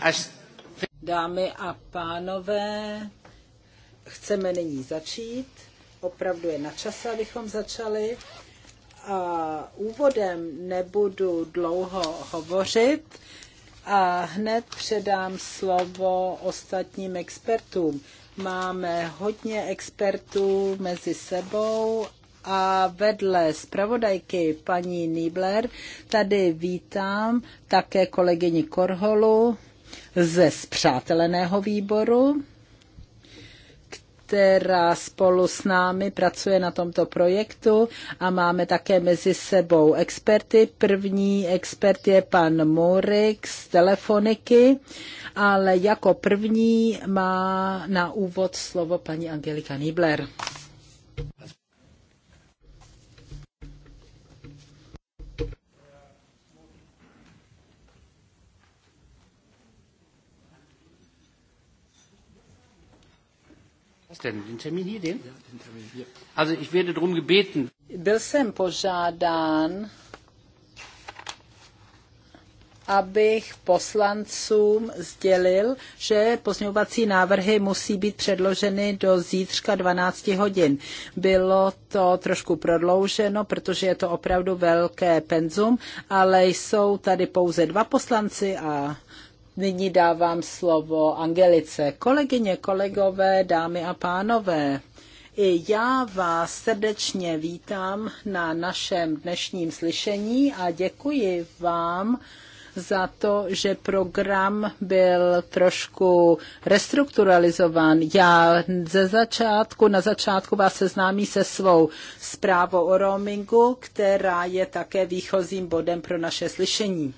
až... Dámy a pánové, chceme nyní začít. Opravdu je na čase, abychom začali. A úvodem nebudu dlouho hovořit a hned předám slovo ostatním expertům. Máme hodně expertů mezi sebou a vedle zpravodajky paní Nibler tady vítám také kolegyni Korholu ze zpřáteleného výboru, která spolu s námi pracuje na tomto projektu a máme také mezi sebou experty. První expert je pan Murik z Telefoniky, ale jako první má na úvod slovo paní Angelika Niebler. denn? Den Termin hier, den? Also ich werde gebeten. Byl jsem požádán, abych poslancům sdělil, že pozměňovací návrhy musí být předloženy do zítřka 12 hodin. Bylo to trošku prodlouženo, protože je to opravdu velké penzum, ale jsou tady pouze dva poslanci a Nyní dávám slovo Angelice. Kolegyně, kolegové, dámy a pánové, i já vás srdečně vítám na našem dnešním slyšení a děkuji vám za to, že program byl trošku restrukturalizován. Já ze začátku, na začátku vás seznámí se svou zprávou o roamingu, která je také výchozím bodem pro naše slyšení.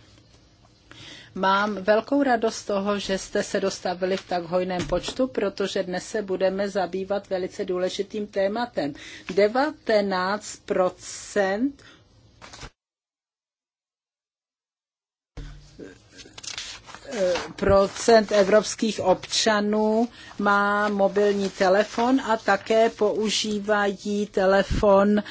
Mám velkou radost z toho, že jste se dostavili v tak hojném počtu, protože dnes se budeme zabývat velice důležitým tématem. 19 procent evropských občanů má mobilní telefon a také používají telefon e,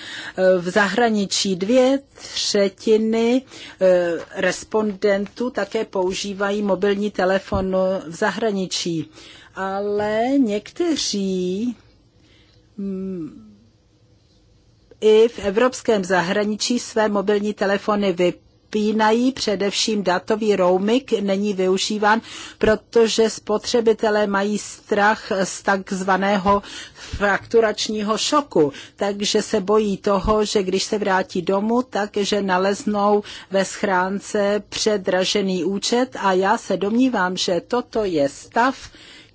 v zahraničí. Dvě třetiny e, respondentů také používají mobilní telefon v zahraničí. Ale někteří mm, i v evropském zahraničí své mobilní telefony vypadají zapínají, především datový roaming není využíván, protože spotřebitelé mají strach z takzvaného frakturačního šoku, takže se bojí toho, že když se vrátí domů, takže naleznou ve schránce předražený účet a já se domnívám, že toto je stav,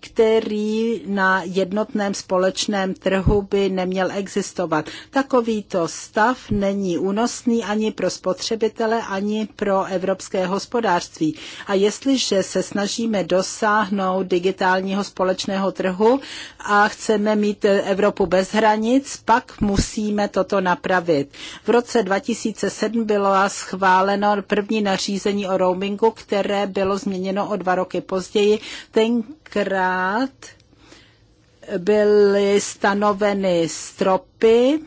který na jednotném společném trhu by neměl existovat. Takovýto stav není únosný ani pro spotřebitele, ani pro evropské hospodářství. A jestliže se snažíme dosáhnout digitálního společného trhu a chceme mít Evropu bez hranic, pak musíme toto napravit. V roce 2007 bylo schváleno první nařízení o roamingu, které bylo změněno o dva roky později. Tenkrát stát byly stanoveny stropy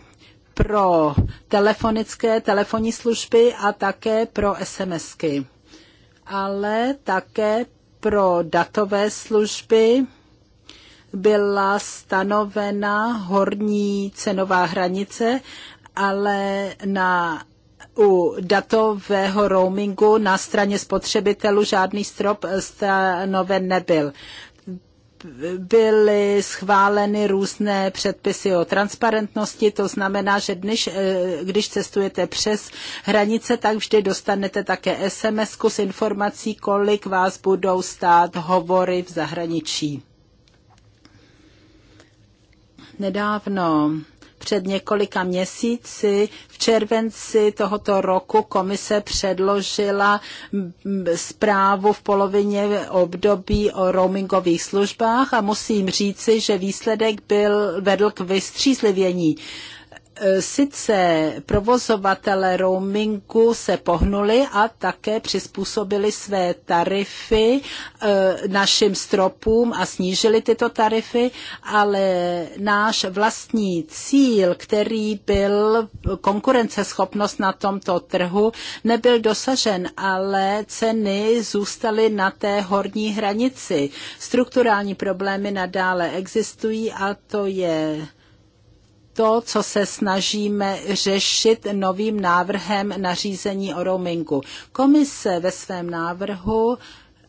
pro telefonické telefonní služby a také pro SMSky, ale také pro datové služby byla stanovena horní cenová hranice, ale na u datového roamingu na straně spotřebitelů žádný strop stanoven nebyl byly schváleny různé předpisy o transparentnosti, to znamená, že dnes, eh, když cestujete přes hranice, tak vždy dostanete také sms s informací, kolik vás budou stát hovory v zahraničí. Nedávno před několika měsíci v červenci tohoto roku komise předložila zprávu v polovině období o roamingových službách a musím říci, že výsledek byl, vedl k vystřízlivění. Eh, sice provozovatele roamingu se pohnuli a také přizpůsobili své tarify eh, našim stropům a snížili tyto tarify, ale náš vlastní cíl, který byl konkurenceschopnost na tomto trhu, nebyl dosažen, ale ceny zůstaly na té horní hranici. Strukturální problémy nadále existují a to je to, co se snažíme řešit novým návrhem nařízení o roamingu. Komise ve svém návrhu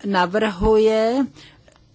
navrhuje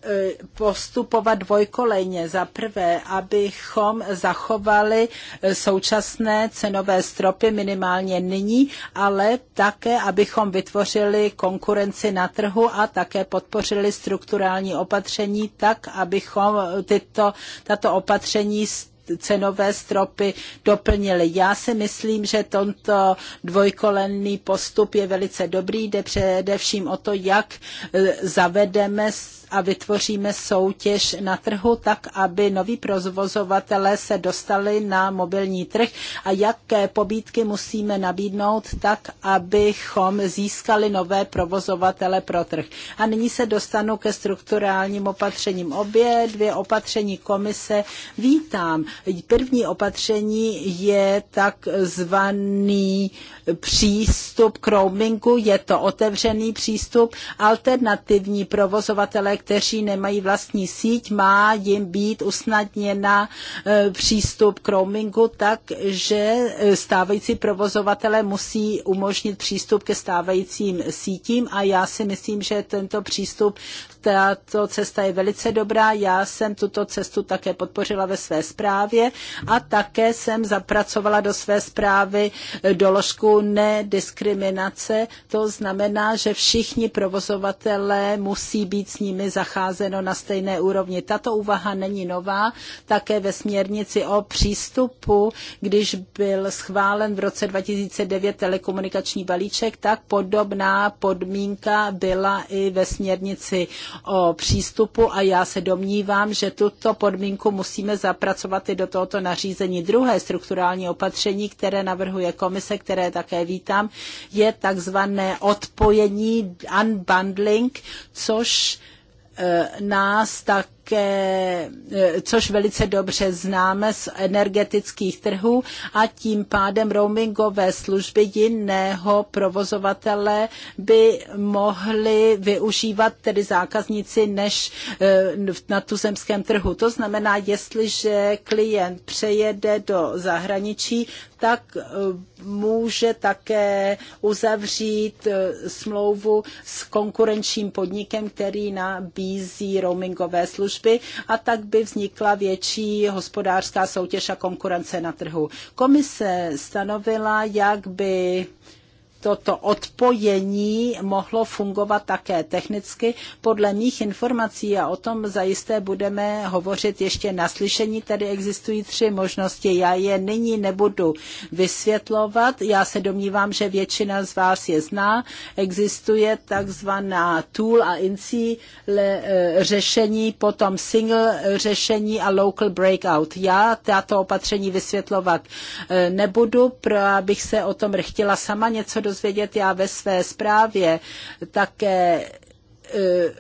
e, postupovat dvojkolejně. Za prvé, abychom zachovali e, současné cenové stropy minimálně nyní, ale také, abychom vytvořili konkurenci na trhu a také podpořili strukturální opatření tak, abychom tyto, tato opatření cenové stropy doplnily. Já si myslím, že tento dvojkolenný postup je velice dobrý, jde především o to, jak e, zavedeme a vytvoříme soutěž na trhu tak, aby noví provozovatelé se dostali na mobilní trh a jaké pobídky musíme nabídnout tak, abychom získali nové provozovatele pro trh. A nyní se dostanu ke strukturálním opatřením. Obě dvě opatření komise vítám. První opatření je takzvaný přístup k roamingu, je to otevřený přístup, alternativní provozovatelé kteří nemají vlastní síť, má jim být usnadněna e, přístup k roamingu tak, že e, stávající provozovatele musí umožnit přístup ke stávajícím sítím a já si myslím, že tento přístup, tato cesta je velice dobrá. Já jsem tuto cestu také podpořila ve své zprávě a také jsem zapracovala do své zprávy e, doložku nediskriminace. To znamená, že všichni provozovatelé musí být s nimi nimi zacházeno na stejné úrovni. Tato úvaha není nová, také ve směrnici o přístupu, když byl schválen v roce 2009 telekomunikační balíček, tak podobná podmínka byla i ve směrnici o přístupu a já se domnívám, že tuto podmínku musíme zapracovat i do tohoto nařízení. Druhé strukturální opatření, které navrhuje komise, které také vítám, je takzvané odpojení unbundling, což Eh, nás tak ke, e, což velice dobře známe z energetických trhů a tím pádem roamingové služby jiného provozovatele by mohli využívat tedy zákazníci než e, na tuzemském trhu. To znamená, jestliže klient přejede do zahraničí, tak e, může také uzavřít smlouvu s konkurenčním podnikem, který nabízí roamingové služby služby a tak by vznikla větší hospodářská soutěž a konkurence na trhu. Komise stanovila, jak by toto odpojení mohlo fungovat také technicky. Podle mých informací a o tom zajisté budeme hovořit ještě na slyšení, tady existují tři možnosti. Já je nyní nebudu vysvětlovat. Já se domnívám, že většina z vás je zná. Existuje takzvaná tool a incí e, řešení, potom single řešení a local breakout. Já tato opatření vysvětlovat e, nebudu, abych se o tom chtěla sama něco dozvědět dozvědět já ve své zprávě. Také e,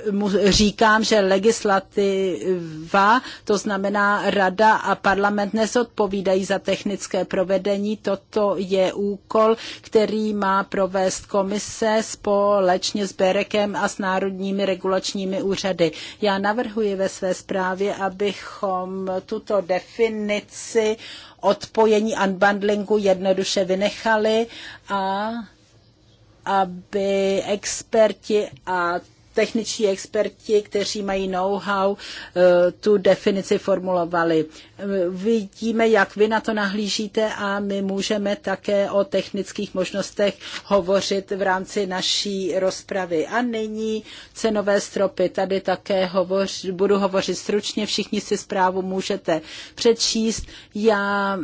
říkám, že legislativa, to znamená rada a parlament nezodpovídají za technické provedení. Toto je úkol, který má provést komise společně s Berekem a s národními regulačními úřady. Já navrhuji ve své zprávě, abychom tuto definici odpojení unbundlingu jednoduše vynechali a aby experti a techničtí experti, kteří mají know-how, eh, tu definici formulovali. Vidíme, jak vy na to nahlížíte a my můžeme také o technických možnostech hovořit v rámci naší rozpravy. A nyní cenové stropy. Tady také hovoř, budu hovořit stručně, všichni si zprávu můžete přečíst. Já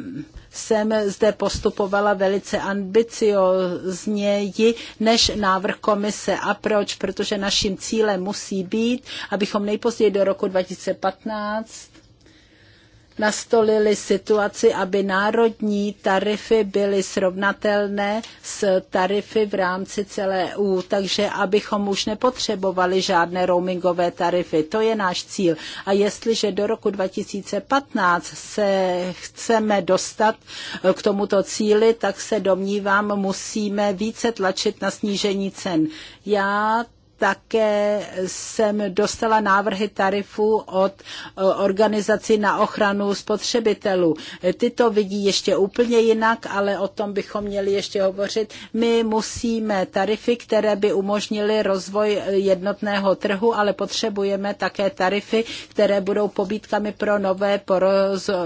jsem zde postupovala velice ambiciozněji než návrh komise. A proč? Protože naším cílem musí být, abychom nejpozději do roku 2015 nastolili situaci, aby národní tarify byly srovnatelné s tarify v rámci celé EU, takže abychom už nepotřebovali žádné roamingové tarify. To je náš cíl. A jestliže do roku 2015 se chceme dostat eh, k tomuto cíli, tak se domnívám, musíme více tlačit na snížení cen. Já také jsem dostala návrhy tarifů od e, organizací na ochranu spotřebitelů. Ty to vidí ještě úplně jinak, ale o tom bychom měli ještě hovořit. My musíme tarify, které by umožnily rozvoj jednotného trhu, ale potřebujeme také tarify, které budou pobídkami pro nové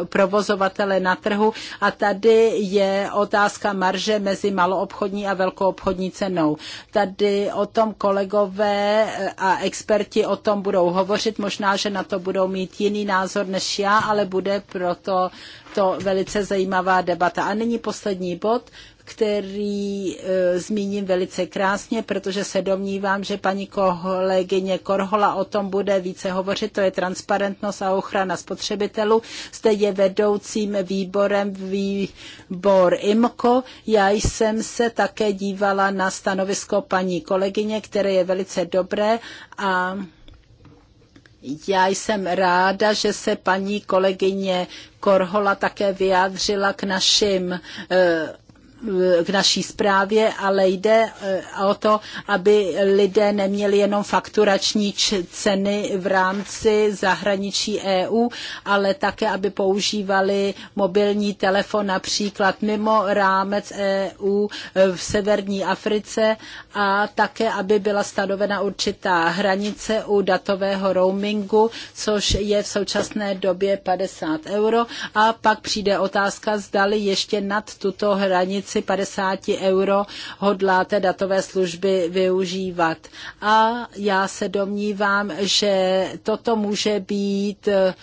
provozovatele na trhu. A tady je otázka marže mezi maloobchodní a velkoobchodní cenou. Tady o tom kolegové kolegové eh, a experti o tom budou hovořit. Možná, že na to budou mít jiný názor než já, ale bude proto to velice zajímavá debata. A nyní poslední bod který e, zmíním velice krásně, protože se domnívám, že paní kolegyně Korhola o tom bude více hovořit. To je transparentnost a ochrana spotřebitelů. Zde je vedoucím výborem výbor IMCO. Já jsem se také dívala na stanovisko paní kolegyně, které je velice dobré a já jsem ráda, že se paní kolegyně Korhola také vyjádřila k našim e, k naší zprávě, ale jde e, o to, aby lidé neměli jenom fakturační ceny v rámci zahraničí EU, ale také, aby používali mobilní telefon například mimo rámec EU v severní Africe a také, aby byla stanovena určitá hranice u datového roamingu, což je v současné době 50 euro. A pak přijde otázka, zdali ještě nad tuto hranici rámci 50 euro hodláte datové služby využívat. A já se domnívám, že toto může být eh,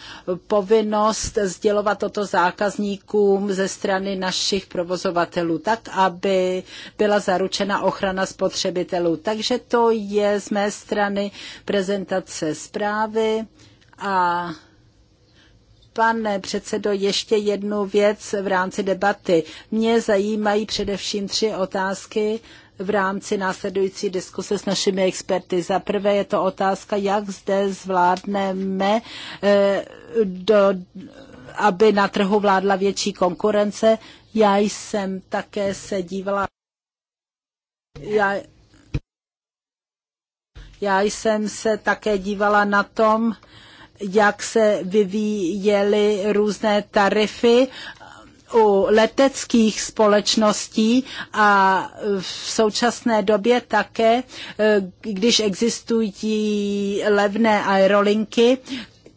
povinnost sdělovat toto zákazníkům ze strany našich provozovatelů, tak aby byla zaručena ochrana spotřebitelů. Takže to je z mé strany prezentace zprávy a Pane předsedo, ještě jednu věc v rámci debaty. Mě zajímají především tři otázky v rámci následující diskuse s našimi experty. Za prvé je to otázka, jak zde zvládneme eh, do aby na trhu vládla větší konkurence. Já jsem také se dívala. Já, já jsem se také dívala na tom, jak se vyvíjely různé tarify u leteckých společností a v současné době také, eh, když existují levné aerolinky,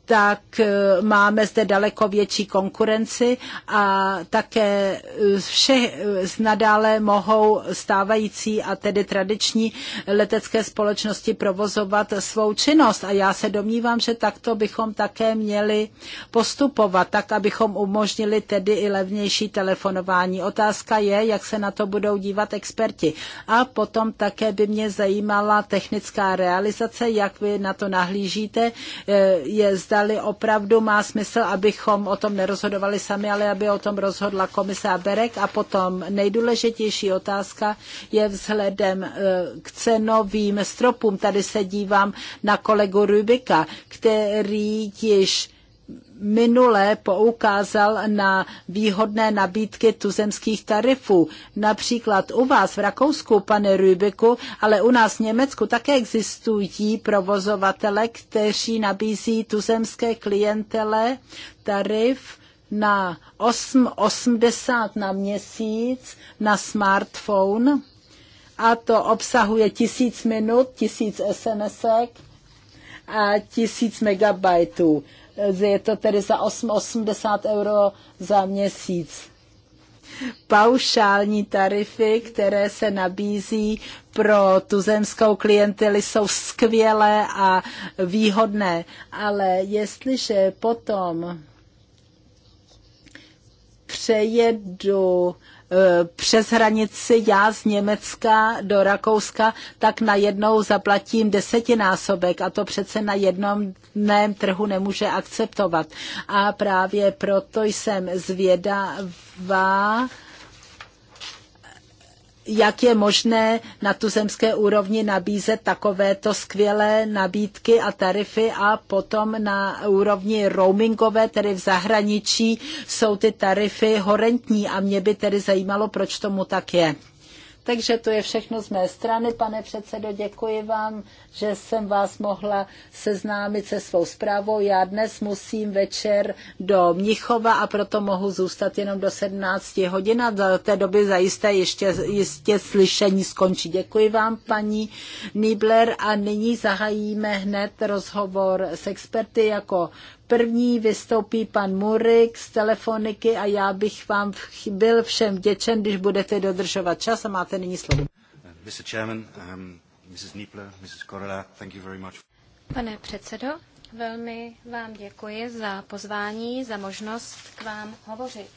tak eh, máme zde daleko větší konkurenci a také eh, vše eh, nadále mohou stávající a tedy tradiční letecké společnosti provozovat svou činnost. A já se domnívám, že takto bychom také měli postupovat, tak abychom umožnili tedy i levnější telefonování. Otázka je, jak se na to budou dívat experti. A potom také by mě zajímala technická realizace, jak vy na to nahlížíte. Je zda zdali opravdu má smysl, abychom o tom nerozhodovali sami, ale aby o tom rozhodla komisa Berek. A potom nejdůležitější otázka je vzhledem eh, k cenovým stropům. Tady se dívám na kolegu Rubika, který již minule poukázal na výhodné nabídky tuzemských tarifů. Například u vás v Rakousku, pane Rubiku, ale u nás v Německu také existují provozovatele, kteří nabízí tuzemské klientele tarif na 8,80 na měsíc na smartphone a to obsahuje tisíc minut, tisíc SMSek a tisíc megabajtů je to tedy za 8, 80 euro za měsíc. Paušální tarify, které se nabízí pro tuzemskou klientely, jsou skvělé a výhodné, ale jestliže potom přejedu E, přes hranici já z Německa do Rakouska, tak najednou zaplatím desetinásobek a to přece na jednom dném trhu nemůže akceptovat. A právě proto jsem zvědavá, jak je možné na tuzemské úrovni nabízet takovéto skvělé nabídky a tarify a potom na úrovni roamingové, tedy v zahraničí, jsou ty tarify horentní a mě by tedy zajímalo, proč tomu tak je. Takže to je všechno z mé strany, pane předsedo, děkuji vám, že jsem vás mohla seznámit se svou zprávou. Já dnes musím večer do Mnichova a proto mohu zůstat jenom do 17 hodin a do té doby zajisté ještě jistě slyšení skončí. Děkuji vám, paní Nibler, a nyní zahajíme hned rozhovor s experty jako První vystoupí pan Murik z telefoniky a já bych vám byl všem vděčen, když budete dodržovat čas a máte nyní slovo. Um, Pane předsedo, velmi vám děkuji za pozvání, za možnost k vám hovořit.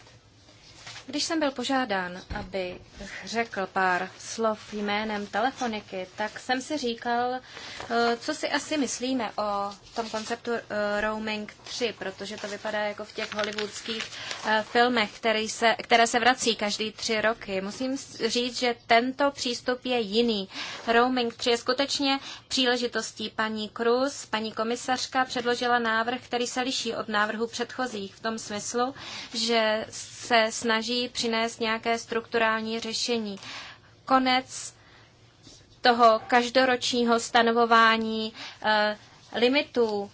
Když jsem byl požádán, aby řekl pár slov jménem telefoniky, tak jsem si říkal, eh, co si asi myslíme o tom konceptu eh, Roaming 3, protože to vypadá jako v těch hollywoodských eh, filmech, který se, které se vrací každý tři roky. Musím říct, že tento přístup je jiný. Roaming 3 je skutečně příležitostí. Paní Cruz, paní komisařka, předložila návrh, který se liší od návrhu předchozích v tom smyslu, že se snaží přinést nějaké strukturální řešení. Konec toho každoročního stanovování eh, limitů.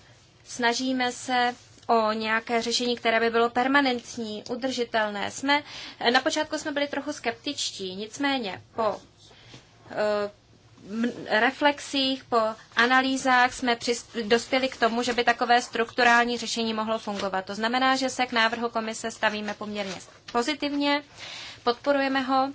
Snažíme se o nějaké řešení, které by bylo permanentní, udržitelné. Jsme, eh, na počátku jsme byli trochu skeptičtí, nicméně po eh, reflexích, po analýzách jsme dospěli k tomu, že by takové strukturální řešení mohlo fungovat. To znamená, že se k návrhu komise stavíme poměrně pozitivně, podporujeme ho.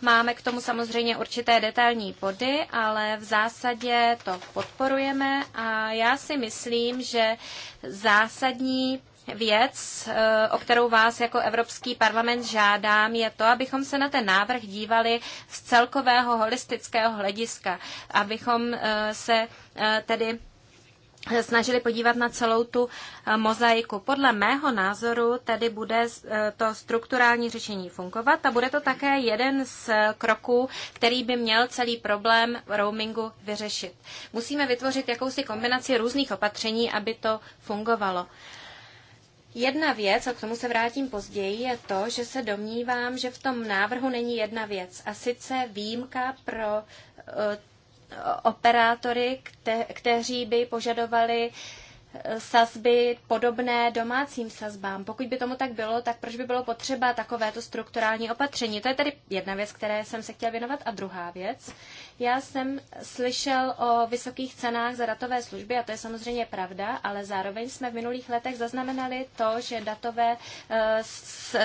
Máme k tomu samozřejmě určité detailní body, ale v zásadě to podporujeme a já si myslím, že zásadní věc, eh, o kterou vás jako Evropský parlament žádám, je to, abychom se na ten návrh dívali z celkového holistického hlediska, abychom eh, se eh, tedy snažili podívat na celou tu eh, mozaiku. Podle mého názoru tedy bude eh, to strukturální řešení fungovat a bude to také jeden z kroků, který by měl celý problém roamingu vyřešit. Musíme vytvořit jakousi kombinaci různých opatření, aby to fungovalo. Jedna věc, a k tomu se vrátím později, je to, že se domnívám, že v tom návrhu není jedna věc, a sice výjimka pro eh, operátory, kte, kteří by požadovali eh, sazby podobné domácím sazbám. Pokud by tomu tak bylo, tak proč by bylo potřeba takovéto strukturální opatření? To je tedy jedna věc, které jsem se chtěla věnovat. A druhá věc, já jsem slyšel o vysokých cenách za datové služby a to je samozřejmě pravda, ale zároveň jsme v minulých letech zaznamenali to, že datové eh,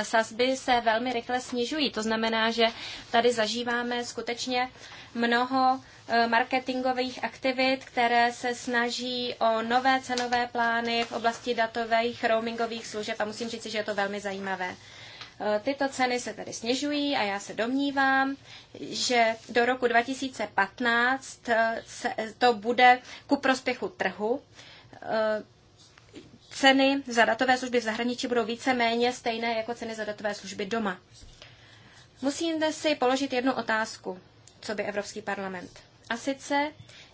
sazby se velmi rychle snižují. To znamená, že tady zažíváme skutečně mnoho Eh, marketingových aktivit, které se snaží o nové cenové plány v oblasti datových roamingových služeb a musím říct, že je to velmi zajímavé. Eh, tyto ceny se tedy snižují a já se domnívám, že do roku 2015 eh, se, to bude ku prospěchu trhu. Ceny za datové služby v zahraničí budou více-méně stejné jako ceny za datové služby doma. Musíte si položit jednu otázku, co by Evropský parlament. A sice,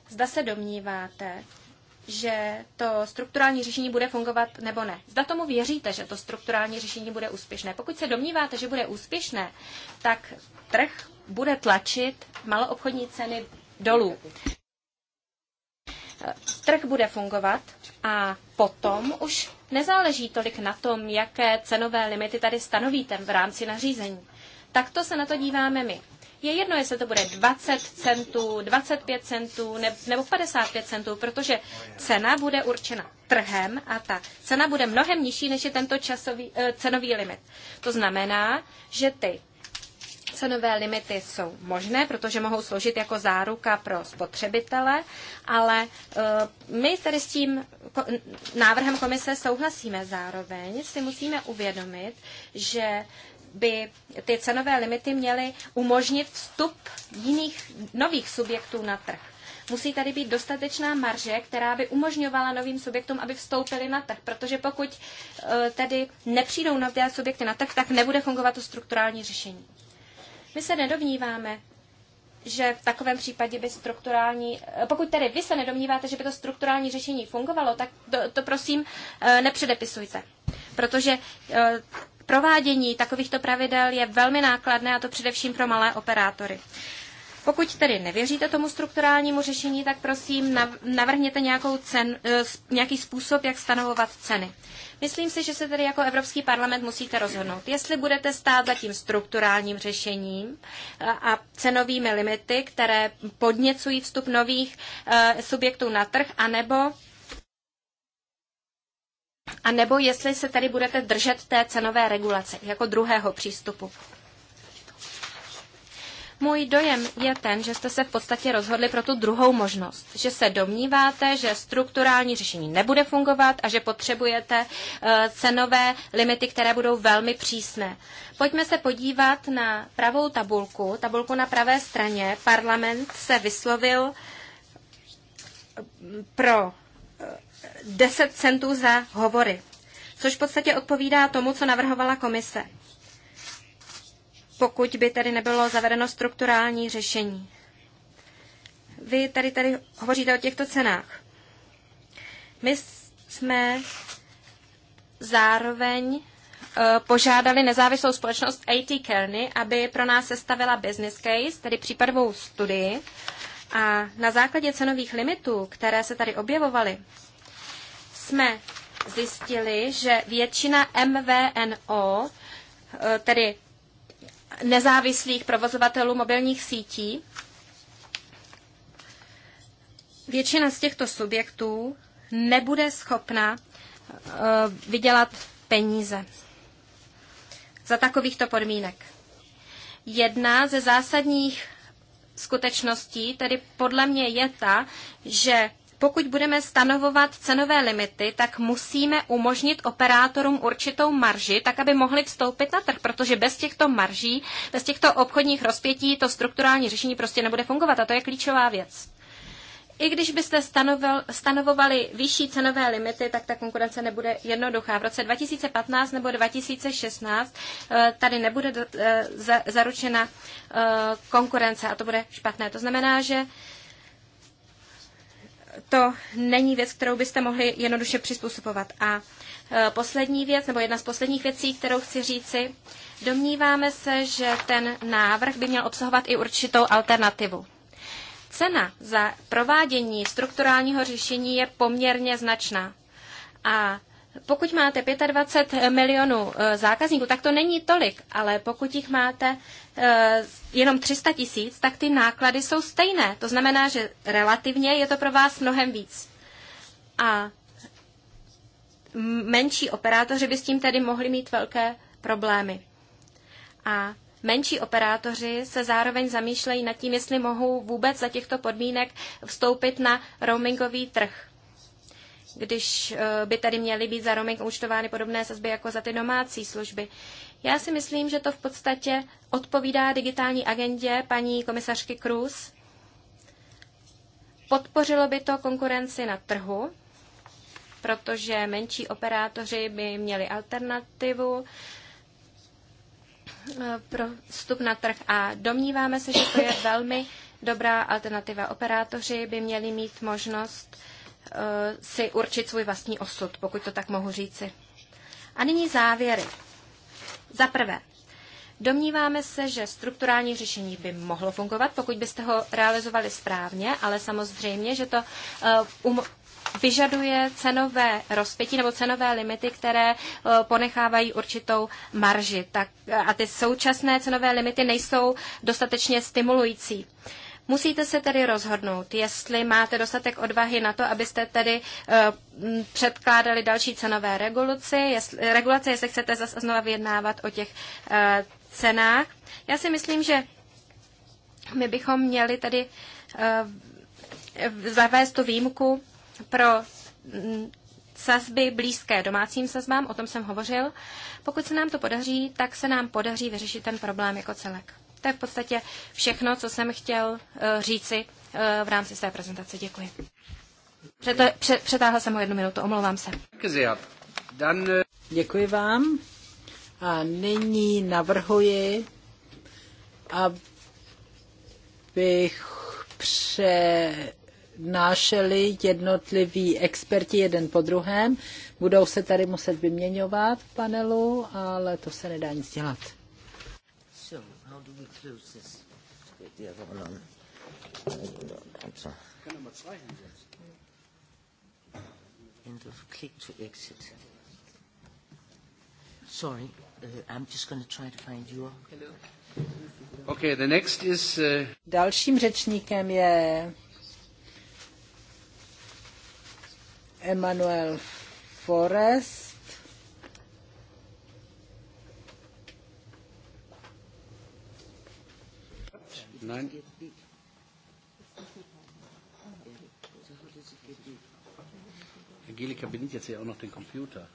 zda se domníváte, že to strukturální řešení bude fungovat nebo ne. Zda tomu věříte, že to strukturální řešení bude úspěšné. Pokud se domníváte, že bude úspěšné, tak trh bude tlačit maloobchodní ceny dolů. Trh bude fungovat a potom už nezáleží tolik na tom, jaké cenové limity tady stanovíte v rámci nařízení. Takto se na to díváme my. Je jedno, jestli to bude 20 centů, 25 centů nebo 55 centů, protože cena bude určena trhem a ta cena bude mnohem nižší, než je tento časový, eh, cenový limit. To znamená, že ty cenové limity jsou možné, protože mohou sloužit jako záruka pro spotřebitele, ale eh, my tady s tím návrhem komise souhlasíme. Zároveň si musíme uvědomit, že by ty cenové limity měly umožnit vstup jiných nových subjektů na trh. Musí tady být dostatečná marže, která by umožňovala novým subjektům, aby vstoupili na trh, protože pokud e, tedy nepřijdou nové subjekty na trh, tak nebude fungovat to strukturální řešení. My se nedovníváme, že v takovém případě by strukturální, e, pokud tedy vy se nedomníváte, že by to strukturální řešení fungovalo, tak to, to prosím e, nepředepisujte, protože provádění takovýchto pravidel je velmi nákladné, a to především pro malé operátory. Pokud tedy nevěříte tomu strukturálnímu řešení, tak prosím navrhněte nějakou cen, eh, nějaký způsob, jak stanovovat ceny. Myslím si, že se tedy jako Evropský parlament musíte rozhodnout, jestli budete stát za tím strukturálním řešením eh, a cenovými limity, které podněcují vstup nových eh, subjektů na trh, anebo a nebo jestli se tady budete držet té cenové regulace jako druhého přístupu. Můj dojem je ten, že jste se v podstatě rozhodli pro tu druhou možnost, že se domníváte, že strukturální řešení nebude fungovat a že potřebujete eh, cenové limity, které budou velmi přísné. Pojďme se podívat na pravou tabulku, tabulku na pravé straně. Parlament se vyslovil pro 10 centů za hovory, což v podstatě odpovídá tomu, co navrhovala komise, pokud by tedy nebylo zavedeno strukturální řešení. Vy tady, tady hovoříte o těchto cenách. My jsme zároveň eh, požádali nezávislou společnost AT Kearney, aby pro nás sestavila business case, tedy případovou studii. A na základě cenových limitů, které se tady objevovaly, jsme zjistili, že většina MVNO, eh, tedy nezávislých provozovatelů mobilních sítí, většina z těchto subjektů nebude schopna eh, vydělat peníze za takovýchto podmínek. Jedna ze zásadních skutečností tedy podle mě je ta, že pokud budeme stanovovat cenové limity, tak musíme umožnit operátorům určitou marži, tak aby mohli vstoupit na trh, protože bez těchto marží, bez těchto obchodních rozpětí to strukturální řešení prostě nebude fungovat a to je klíčová věc. I když byste stanovil, stanovovali vyšší cenové limity, tak ta konkurence nebude jednoduchá. V roce 2015 nebo 2016 eh, tady nebude eh, zaručena eh, konkurence a to bude špatné. To znamená, že to není věc, kterou byste mohli jednoduše přizpůsobovat. A e, poslední věc, nebo jedna z posledních věcí, kterou chci říci, domníváme se, že ten návrh by měl obsahovat i určitou alternativu. Cena za provádění strukturálního řešení je poměrně značná. A pokud máte 25 milionů eh, zákazníků, tak to není tolik, ale pokud jich máte eh, jenom 300 tisíc, tak ty náklady jsou stejné. To znamená, že relativně je to pro vás mnohem víc. A menší operátoři by s tím tedy mohli mít velké problémy. A menší operátoři se zároveň zamýšlejí nad tím, jestli mohou vůbec za těchto podmínek vstoupit na roamingový trh když eh, by tady měly být za roaming účtovány podobné sazby jako za ty domácí služby. Já si myslím, že to v podstatě odpovídá digitální agendě paní komisařky Cruz. Podpořilo by to konkurenci na trhu, protože menší operátoři by měli alternativu eh, pro vstup na trh a domníváme se, že to je velmi dobrá alternativa. Operátoři by měli mít možnost Eh, si určit svůj vlastní osud, pokud to tak mohu říci. A nyní závěry. Za prvé, Domníváme se, že strukturální řešení by mohlo fungovat, pokud byste ho realizovali správně, ale samozřejmě, že to eh, um, vyžaduje cenové rozpětí nebo cenové limity, které uh, ponechávají určitou marži. Tak, a ty současné cenové limity nejsou dostatečně stimulující. Uh, Musíte se tedy rozhodnout, jestli máte dostatek odvahy na to, abyste tedy uh, předkládali další cenové regulace, jestli, regulace, jestli chcete zase znova vyjednávat o těch uh, cenách. Já si myslím, že my bychom měli tady uh, eh, zavést tu výjimku pro um, sazby blízké domácím sazbám, o tom jsem hovořil. Pokud se nám to podaří, tak se nám podaří vyřešit ten problém jako celek. To je v podstatě všechno, co jsem chtěl eh, říci eh, v rámci své prezentace. Děkuji. Přete, pře, přetáhla jsem ho jednu minutu, omlouvám se. Děkuji vám. A nyní navrhuji, abych přednášeli jednotliví experti jeden po druhém. Budou se tady muset vyměňovat v panelu, ale to se nedá nic dělat. Er er End of click to exit. Sorry, uh, I'm just going to try to find Hello. Okay, the next is, uh... Dalším řečníkem je Emmanuel Forest Nein. Angelika bedient jetzt ja auch noch den Computer.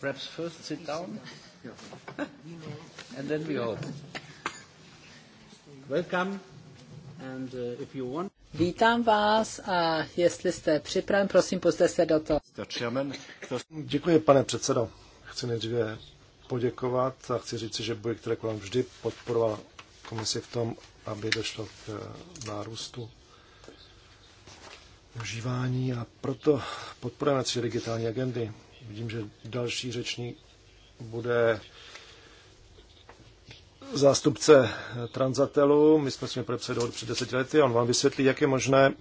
Perhaps first sit down and then we hope. Welcome and uh, if you want Vítám vás a jestli jste připraven, prosím, pozde se do toho. Děkuji, pane předsedo. Chci nejdříve poděkovat a chci říci, že Bojek Telekom vždy podporoval komisi v tom, aby došlo k eh, nárůstu užívání a proto podporujeme tři digitální agendy. Vidím, že další řečník bude zástupce Transatelu. My jsme s ním podepsali dohodu před deseti lety a on vám vysvětlí, jak je možné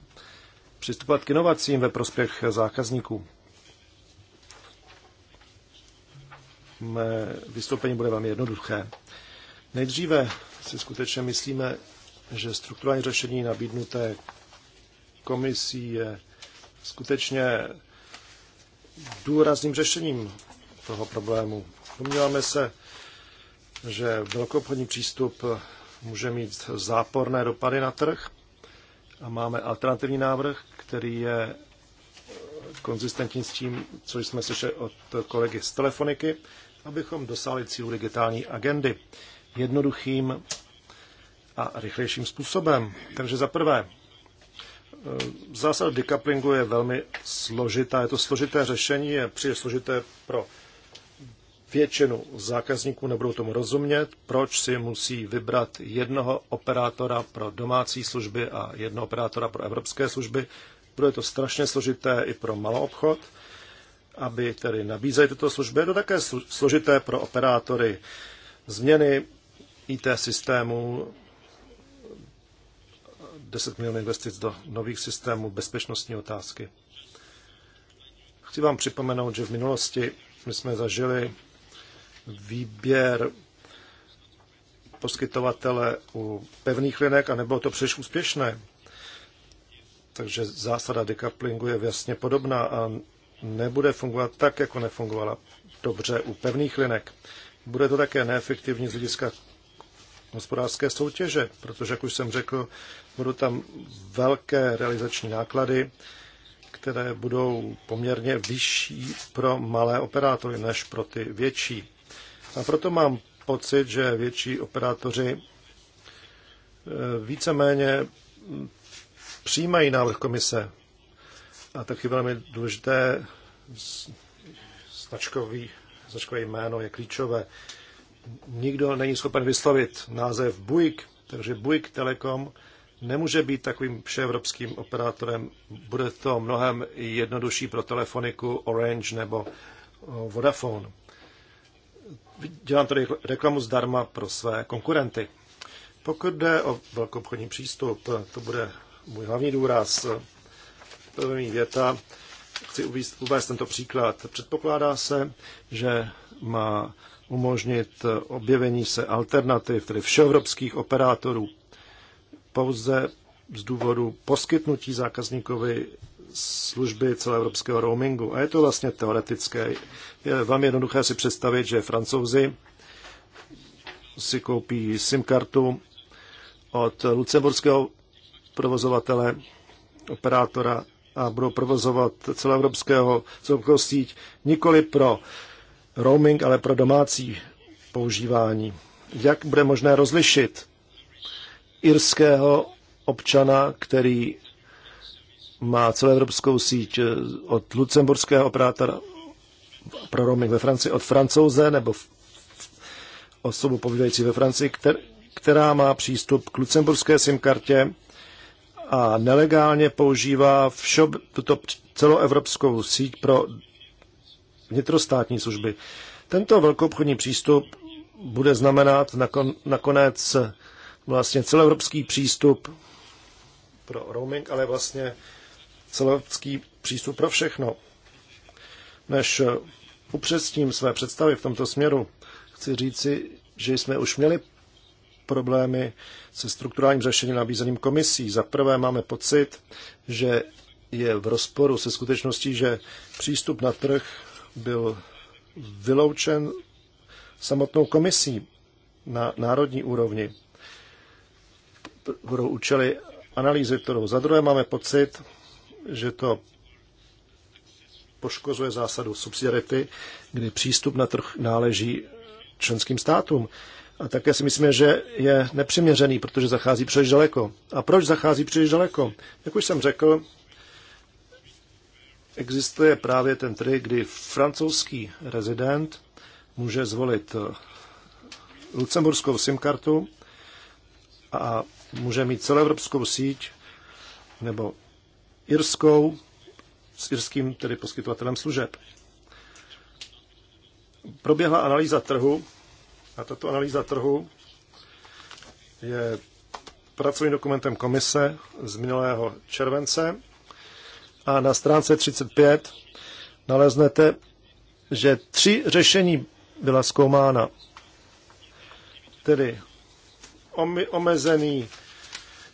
přistupovat k inovacím ve prospěch zákazníků. Mé vystoupení bude velmi jednoduché. Nejdříve si skutečně myslíme, že strukturální řešení nabídnuté komisí je skutečně důrazným řešením toho problému. Domníváme se, že velkoobchodní přístup může mít záporné dopady na trh a máme alternativní návrh, který je konzistentní s tím, co jsme slyšeli od kolegy z telefoniky abychom dosáhli cílu digitální agendy jednoduchým a rychlejším způsobem. Takže za prvé, e, zásada decouplingu je velmi složitá. Je to složité řešení, je příliš složité pro většinu zákazníků, nebudou tomu rozumět, proč si musí vybrat jednoho operátora pro domácí služby a jednoho operátora pro evropské služby. Bude to strašně složité i pro malou obchod aby tedy nabízeli tyto služby. Je to také složité pro operátory změny IT systému, 10 milionů investic do nových systémů, bezpečnostní otázky. Chci vám připomenout, že v minulosti my jsme zažili výběr poskytovatele u pevných linek a nebylo to příliš úspěšné. Takže zásada decouplingu je jasně podobná a nebude fungovat tak, jako nefungovala dobře u pevných linek. Bude to také neefektivní z hlediska hospodářské soutěže, protože, jak už jsem řekl, budou tam velké realizační náklady, které budou poměrně vyšší pro malé operátory než pro ty větší. A proto mám pocit, že větší operátoři eh, víceméně přijímají návrh komise, a taky velmi důležité značkový, značkové jméno je klíčové. Nikdo není schopen vyslovit název Buick, takže Buick Telekom nemůže být takovým všeevropským operátorem. Bude to mnohem jednodušší pro telefoniku Orange nebo Vodafone. Dělám tady reklamu zdarma pro své konkurenty. Pokud jde o obchodní přístup, to bude můj hlavní důraz první věta, chci uvést, uvést tento příklad. Předpokládá se, že má umožnit objevení se alternativ, tedy všeevropských operátorů, pouze z důvodu poskytnutí zákazníkovi služby celoevropského roamingu. A je to vlastně teoretické. Je vám jednoduché si představit, že francouzi si koupí SIM kartu od lucemburského provozovatele, operátora a budou provozovat celoevropského celoevropskou síť nikoli pro roaming, ale pro domácí používání. Jak bude možné rozlišit irského občana, který má celoevropskou síť eh, od lucemburského operátora pro roaming ve Francii, od francouze nebo osobu povídající ve Francii, která má přístup k lucemburské SIM kartě a nelegálně používá všob, tuto celoevropskou síť pro vnitrostátní služby. Tento velkoobchodní přístup bude znamenat nakon, nakonec vlastně celoevropský přístup pro roaming, ale vlastně celoevropský přístup pro všechno. Než upřesním své představy v tomto směru, chci říci, že jsme už měli problémy se strukturálním řešením nabízeným komisí. Za prvé máme pocit, že je v rozporu se skutečností, že přístup na trh byl vyloučen samotnou komisí na národní úrovni budou účely analýzy trhu. Za druhé máme pocit, že to poškozuje zásadu subsidiarity, kdy přístup na trh náleží členským státům. A také si myslíme, že je nepřiměřený, protože zachází příliš daleko. A proč zachází příliš daleko? Jak už jsem řekl, existuje právě ten trik, kdy francouzský rezident může zvolit lucemburskou SIM kartu a může mít celoevropskou síť nebo irskou s irským tedy poskytovatelem služeb. Proběhla analýza trhu a tato analýza trhu je pracovním dokumentem komise z minulého července a na stránce 35 naleznete, že tři řešení byla zkoumána. Tedy omezený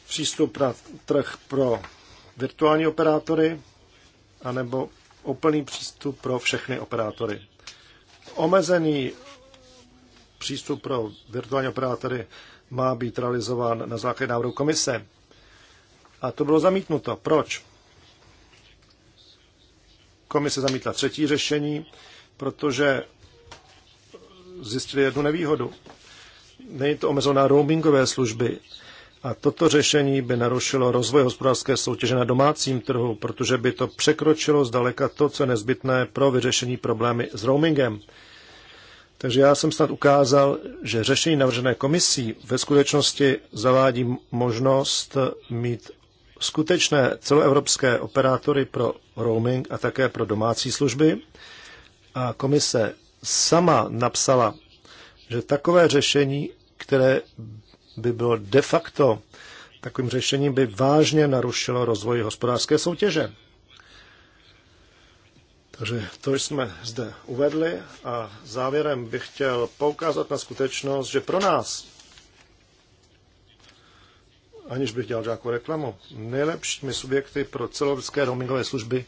přístup na trh pro virtuální operátory anebo úplný přístup pro všechny operátory. Omezený přístup pro virtuální operátory má být realizován na základě návrhu komise. A to bylo zamítnuto. Proč? Komise zamítla třetí řešení, protože zjistili jednu nevýhodu. Není to omezeno na roamingové služby. A toto řešení by narušilo rozvoj hospodářské soutěže na domácím trhu, protože by to překročilo zdaleka to, co je nezbytné pro vyřešení problémy s roamingem. Takže já jsem snad ukázal, že řešení navržené komisí ve skutečnosti zavádí možnost mít skutečné celoevropské operátory pro roaming a také pro domácí služby. A komise sama napsala, že takové řešení, které by bylo de facto takovým řešením, by vážně narušilo rozvoj hospodářské soutěže. Takže to jsme zde uvedli a závěrem bych chtěl poukázat na skutečnost, že pro nás, aniž bych dělal žádnou reklamu, nejlepšími subjekty pro celovské roamingové služby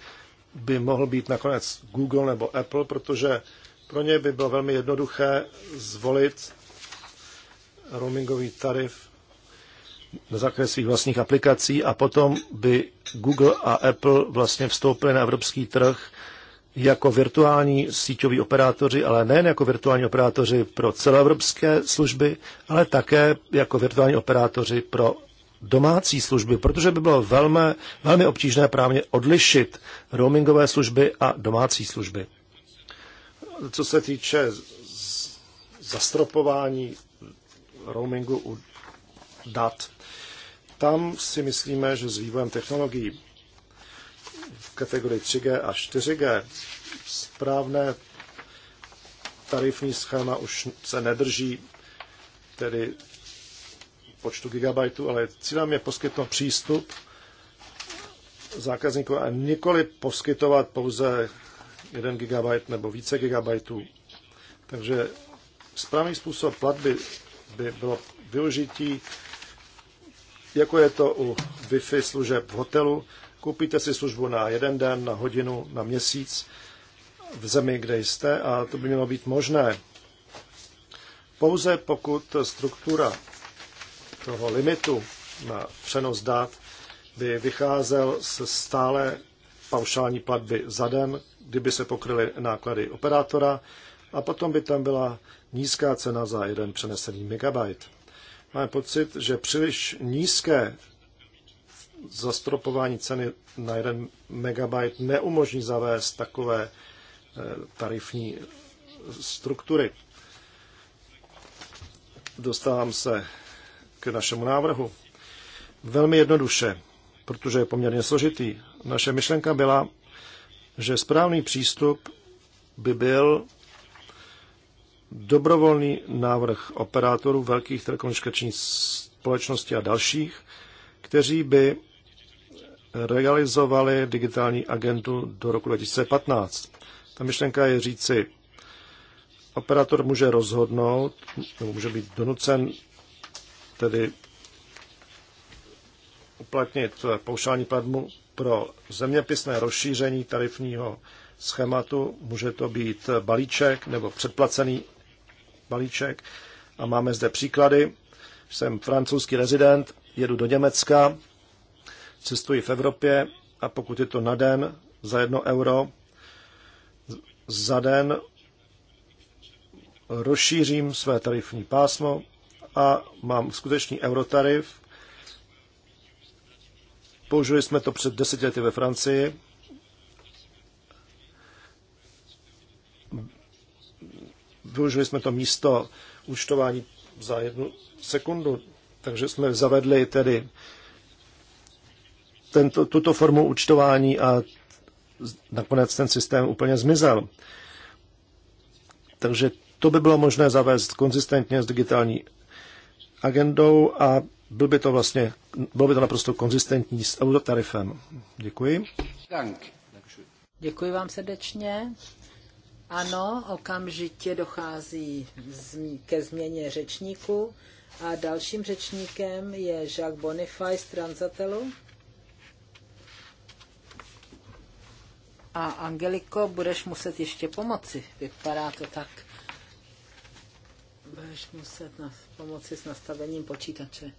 by mohl být nakonec Google nebo Apple, protože pro ně by bylo velmi jednoduché zvolit roamingový tarif na základě svých vlastních aplikací a potom by Google a Apple vlastně vstoupily na evropský trh jako virtuální síťoví operátoři, ale nejen jako virtuální operátoři pro celoevropské služby, ale také jako virtuální operátoři pro domácí služby, protože by bylo velmi, velmi obtížné právně odlišit roamingové služby a domácí služby. Co se týče zastropování roamingu u dat, tam si myslíme, že s vývojem technologií kategorii 3G a 4G. Správné tarifní schéma už se nedrží tedy počtu gigabajtů, ale cílem je poskytnout přístup zákazníkům a nikoli poskytovat pouze 1 gigabajt nebo více gigabajtů. Takže správný způsob platby by bylo využití, jako je to u Wi-Fi služeb v hotelu, Koupíte si službu na jeden den, na hodinu, na měsíc v zemi, kde jste a to by mělo být možné. Pouze pokud struktura toho limitu na přenos dat by vycházel z stále paušální platby za den, kdyby se pokryly náklady operátora a potom by tam byla nízká cena za jeden přenesený megabyte. Máme pocit, že příliš nízké zastropování ceny na 1 megabyte neumožní zavést takové eh, tarifní struktury. Dostávám se k našemu návrhu. Velmi jednoduše, protože je poměrně složitý. Naše myšlenka byla, že správný přístup by byl dobrovolný návrh operátorů velkých telekomunikačních společností a dalších, kteří by realizovali digitální agendu do roku 2015. Ta myšlenka je říci, operátor může rozhodnout, nebo může být donucen tedy uplatnit paušální platbu pro zeměpisné rozšíření tarifního schématu. Může to být balíček nebo předplacený balíček. A máme zde příklady. Jsem francouzský rezident, jedu do Německa, cestují v Evropě a pokud je to na den za jedno euro, za den rozšířím své tarifní pásmo a mám skutečný eurotarif. Použili jsme to před deseti lety ve Francii. Využili jsme to místo účtování za jednu sekundu, takže jsme zavedli tedy tento, tuto formu účtování a nakonec ten systém úplně zmizel. Takže to by bylo možné zavést konzistentně s digitální agendou a byl by to vlastně, bylo by to naprosto konzistentní s autotarifem. Děkuji. Děkuji vám srdečně. Ano, okamžitě dochází ke změně řečníku a dalším řečníkem je Jacques Bonifay z Transatelu. A Angeliko, budeš muset ještě pomoci. Vypadá to tak. Budeš muset na, pomoci s nastavením počítače.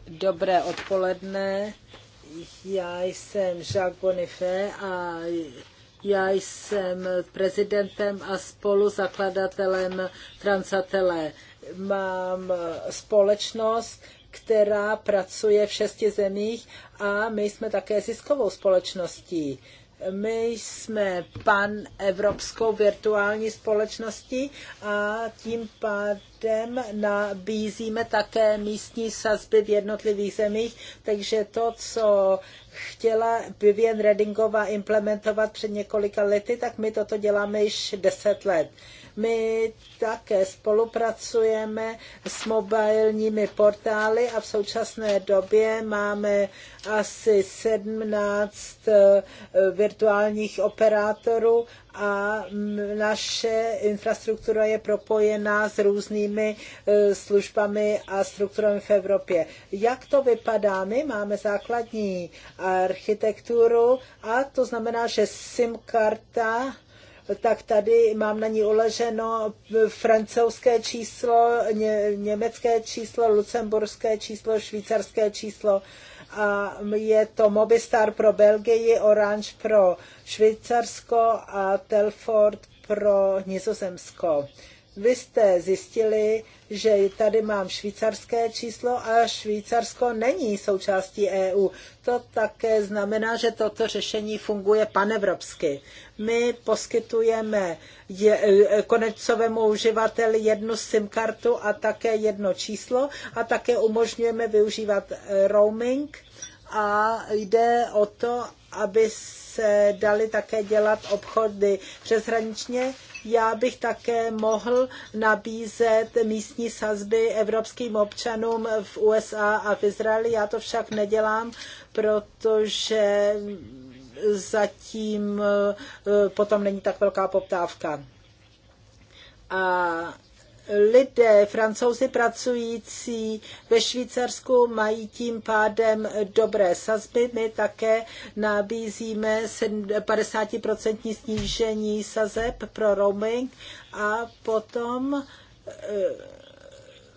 Dobré odpoledne. Já jsem Jacques Bonifé a já jsem prezidentem a spoluzakladatelem Transatele. Mám společnost, která pracuje v šesti zemích a my jsme také ziskovou společností. My jsme pan Evropskou virtuální společností a tím pádem nabízíme také místní sazby v jednotlivých zemích, takže to, co chtěla Vivian Redingová implementovat před několika lety, tak my toto děláme již deset let. My také spolupracujeme s mobilními portály a v současné době máme asi 17 eh, virtuálních operátorů a naše infrastruktura je propojená s různými eh, službami a strukturami v Evropě. Jak to vypadá? My máme základní architekturu a to znamená, že SIM karta tak tady mám na ní uleženo francouzské číslo, ně, německé číslo, lucemburské číslo, švýcarské číslo a je to Mobistar pro Belgii, Orange pro Švýcarsko a Telford pro Nizozemsko. Vy jste zjistili, že tady mám švýcarské číslo a Švýcarsko není součástí EU. To také znamená, že toto řešení funguje panevropsky. My poskytujeme konečcovému uživateli jednu SIM kartu a také jedno číslo a také umožňujeme využívat eh, roaming a jde o to, aby se dali také dělat obchody přeshraničně já bych také mohl nabízet místní sazby evropským občanům v USA a v Izraeli. Já to však nedělám, protože zatím eh, potom není tak velká poptávka. A lidé, francouzi pracující ve Švýcarsku mají tím pádem dobré sazby. My také nabízíme 50% snížení sazeb pro roaming a potom eh,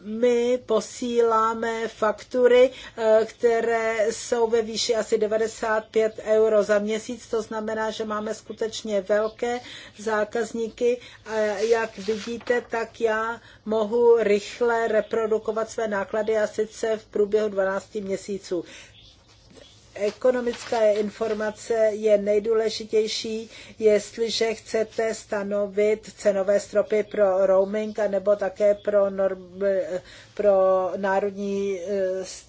my posíláme faktury, eh, které jsou ve výši asi 95 euro za měsíc. To znamená, že máme skutečně velké zákazníky. A jak vidíte, tak já mohu rychle reprodukovat své náklady a sice v průběhu 12 měsíců ekonomická informace je nejdůležitější, jestliže chcete stanovit cenové stropy pro roaming nebo také pro, norm, pro národní e,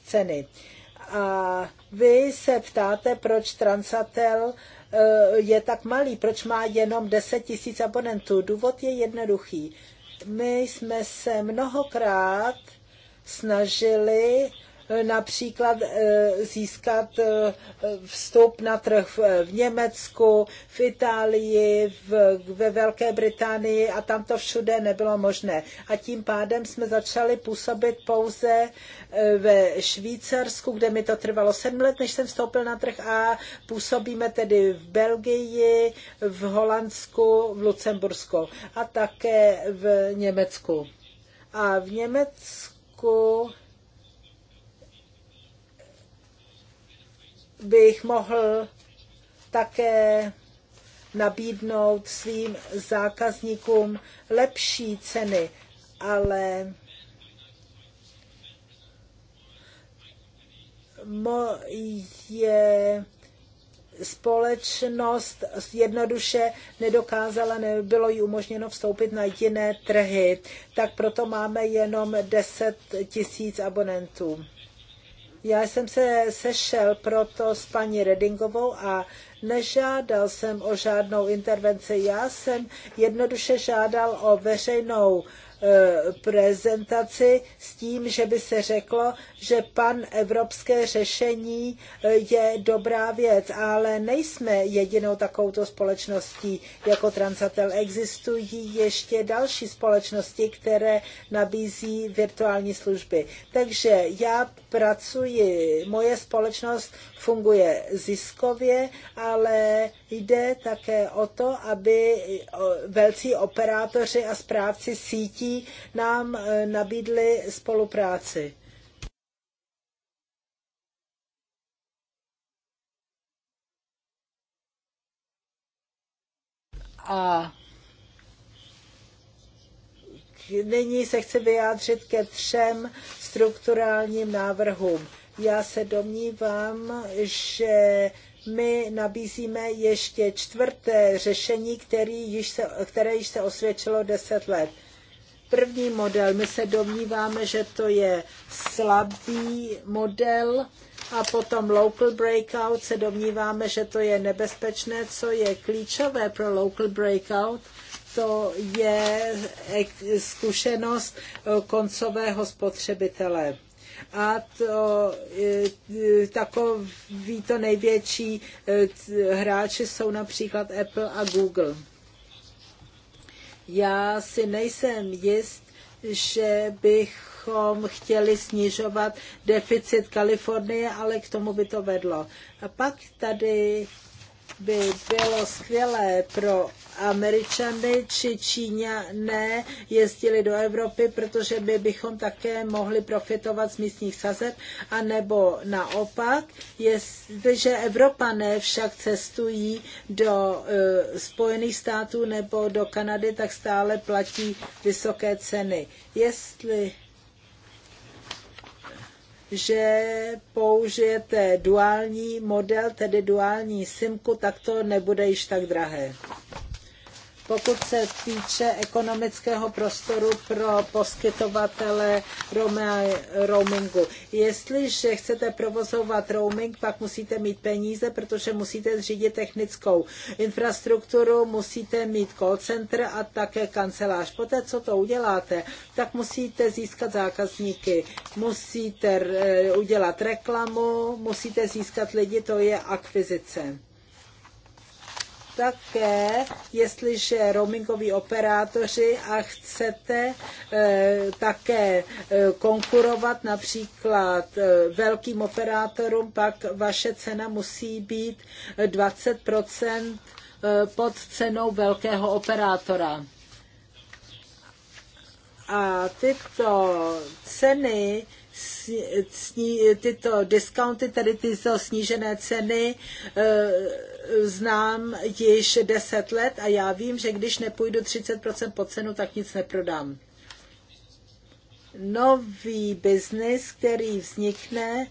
ceny. A vy se ptáte, proč Transatel e, je tak malý, proč má jenom 10 tisíc abonentů. Důvod je jednoduchý. My jsme se mnohokrát snažili Eh, například eh, získat eh, vstup na trh v Německu, v Itálii, v, ve Velké Británii a tam to všude nebylo možné. A tím pádem jsme začali působit pouze ve Švýcarsku, kde mi to trvalo sedm let, než jsem vstoupil na trh a působíme tedy v Belgii, v Holandsku, v Lucembursku a také v Německu. A v Německu bych mohl také nabídnout svým zákazníkům lepší ceny, ale moje společnost jednoduše nedokázala, nebylo jí umožněno vstoupit na jiné trhy, tak proto máme jenom 10 tisíc abonentů. Já jsem se sešel proto s paní Redingovou a nežádal jsem o žádnou intervenci. Já jsem jednoduše žádal o veřejnou Eh, prezentaci s tím, že by se řeklo, že pan evropské řešení eh, je dobrá věc, ale nejsme jedinou takovouto společností jako Transatel. Existují ještě další společnosti, které nabízí virtuální služby. Takže já pracuji, moje společnost funguje ziskově, ale jde také o to, aby velcí operátoři a správci sítí nám eh, nabídli spolupráci. A nyní se chci vyjádřit ke třem strukturálním návrhům. Já se domnívám, že my nabízíme ještě čtvrté řešení, který již se, které již se osvědčilo deset let. První model, my se domníváme, že to je slabý model a potom local breakout se domníváme, že to je nebezpečné, co je klíčové pro local breakout, to je zkušenost eh, koncového spotřebitele a to, e, e, takový to největší e, hráči jsou například Apple a Google. Já si nejsem jist, že bychom chtěli snižovat deficit Kalifornie, ale k tomu by to vedlo. A pak tady by bylo skvělé pro Američany či Číňané jezdili do Evropy, protože my bychom také mohli profitovat z místních sazeb, anebo naopak, jestliže Evropané však cestují do uh, Spojených států nebo do Kanady, tak stále platí vysoké ceny. Jestli že použijete duální model, tedy duální simku, tak to nebude již tak drahé pokud se týče ekonomického prostoru pro poskytovatele roamingu. Jestliže chcete provozovat roaming, pak musíte mít peníze, protože musíte zřídit technickou infrastrukturu, musíte mít call center a také kancelář. Poté, co to uděláte, tak musíte získat zákazníky, musíte eh, udělat reklamu, musíte získat lidi, to je akvizice také, jestliže roamingoví operátoři a chcete eh, také eh, konkurovat například eh, velkým operátorům, pak vaše cena musí být 20 pod cenou velkého operátora. A tyto ceny tyto discounty, tedy ty snížené ceny, eh, znám již 10 let a já vím, že když nepůjdu 30% po cenu, tak nic neprodám. Nový biznis, který vznikne,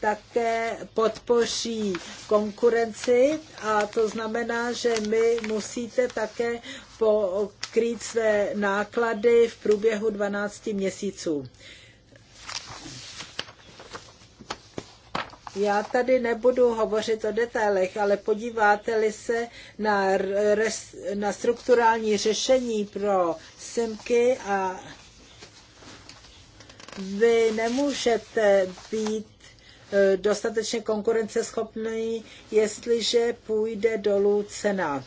také podpoří konkurenci a to znamená, že my musíte také pokrýt své náklady v průběhu 12 měsíců. Já tady nebudu hovořit o detailech, ale podíváte-li se na, res, na strukturální řešení pro simky a vy nemůžete být e, dostatečně konkurenceschopný, jestliže půjde dolů cena.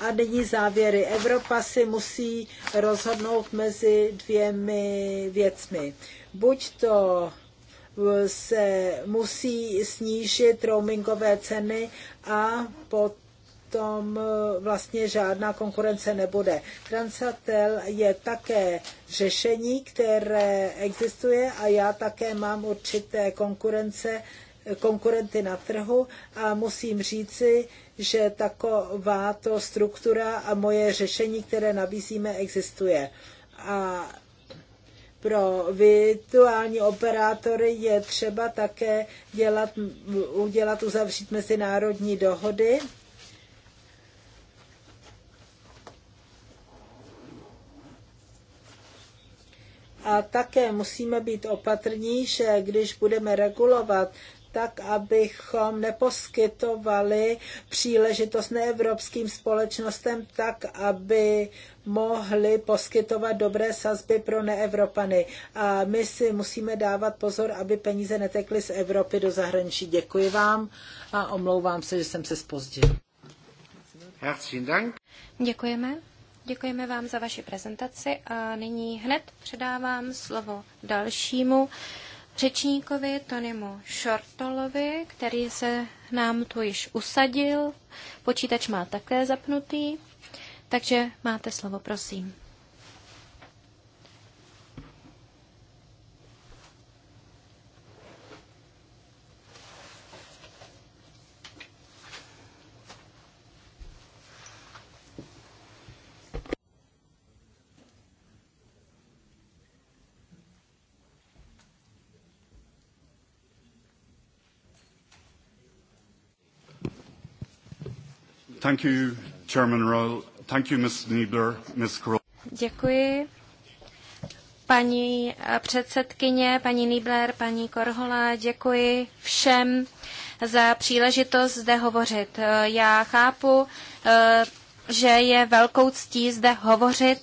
A nyní závěry. Evropa si musí rozhodnout mezi dvěmi věcmi. Buď to se musí snížit roamingové ceny a potom eh, vlastně žádná konkurence nebude. Transatel je také řešení, které existuje a já také mám určité konkurence, eh, konkurenty na trhu a musím říci, že taková to struktura a moje řešení, které nabízíme, existuje. A pro virtuální operátory je třeba také dělat, udělat, uzavřít mezinárodní dohody. A také musíme být opatrní, že když budeme regulovat, tak abychom neposkytovali příležitost neevropským společnostem, tak aby mohli poskytovat dobré sazby pro neevropany. A my si musíme dávat pozor, aby peníze netekly z Evropy do zahraničí. Děkuji vám a omlouvám se, že jsem se spozdil. Děkujeme. Děkujeme vám za vaši prezentaci a nyní hned předávám slovo dalšímu řečníkovi Tonymu Šortolovi, který se nám tu již usadil. Počítač má také zapnutý. Takže máte slovo, prosím. Thank you, Chairman Royal. Děkuji. Paní eh, předsedkyně, paní Niebler, paní Korhola, děkuji všem za příležitost zde hovořit. Eh, já chápu, eh, že je velkou ctí zde hovořit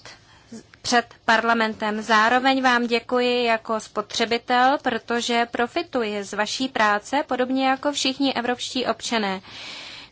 před parlamentem. Zároveň vám děkuji jako spotřebitel, protože profituji z vaší práce, podobně jako všichni evropští občané.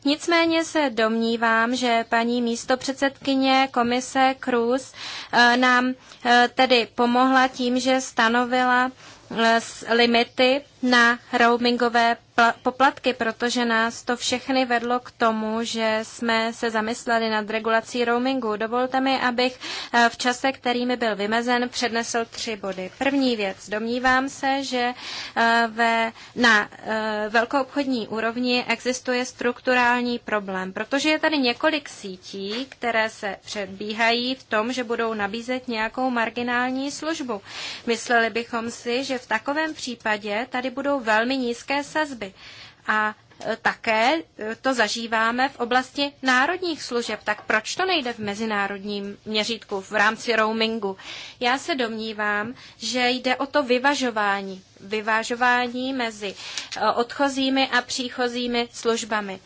Nicméně se domnívám, že paní místopředsedkyně komise Cruz eh, nám eh, tedy pomohla tím, že stanovila eh, limity na roamingové poplatky, protože nás to všechny vedlo k tomu, že jsme se zamysleli nad regulací roamingu. Dovolte mi, abych eh, v čase, který mi byl vymezen, přednesl tři body. První věc. Domnívám se, že eh, ve, na eh, velkoobchodní úrovni existuje strukturální problém, protože je tady několik sítí, které se předbíhají v tom, že budou nabízet nějakou marginální službu. Mysleli bychom si, že v takovém případě tady budou velmi nízké sazby. A e, také e, to zažíváme v oblasti národních služeb. Tak proč to nejde v mezinárodním měřítku v rámci roamingu? Já se domnívám, že jde o to vyvažování. Vyvažování mezi e, odchozími a příchozími službami.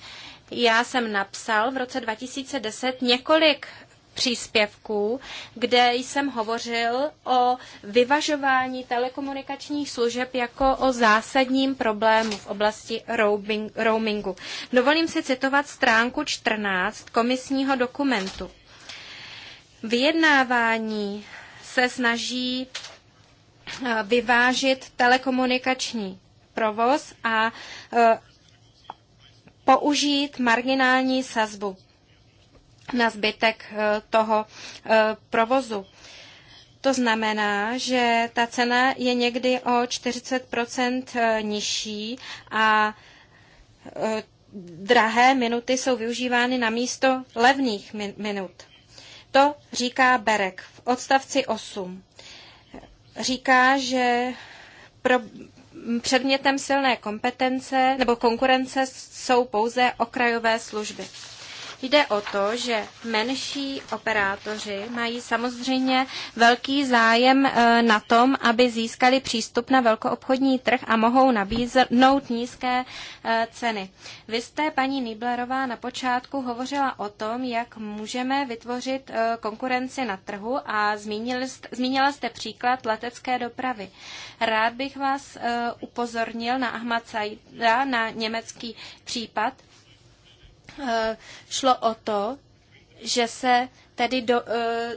Já jsem napsal v roce 2010 několik příspěvků, kde jsem hovořil o vyvažování telekomunikačních služeb jako o zásadním problému v oblasti roamingu. Dovolím si citovat stránku 14 komisního dokumentu. Vyjednávání se snaží eh, vyvážit telekomunikační provoz a eh, použít marginální sazbu na zbytek eh, toho eh, provozu. To znamená, že ta cena je někdy o 40 eh, nižší a drahé minuty jsou využívány na místo levných minut. To říká Berek v odstavci 8. Říká, že pro předmětem silné kompetence nebo konkurence jsou pouze okrajové služby. Jde o to, že menší operátoři mají samozřejmě velký zájem e, na tom, aby získali přístup na velkoobchodní trh a mohou nabíznout nízké e, ceny. Vy jste, paní Niblerová, na počátku hovořila o tom, jak můžeme vytvořit e, konkurenci na trhu a zmínila jste příklad letecké dopravy. Rád bych vás upozornil na Ahmad Saida, na německý případ, Eh, šlo o to, že se tedy do, eh,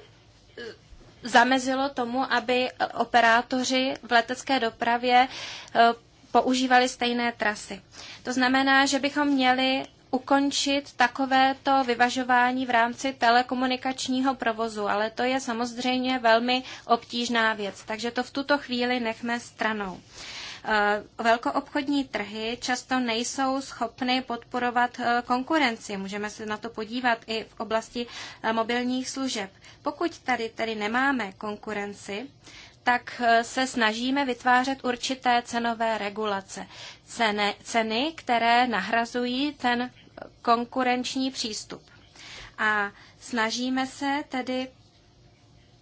zamezilo tomu, aby operátoři v letecké dopravě eh, používali stejné trasy. To znamená, že bychom měli ukončit takovéto vyvažování v rámci telekomunikačního provozu, ale to je samozřejmě velmi obtížná věc, takže to v tuto chvíli nechme stranou. Eh, velkoobchodní trhy často nejsou schopny podporovat eh, konkurenci. Můžeme se na to podívat i v oblasti eh, mobilních služeb. Pokud tady tedy nemáme konkurenci, tak se snažíme vytvářet určité cenové regulace. Ceny, ceny které nahrazují ten konkurenční přístup. A snažíme se tedy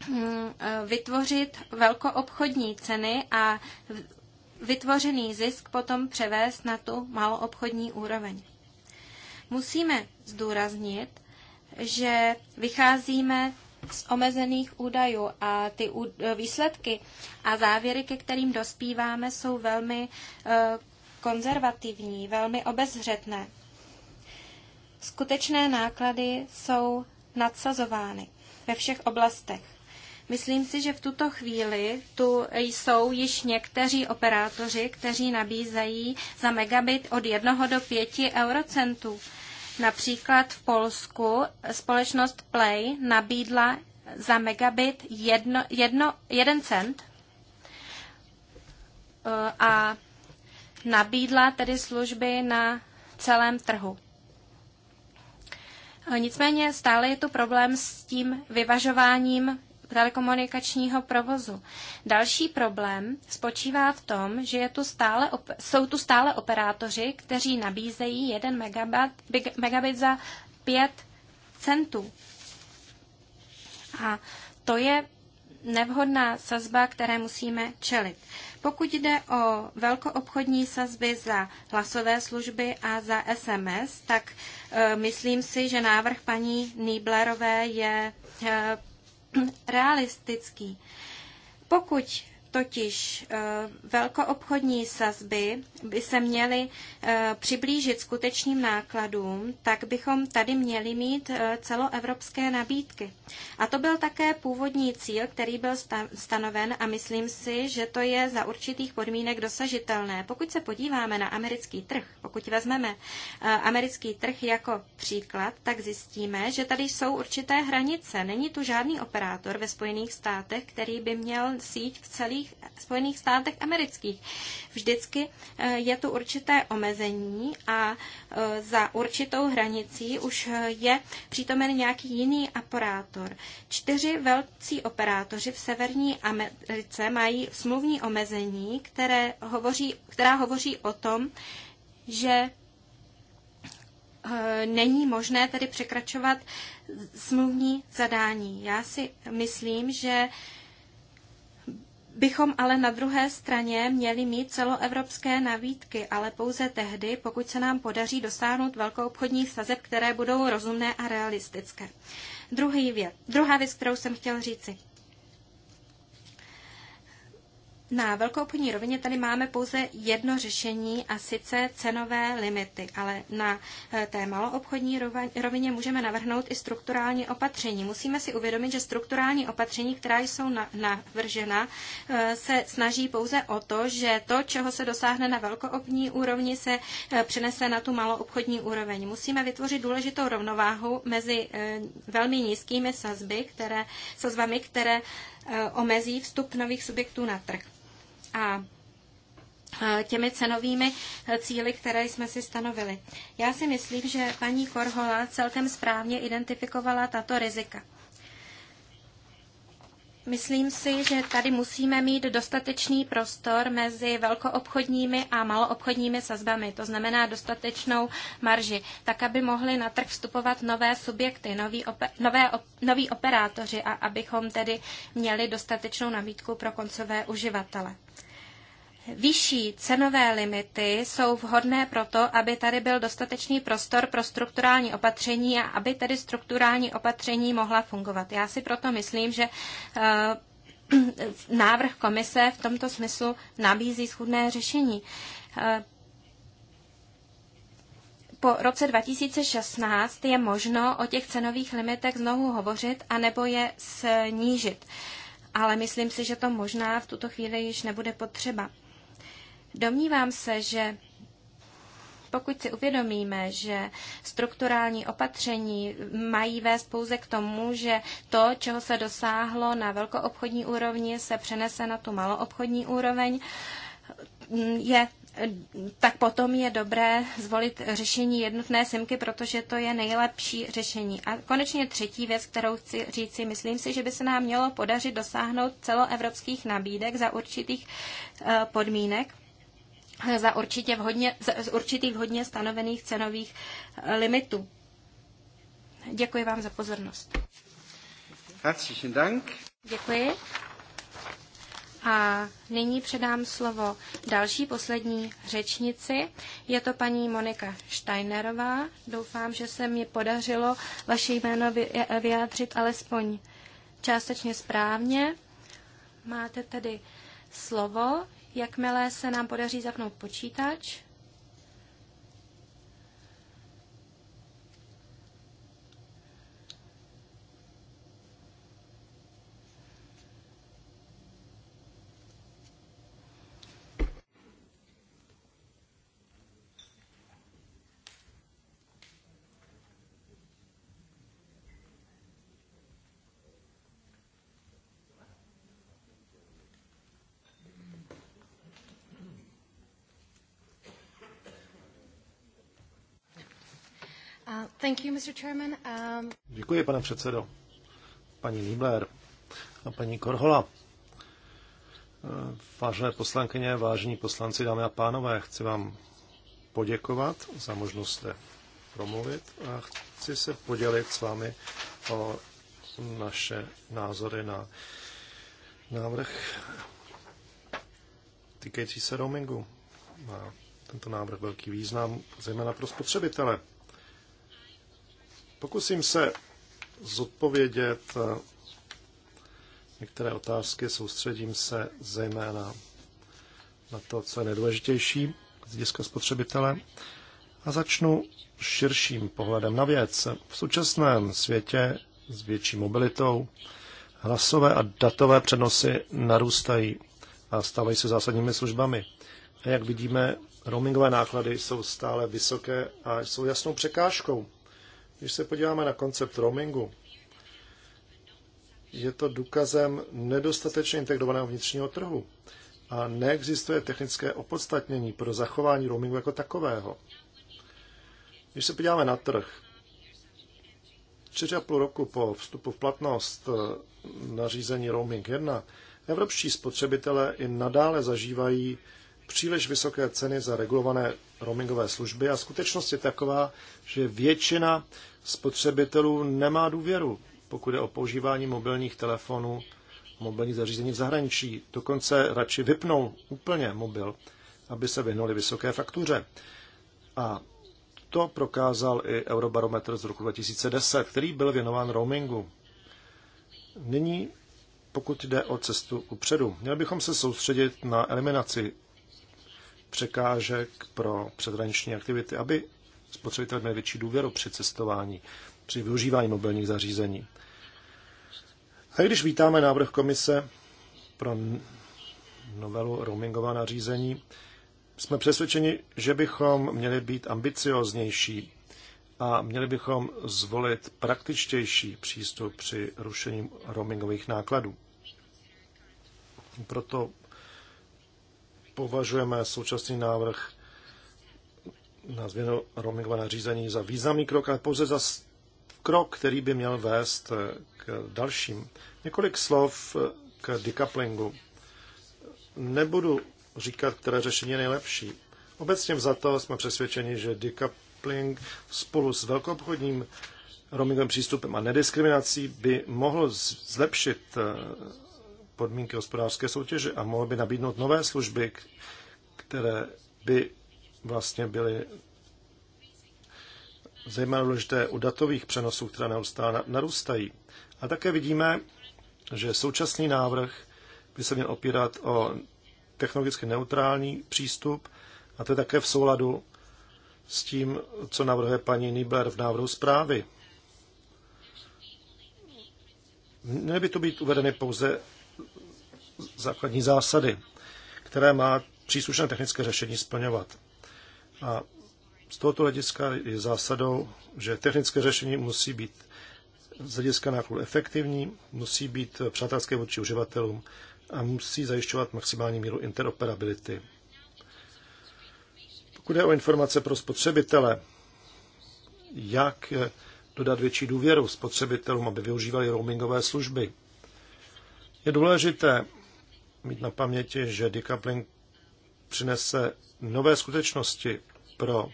hm, vytvořit velkoobchodní ceny a vytvořený zisk potom převést na tu maloobchodní úroveň. Musíme zdůraznit, že vycházíme z omezených údajů a ty e, výsledky a závěry, ke kterým dospíváme, jsou velmi e, konzervativní, velmi obezřetné. Skutečné náklady jsou nadsazovány ve všech oblastech. Myslím si, že v tuto chvíli tu jsou již někteří operátoři, kteří nabízejí za megabit od 1 do 5 eurocentů. Například v Polsku společnost Play nabídla za megabit 1 cent eh, a nabídla tedy služby na celém trhu. Eh, nicméně stále je tu problém s tím vyvažováním telekomunikačního provozu. Další problém spočívá v tom, že je tu stále, jsou tu stále operátoři, kteří nabízejí 1 megabit, megabit za 5 centů. A to je nevhodná sazba, které musíme čelit. Pokud jde o velkoobchodní sazby za hlasové služby a za SMS, tak e, myslím si, že návrh paní Nýblerové je e, realistický. Pokud Totiž eh, velkoobchodní sazby by se měly eh, přiblížit skutečným nákladům, tak bychom tady měli mít eh, celoevropské nabídky. A to byl také původní cíl, který byl stanoven a myslím si, že to je za určitých podmínek dosažitelné. Pokud se podíváme na americký trh, pokud vezmeme americký trh jako příklad, tak zjistíme, že tady jsou určité hranice. Není tu žádný operátor ve Spojených státech, který by měl síť v celých Spojených, Spojených státech amerických. Vždycky eh, je tu určité omezení a eh, za určitou hranicí už eh, je přítomen nějaký jiný operátor. Čtyři velcí operátoři v Severní Americe mají smluvní omezení, které hovoří, která hovoří o tom, že není možné tedy překračovat smluvní zadání. Já si myslím, že bychom ale na druhé straně měli mít celoevropské nabídky, ale pouze tehdy, pokud se nám podaří dosáhnout velkou obchodní sazeb, které budou rozumné a realistické. Druhý věc, druhá věc, kterou jsem chtěl říci na velkoobchodní rovině tady máme pouze jedno řešení a sice cenové limity, ale na eh, té maloobchodní rovině můžeme navrhnout i strukturální opatření. Musíme si uvědomit, že strukturální opatření, která jsou navržena, eh, se snaží pouze o to, že to, čeho se dosáhne na velkoobchodní úrovni, se eh, přenese na tu maloobchodní úroveň. Musíme vytvořit důležitou rovnováhu mezi velmi nízkými sazby, které, sazbami, které omezí vstup nových subjektů na trh a těmi cenovými cíly, které jsme si stanovili. Já si myslím, že paní Korhola celkem správně identifikovala tato rizika. Myslím si, že tady musíme mít dostatečný prostor mezi velkoobchodními a maloobchodními sazbami, to znamená dostatečnou marži, tak aby mohly na trh vstupovat nové subjekty, noví, oper, nové, op, noví operátoři a abychom tedy měli dostatečnou nabídku pro koncové uživatele vyšší cenové limity jsou vhodné proto, aby tady byl dostatečný prostor pro strukturální opatření a aby tedy strukturální opatření mohla fungovat. Já si proto myslím, že eh, návrh komise v tomto smyslu nabízí schudné řešení. Eh, po roce 2016 je možno o těch cenových limitech znovu hovořit a nebo je snížit, ale myslím si, že to možná v tuto chvíli již nebude potřeba. Domnívám se, že pokud si uvědomíme, že strukturální opatření mají vést pouze k tomu, že to, čeho se dosáhlo na velkoobchodní úrovni, se přenese na tu maloobchodní úroveň, je tak potom je dobré zvolit řešení jednotné simky, protože to je nejlepší řešení. A konečně třetí věc, kterou chci říci, myslím si, že by se nám mělo podařit dosáhnout celoevropských nabídek za určitých eh, podmínek za, určitě vhodně, za určitých vhodně stanovených cenových eh, limitů. Děkuji vám za pozornost. Herzlichen Dank. Děkuji. A nyní předám slovo další poslední řečnici. Je to paní Monika Steinerová. Doufám, že se mi podařilo vaše jméno eh, vyjádřit alespoň částečně správně. Máte tedy slovo Jakmile se nám podaří zapnout počítač, thank you, Mr. Chairman. Um... Děkuji, pane předsedo. Paní Liebler a paní Korhola. Vážené poslankyně, vážení poslanci, dámy a pánové, chci vám poděkovat za možnost promluvit a chci se podělit s vámi o naše názory na návrh týkající se roamingu. Má tento návrh velký význam, zejména pro spotřebitele. Pokusím se zodpovědět eh, některé otázky, soustředím se zejména na to, co je nejdůležitější z hlediska spotřebitele a začnu širším pohledem na věc. V současném světě s větší mobilitou hlasové a datové přenosy narůstají a stávají se zásadními službami. A jak vidíme, roamingové náklady jsou stále vysoké a jsou jasnou překážkou když se podíváme na koncept roamingu, je to důkazem nedostatečně integrovaného vnitřního trhu a neexistuje technické opodstatnění pro zachování roamingu jako takového. Když se podíváme na trh, a půl roku po vstupu v platnost eh, nařízení Roaming 1, evropští spotřebitelé i nadále zažívají příliš vysoké ceny za regulované roamingové služby a skutečnost je taková, že většina spotřebitelů nemá důvěru, pokud je o používání mobilních telefonů, mobilní zařízení v zahraničí. Dokonce radši vypnou úplně mobil, aby se vyhnuli vysoké faktuře. A to prokázal i Eurobarometr z roku 2010, který byl věnován roamingu. Nyní, pokud jde o cestu upředu, měli bychom se soustředit na eliminaci překážek pro předhraniční aktivity, aby spotřebitel měl větší důvěru při cestování, při využívání mobilních zařízení. A když vítáme návrh komise pro novelu roamingová nařízení, jsme přesvědčeni, že bychom měli být ambicioznější a měli bychom zvolit praktičtější přístup při rušení roamingových nákladů. Proto považujeme současný návrh na změnu roamingové nařízení za významný krok, ale pouze za krok, který by měl vést k dalším. Několik slov k decouplingu. Nebudu říkat, které řešení je nejlepší. Obecně to jsme přesvědčeni, že decoupling spolu s velkoobchodním roamingovým přístupem a nediskriminací by mohl zlepšit eh, podmínky hospodářské soutěže a mohl by nabídnout nové služby, které by vlastně byly zejména důležité u datových přenosů, které neustále narůstají. A také vidíme, že současný návrh by se měl opírat o technologicky neutrální přístup a to je také v souladu s tím, co navrhuje paní Nibler v návrhu zprávy. Měly by tu být uvedeny pouze základní zásady, které má příslušné technické řešení splňovat. A z tohoto hlediska je zásadou, že technické řešení musí být z hlediska nákladů efektivní, musí být přátelské vůči uživatelům a musí zajišťovat maximální míru interoperability. Pokud je o informace pro spotřebitele, jak dodat větší důvěru spotřebitelům, aby využívali roamingové služby. Je důležité, mít na paměti, že decoupling přinese nové skutečnosti pro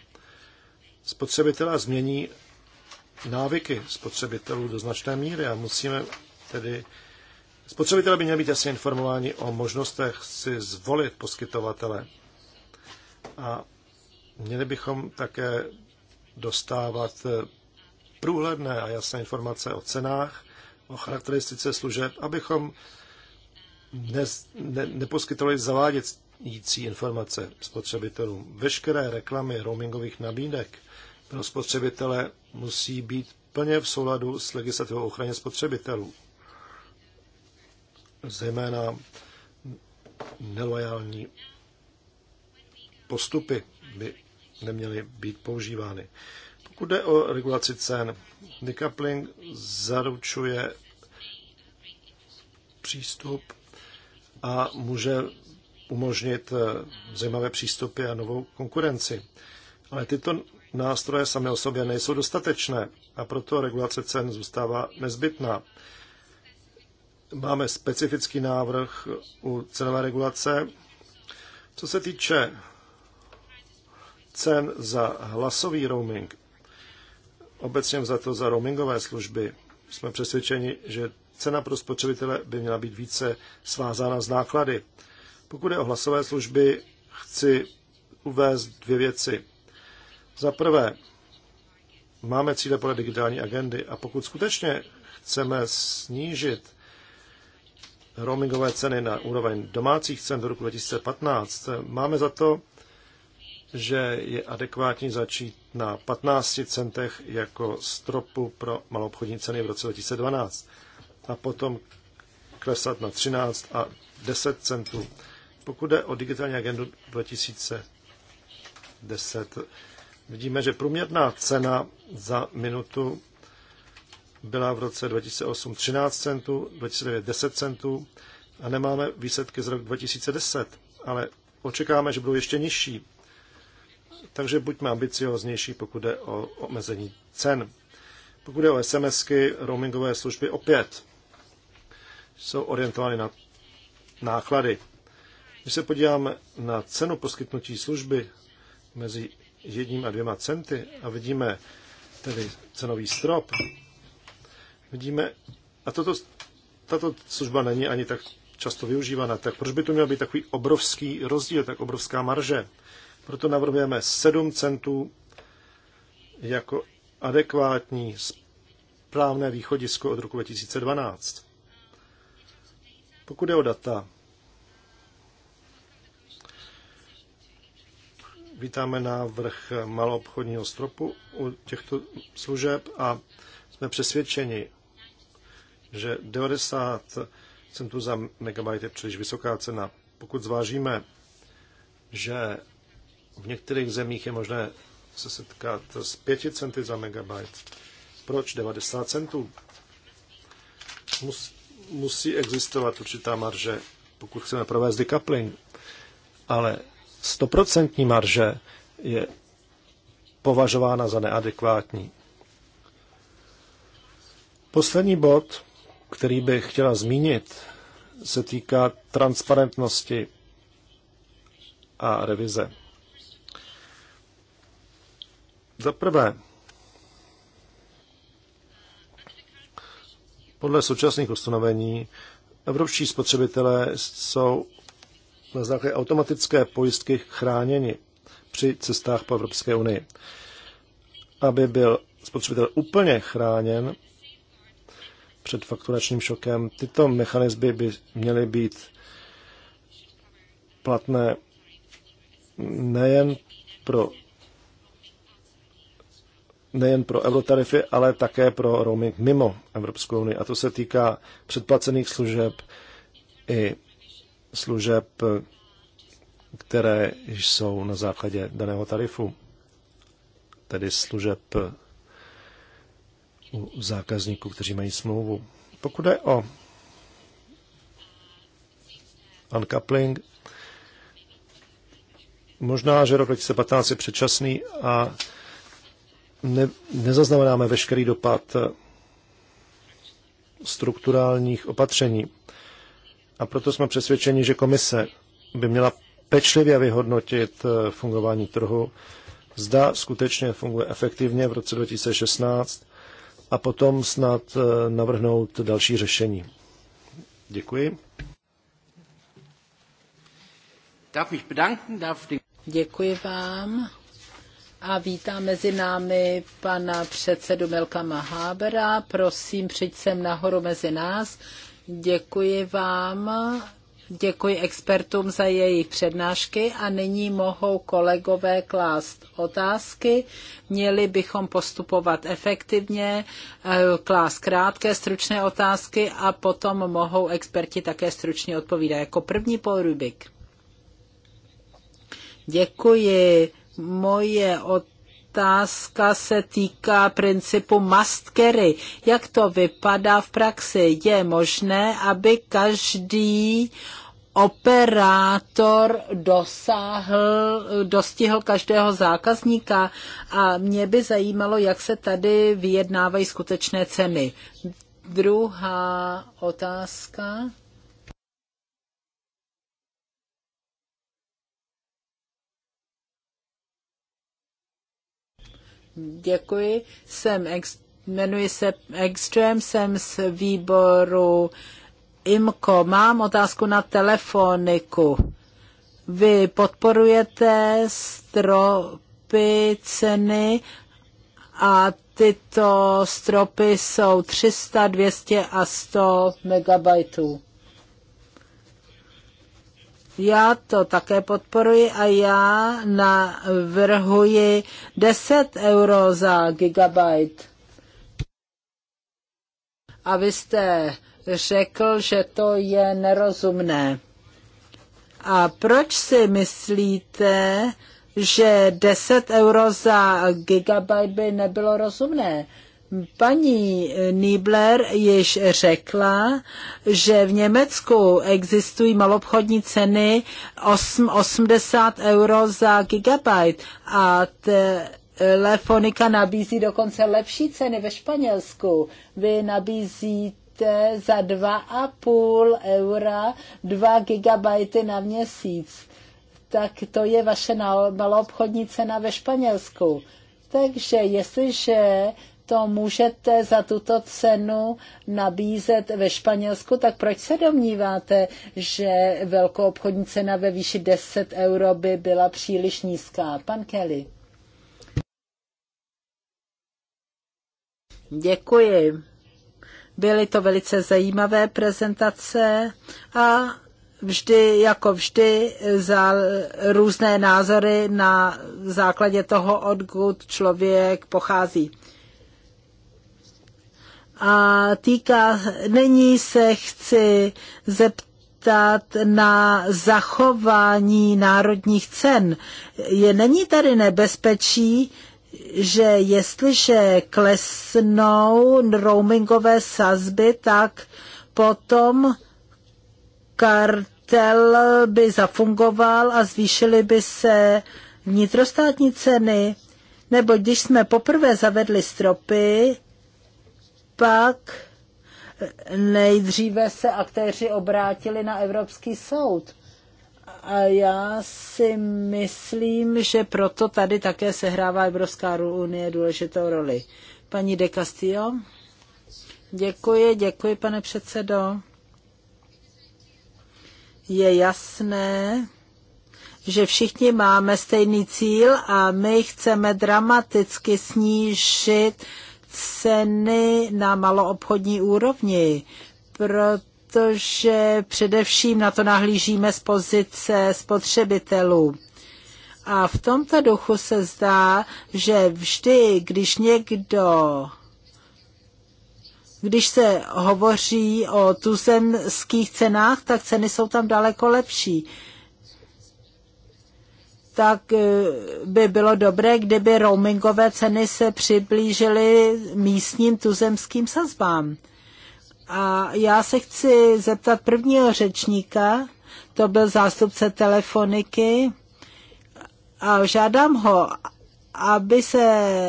spotřebitele a změní návyky spotřebitelů do značné míry a musíme tedy Spotřebitelé by měli být jasně informováni o možnostech si zvolit poskytovatele. A měli bychom také dostávat průhledné a jasné informace o cenách, o charakteristice služeb, abychom ne ne, neposkytovali zavádějící informace spotřebitelům. Veškeré reklamy roamingových nabídek pro spotřebitele musí být plně v souladu s legislativou ochraně spotřebitelů. Zejména nelojální postupy by neměly být používány. Pokud jde o regulaci cen, decoupling zaručuje přístup a může umožnit eh, zajímavé přístupy a novou konkurenci. Ale tyto nástroje samé o sobě nejsou dostatečné a proto regulace cen zůstává nezbytná. Máme specifický návrh u cenové regulace. Co se týče cen za hlasový roaming, obecně za to za roamingové služby, jsme přesvědčeni, že cena pro spotřebitele by měla být více svázána s náklady. Pokud je o hlasové služby, chci uvést dvě věci. Za prvé, máme cíle podle digitální agendy a pokud skutečně chceme snížit roamingové ceny na úroveň domácích cen do roku 2015, máme za to, že je adekvátní začít na 15 centech jako stropu pro obchodní ceny v roce 2012 a potom klesat na 13 a 10 centů. Pokud jde o digitální agendu 2010, vidíme, že průměrná cena za minutu byla v roce 2008 13 centů, 2009 10 centů a nemáme výsledky z roku 2010, ale očekáváme, že budou ještě nižší. Takže buďme ambicioznější, pokud jde o omezení cen. Pokud jde o SMSky, roamingové služby opět jsou orientovány na náklady. Když se podíváme na cenu poskytnutí služby mezi jedním a dvěma centy a vidíme tedy cenový strop, vidíme, a toto, tato služba není ani tak často využívaná. tak proč by to měl být takový obrovský rozdíl, tak obrovská marže? Proto navrhujeme 7 centů jako adekvátní správné východisko od roku 2012. Pokud je o data, vítáme vrch maloobchodního stropu u těchto služeb a jsme přesvědčeni, že 90 centů za megabyte je příliš vysoká cena. Pokud zvážíme, že v některých zemích je možné se setkat s 5 centy za megabyte, proč 90 centů? musí? musí existovat určitá marže, pokud chceme provést decoupling. Ale stoprocentní marže je považována za neadekvátní. Poslední bod, který bych chtěla zmínit, se týká transparentnosti a revize. Za prvé, Podle současných ustanovení evropští spotřebitelé jsou na základě automatické pojistky chráněni při cestách po Evropské unii. Aby byl spotřebitel úplně chráněn před fakturačním šokem, tyto mechanismy by měly být platné nejen pro nejen pro eurotarify, ale také pro roaming mimo Evropskou unii. A to se týká předplacených služeb i služeb, které jsou na základě daného tarifu, tedy služeb u zákazníků, kteří mají smlouvu. Pokud je o uncoupling, možná, že rok 2015 je předčasný a ne, nezaznamenáme veškerý dopad eh, strukturálních opatření. A proto jsme přesvědčeni, že komise by měla pečlivě vyhodnotit eh, fungování trhu, zda skutečně funguje efektivně v roce 2016 a potom snad eh, navrhnout další řešení. Děkuji. Děkuji vám a vítám mezi námi pana předsedu Milka Mahábera. Prosím, přijď sem nahoru mezi nás. Děkuji vám, děkuji expertům za jejich přednášky a nyní mohou kolegové klást otázky. Měli bychom postupovat efektivně, eh, klást krátké, stručné otázky a potom mohou experti také stručně odpovídat. Jako první Paul Rubik. Děkuji Moje otázka se týká principu must carry. Jak to vypadá v praxi? Je možné, aby každý operátor dosáhl, dostihl každého zákazníka a mě by zajímalo, jak se tady vyjednávají skutečné ceny. Druhá otázka. Děkuji. Jsem ex, jmenuji se Extrem, jsem z výboru IMCO. Mám otázku na telefoniku. Vy podporujete stropy ceny a tyto stropy jsou 300, 200 a 100 megabajtů. Já to také podporuji a já navrhuji 10 euro za gigabyte. A vy jste řekl, že to je nerozumné. A proč si myslíte, že 10 euro za gigabyte by nebylo rozumné? Paní Niebler již řekla, že v Německu existují malobchodní ceny 8, 80 euro za gigabyte a telefonika nabízí dokonce lepší ceny ve Španělsku. Vy nabízíte za 2,5 eura 2 gigabajty na měsíc. Tak to je vaše malobchodní cena ve Španělsku. Takže jestliže to můžete za tuto cenu nabízet ve Španělsku, tak proč se domníváte, že velkou obchodní cena ve výši 10 euro by byla příliš nízká? Pan Kelly. Děkuji. Byly to velice zajímavé prezentace a vždy, jako vždy, za různé názory na základě toho, odkud člověk pochází a týká, není se chci zeptat na zachování národních cen. Je, není tady nebezpečí, že jestliže klesnou roamingové sazby, tak potom kartel by zafungoval a zvýšily by se vnitrostátní ceny. Nebo když jsme poprvé zavedli stropy, pak nejdříve se aktéři obrátili na Evropský soud. A já si myslím, že proto tady také sehrává Evropská unie důležitou roli. Paní de Castillo. Děkuji, děkuji, pane předsedo. Je jasné, že všichni máme stejný cíl a my chceme dramaticky snížit uh, ceny na maloobchodní úrovni, protože především na to nahlížíme z pozice spotřebitelů. A v tomto duchu se zdá, že vždy, když někdo když se hovoří o tuzemských cenách, tak ceny jsou tam daleko lepší tak eh, by bylo dobré, kdyby roamingové ceny se přiblížily místním tuzemským sazbám. A já se chci zeptat prvního řečníka, to byl zástupce telefoniky, a žádám ho, aby se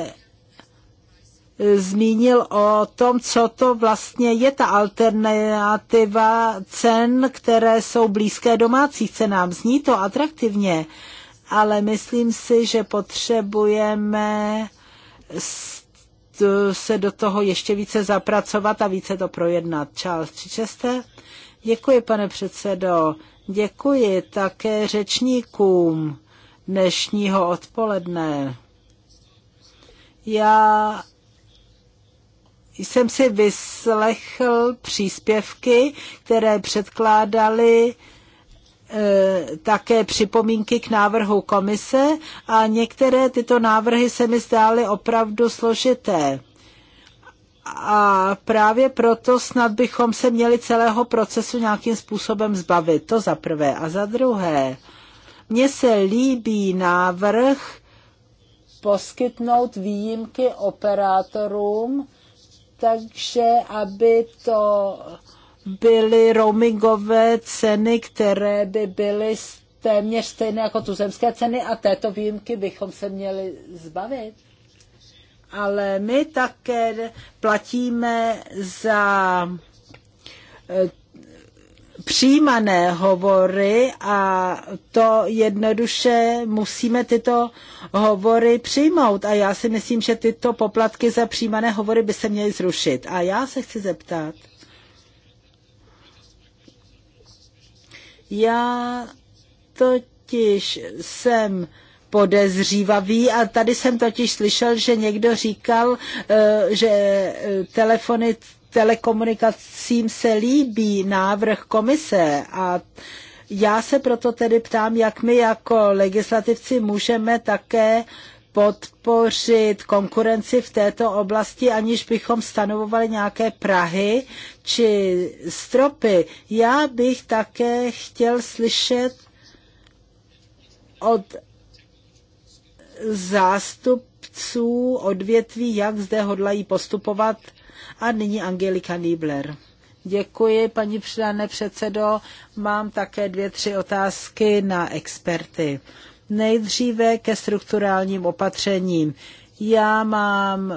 eh, zmínil o tom, co to vlastně je ta alternativa cen, které jsou blízké domácí cenám. Zní to atraktivně, ale myslím si, že potřebujeme se do toho ještě více zapracovat a více to projednat. Charles Chichester? Děkuji, pane předsedo. Děkuji také řečníkům dnešního odpoledne. Já jsem si vyslechl příspěvky, které předkládali Eh, také připomínky k návrhu komise a některé tyto návrhy se mi zdály opravdu složité. A právě proto snad bychom se měli celého procesu nějakým způsobem zbavit. To za prvé. A za druhé, mně se líbí návrh poskytnout výjimky operátorům, takže aby to byly roamingové ceny, které by byly téměř stejné jako tuzemské ceny a této výjimky bychom se měli zbavit. Ale my také platíme za eh, přijímané hovory a to jednoduše musíme tyto hovory přijmout. A já si myslím, že tyto poplatky za přijímané hovory by se měly zrušit. A já se chci zeptat, Já totiž jsem podezřívavý a tady jsem totiž slyšel, že někdo říkal, eh, že eh, telefony telekomunikacím se líbí návrh komise a já se proto tedy ptám, jak my jako legislativci můžeme také podpořit konkurenci v této oblasti, aniž bychom stanovovali nějaké prahy či stropy. Já bych také chtěl slyšet od zástupců odvětví, jak zde hodlají postupovat. A nyní Angelika Niebler. Děkuji, paní předané předsedo. Mám také dvě, tři otázky na experty. Nejdříve ke strukturálním opatřením. Já mám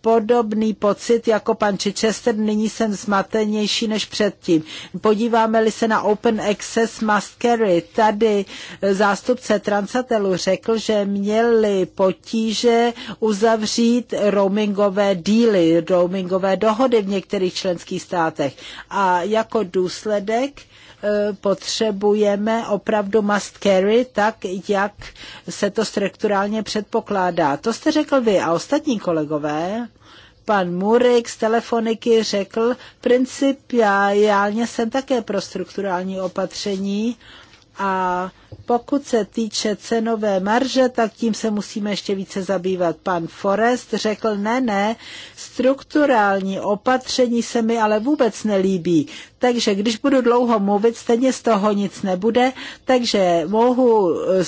podobný pocit jako pan Chichester, nyní jsem zmatenější než předtím. Podíváme-li se na Open Access Must Carry, tady zástupce Transatelu řekl, že měli potíže uzavřít roamingové díly, roamingové dohody v některých členských státech. A jako důsledek potřebujeme opravdu must carry, tak jak se to strukturálně předpokládá. To jste řekl vy a ostatní kolegové. Pan Murek z telefoniky řekl, principiálně jsem také pro strukturální opatření a pokud se týče cenové marže, tak tím se musíme ještě více zabývat. Pan Forest řekl, ne, ne, strukturální opatření se mi ale vůbec nelíbí. Takže když budu dlouho mluvit, stejně z toho nic nebude, takže mohu eh,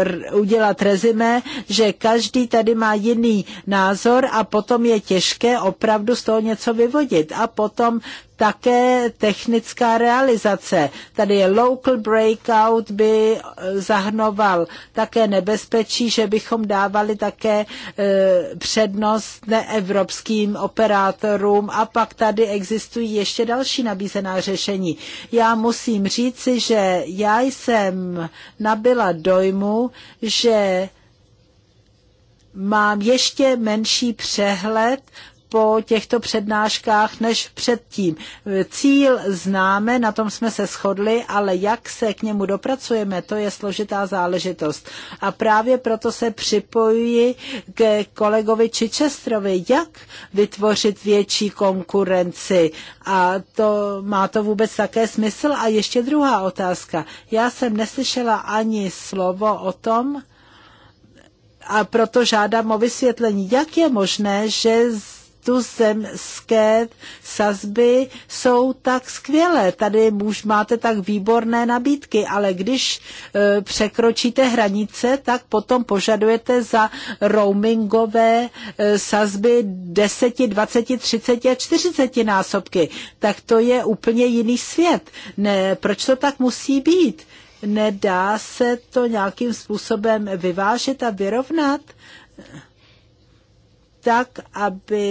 eh, udělat rezime, že každý tady má jiný názor a potom je těžké opravdu z toho něco vyvodit. A potom také technická realizace. Tady je local breakout, pokud by eh, zahrnoval také nebezpečí, že bychom dávali také eh, přednost neevropským operátorům a pak tady existují ještě další nabízená řešení. Já musím říci, že já jsem nabila dojmu, že mám ještě menší přehled po těchto přednáškách než předtím. Cíl známe, na tom jsme se shodli, ale jak se k němu dopracujeme, to je složitá záležitost. A právě proto se připojuji k kolegovi Čičestrovi, jak vytvořit větší konkurenci. A to má to vůbec také smysl. A ještě druhá otázka. Já jsem neslyšela ani slovo o tom, a proto žádám o vysvětlení, jak je možné, že tuzemské sazby jsou tak skvělé. Tady muž máte tak výborné nabídky, ale když e, překročíte hranice, tak potom požadujete za roamingové e, sazby 10, 20, 30 a 40 násobky. Tak to je úplně jiný svět. Ne, proč to tak musí být? Nedá se to nějakým způsobem vyvážit a vyrovnat? tak, aby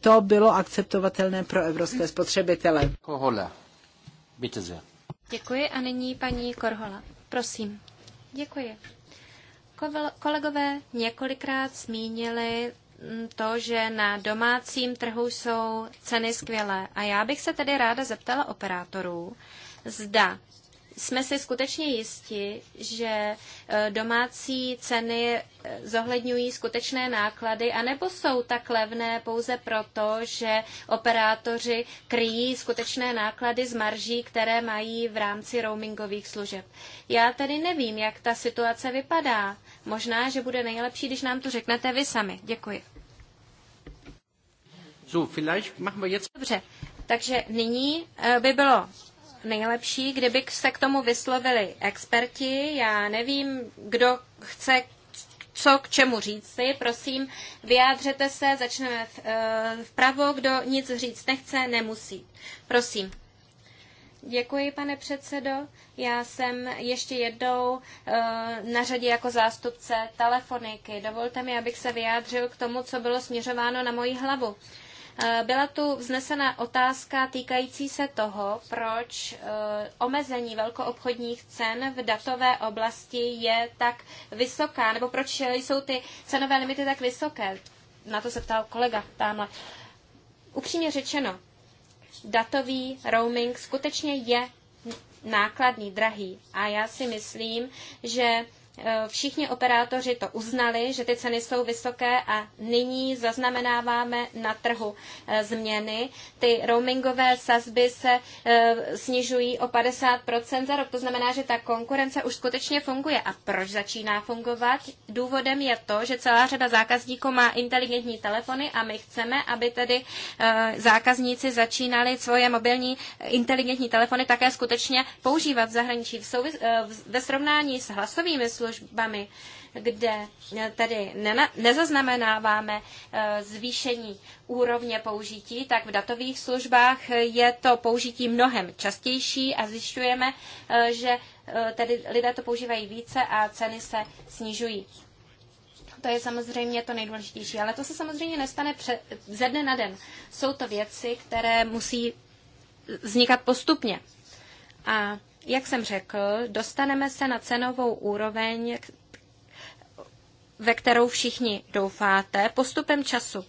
to bylo akceptovatelné pro evropské spotřebitele. Kohola, Děkuji a nyní paní Korhola. Prosím. Děkuji. Kolegové několikrát zmínili mm, to, že na domácím trhu jsou ceny skvělé. A já bych se tedy ráda zeptala operátorů, zda jsme si skutečně jisti, že eh, domácí ceny eh, zohledňují skutečné náklady, anebo jsou tak levné pouze proto, že operátoři kryjí skutečné náklady z marží, které mají v rámci roamingových služeb. Já tedy nevím, jak ta situace vypadá. Možná, že bude nejlepší, když nám to řeknete vy sami. Děkuji. So, vielleicht machen wir jetzt... Dobře, takže nyní eh, by bylo nejlepší, kdyby se k tomu vyslovili experti. Já nevím, kdo chce co k čemu říci. Prosím, vyjádřete se, začneme v, eh, vpravo, kdo nic říct nechce, nemusí. Prosím. Děkuji, pane předsedo. Já jsem ještě jednou eh, na řadě jako zástupce telefoniky. Dovolte mi, abych se vyjádřil k tomu, co bylo směřováno na moji hlavu. Eh, byla tu vznesena otázka týkající se toho, proč eh, omezení velkoobchodních cen v datové oblasti je tak vysoká, nebo proč jsou ty cenové limity tak vysoké. Na to se ptal kolega tamhle. Upřímně řečeno, datový roaming skutečně je nákladný, drahý. A já si myslím, že Eh, všichni operátoři to uznali, že ty ceny jsou vysoké a nyní zaznamenáváme na trhu eh, změny. Ty roamingové sazby se eh, snižují o 50% za rok, to znamená, že ta konkurence už skutečně funguje. A proč začíná fungovat? Důvodem je to, že celá řada zákazníků má inteligentní telefony a my chceme, aby tedy zákazníci začínali svoje mobilní inteligentní telefony také skutečně používat v zahraničí. V souvis- ve srovnání s hlasovými službami službami, kde tedy nezaznamenáváme eh, zvýšení úrovně použití, tak v datových službách je to použití mnohem častější a zjišťujeme, eh, že eh, tedy lidé to používají více a ceny se snižují. To je samozřejmě to nejdůležitější, ale to se samozřejmě nestane pře- ze dne na den. Jsou to věci, které musí vznikat postupně. A jak jsem řekl, dostaneme se na cenovou úroveň, ve kterou všichni doufáte, postupem času.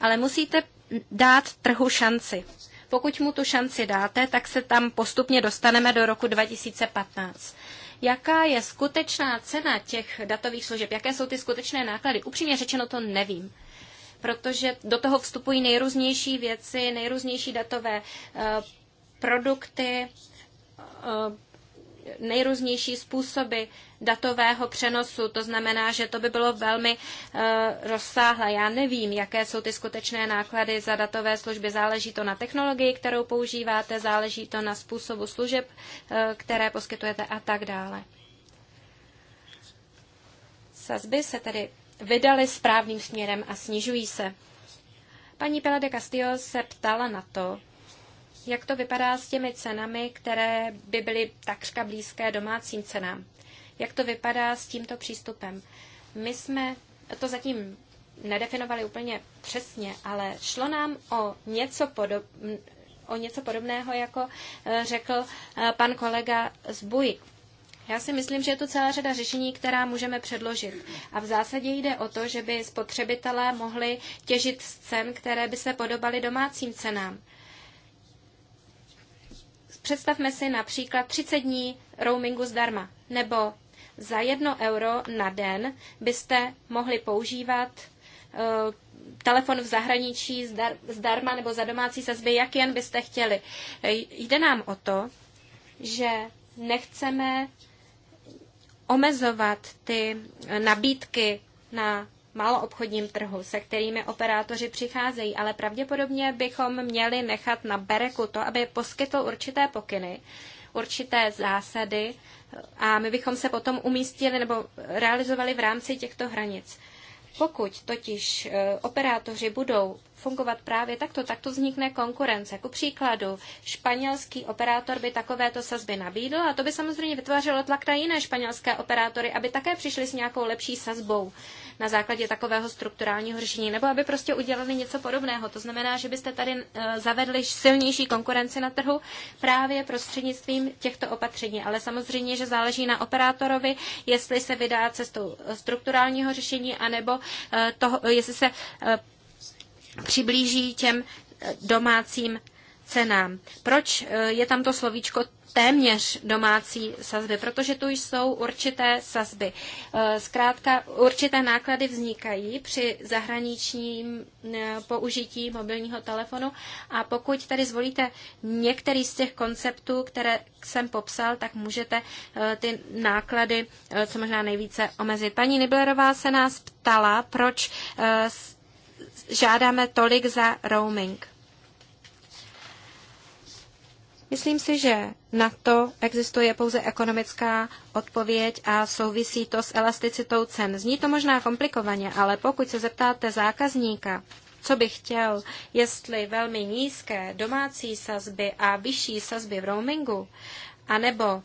Ale musíte dát trhu šanci. Pokud mu tu šanci dáte, tak se tam postupně dostaneme do roku 2015 jaká je skutečná cena těch datových služeb, jaké jsou ty skutečné náklady. Upřímně řečeno to nevím, protože do toho vstupují nejrůznější věci, nejrůznější datové uh, produkty, Eh, nejrůznější způsoby datového přenosu. To znamená, že to by bylo velmi eh, rozsáhlé. Já nevím, jaké jsou ty skutečné náklady za datové služby. Záleží to na technologii, kterou používáte, záleží to na způsobu služeb, eh, které poskytujete a tak dále. Sazby se tedy vydaly správným směrem a snižují se. Paní Pela de Castillo se ptala na to, jak to vypadá s těmi cenami, které by byly takřka blízké domácím cenám. Jak to vypadá s tímto přístupem? My jsme to zatím nedefinovali úplně přesně, ale šlo nám o něco, podob, o něco podobného, jako eh, řekl eh, pan kolega Zbuj. Já si myslím, že je tu celá řada řešení, která můžeme předložit. A v zásadě jde o to, že by spotřebitelé mohli těžit z cen, které by se podobaly domácím cenám. Představme si například 30 dní roamingu zdarma, nebo za jedno euro na den byste mohli používat eh, telefon v zahraničí zdar, zdarma nebo za domácí sazby, jak jen byste chtěli. Eh, jde nám o to, že nechceme omezovat ty nabídky na maloobchodním trhu, se kterými operátoři přicházejí, ale pravděpodobně bychom měli nechat na Bereku to, aby poskytl určité pokyny, určité zásady a my bychom se potom umístili nebo realizovali v rámci těchto hranic. Pokud totiž eh, operátoři budou fungovat právě takto, takto vznikne konkurence. Ku příkladu, španělský operátor by takovéto sazby nabídl a to by samozřejmě vytvářelo tlak na jiné španělské operátory, aby také přišli s nějakou lepší sazbou na základě takového strukturálního řešení, nebo aby prostě udělali něco podobného. To znamená, že byste tady eh, zavedli silnější konkurenci na trhu právě prostřednictvím těchto opatření. Ale samozřejmě, že záleží na operátorovi, jestli se vydá cestou strukturálního řešení, anebo eh, toho, jestli se eh, přiblíží těm eh, domácím cenám. Proč eh, je tam to slovíčko téměř domácí sazby, protože tu jsou určité sazby. Eh, zkrátka, určité náklady vznikají při zahraničním použití mobilního telefonu a pokud tady zvolíte některý z těch konceptů, které jsem popsal, tak můžete ty náklady co možná nejvíce omezit. Paní Niblerová se nás ptala, proč žádáme tolik za roaming. Myslím si, že na to existuje pouze ekonomická odpověď a souvisí to s elasticitou cen. Zní to možná komplikovaně, ale pokud se zeptáte zákazníka, co by chtěl, jestli velmi nízké domácí sazby a vyšší sazby v roamingu, anebo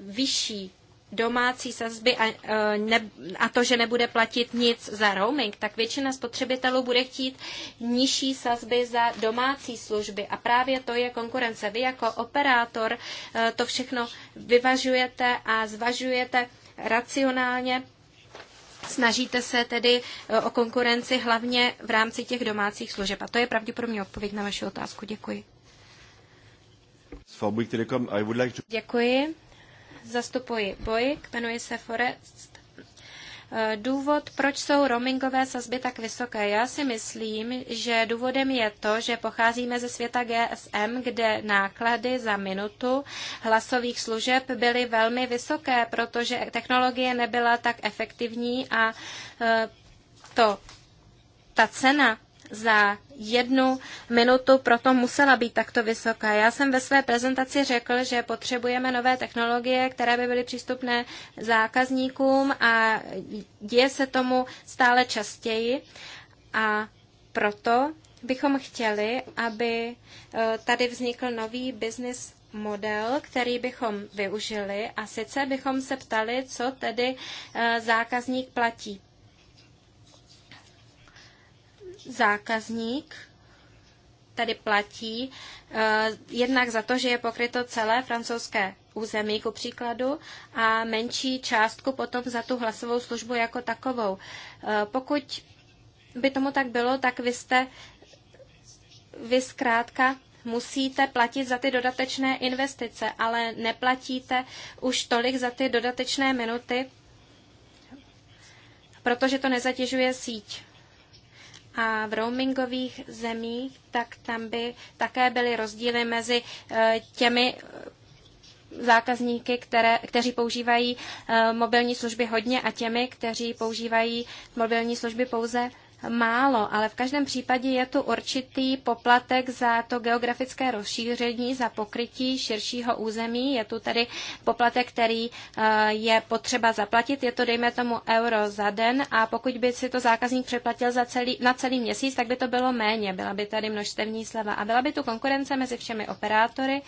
vyšší domácí sazby a, e, ne, a to, že nebude platit nic za roaming, tak většina spotřebitelů bude chtít nižší sazby za domácí služby. A právě to je konkurence. Vy jako operátor e, to všechno vyvažujete a zvažujete racionálně. Snažíte se tedy e, o konkurenci hlavně v rámci těch domácích služeb. A to je pravděpodobně odpověď na vaši otázku. Děkuji. Děkuji zastupuji Bojik, jmenuji se Forest. Eh, důvod, proč jsou roamingové sazby tak vysoké, já si myslím, že důvodem je to, že pocházíme ze světa GSM, kde náklady za minutu hlasových služeb byly velmi vysoké, protože technologie nebyla tak efektivní a eh, to ta cena za jednu minutu proto musela být takto vysoká. Já jsem ve své prezentaci řekl, že potřebujeme nové technologie, které by byly přístupné zákazníkům a děje se tomu stále častěji. A proto bychom chtěli, aby eh, tady vznikl nový business model, který bychom využili a sice bychom se ptali, co tedy eh, zákazník platí zákazník tady platí eh, jednak za to, že je pokryto celé francouzské území, ku příkladu, a menší částku potom za tu hlasovou službu jako takovou. Eh, pokud by tomu tak bylo, tak vy jste, vy zkrátka musíte platit za ty dodatečné investice, ale neplatíte už tolik za ty dodatečné minuty, protože to nezatěžuje síť a v roamingových zemích, tak tam by také byly rozdíly mezi eh, těmi eh, zákazníky, které, kteří používají eh, mobilní služby hodně a těmi, kteří používají mobilní služby pouze málo, ale v každém případě je tu určitý poplatek za to geografické rozšíření, za pokrytí širšího území. Je tu tedy poplatek, který eh, je potřeba zaplatit. Je to, dejme tomu, euro za den a pokud by si to zákazník přeplatil za celý, na celý měsíc, tak by to bylo méně. Byla by tady množstevní sleva a byla by tu konkurence mezi všemi operátory,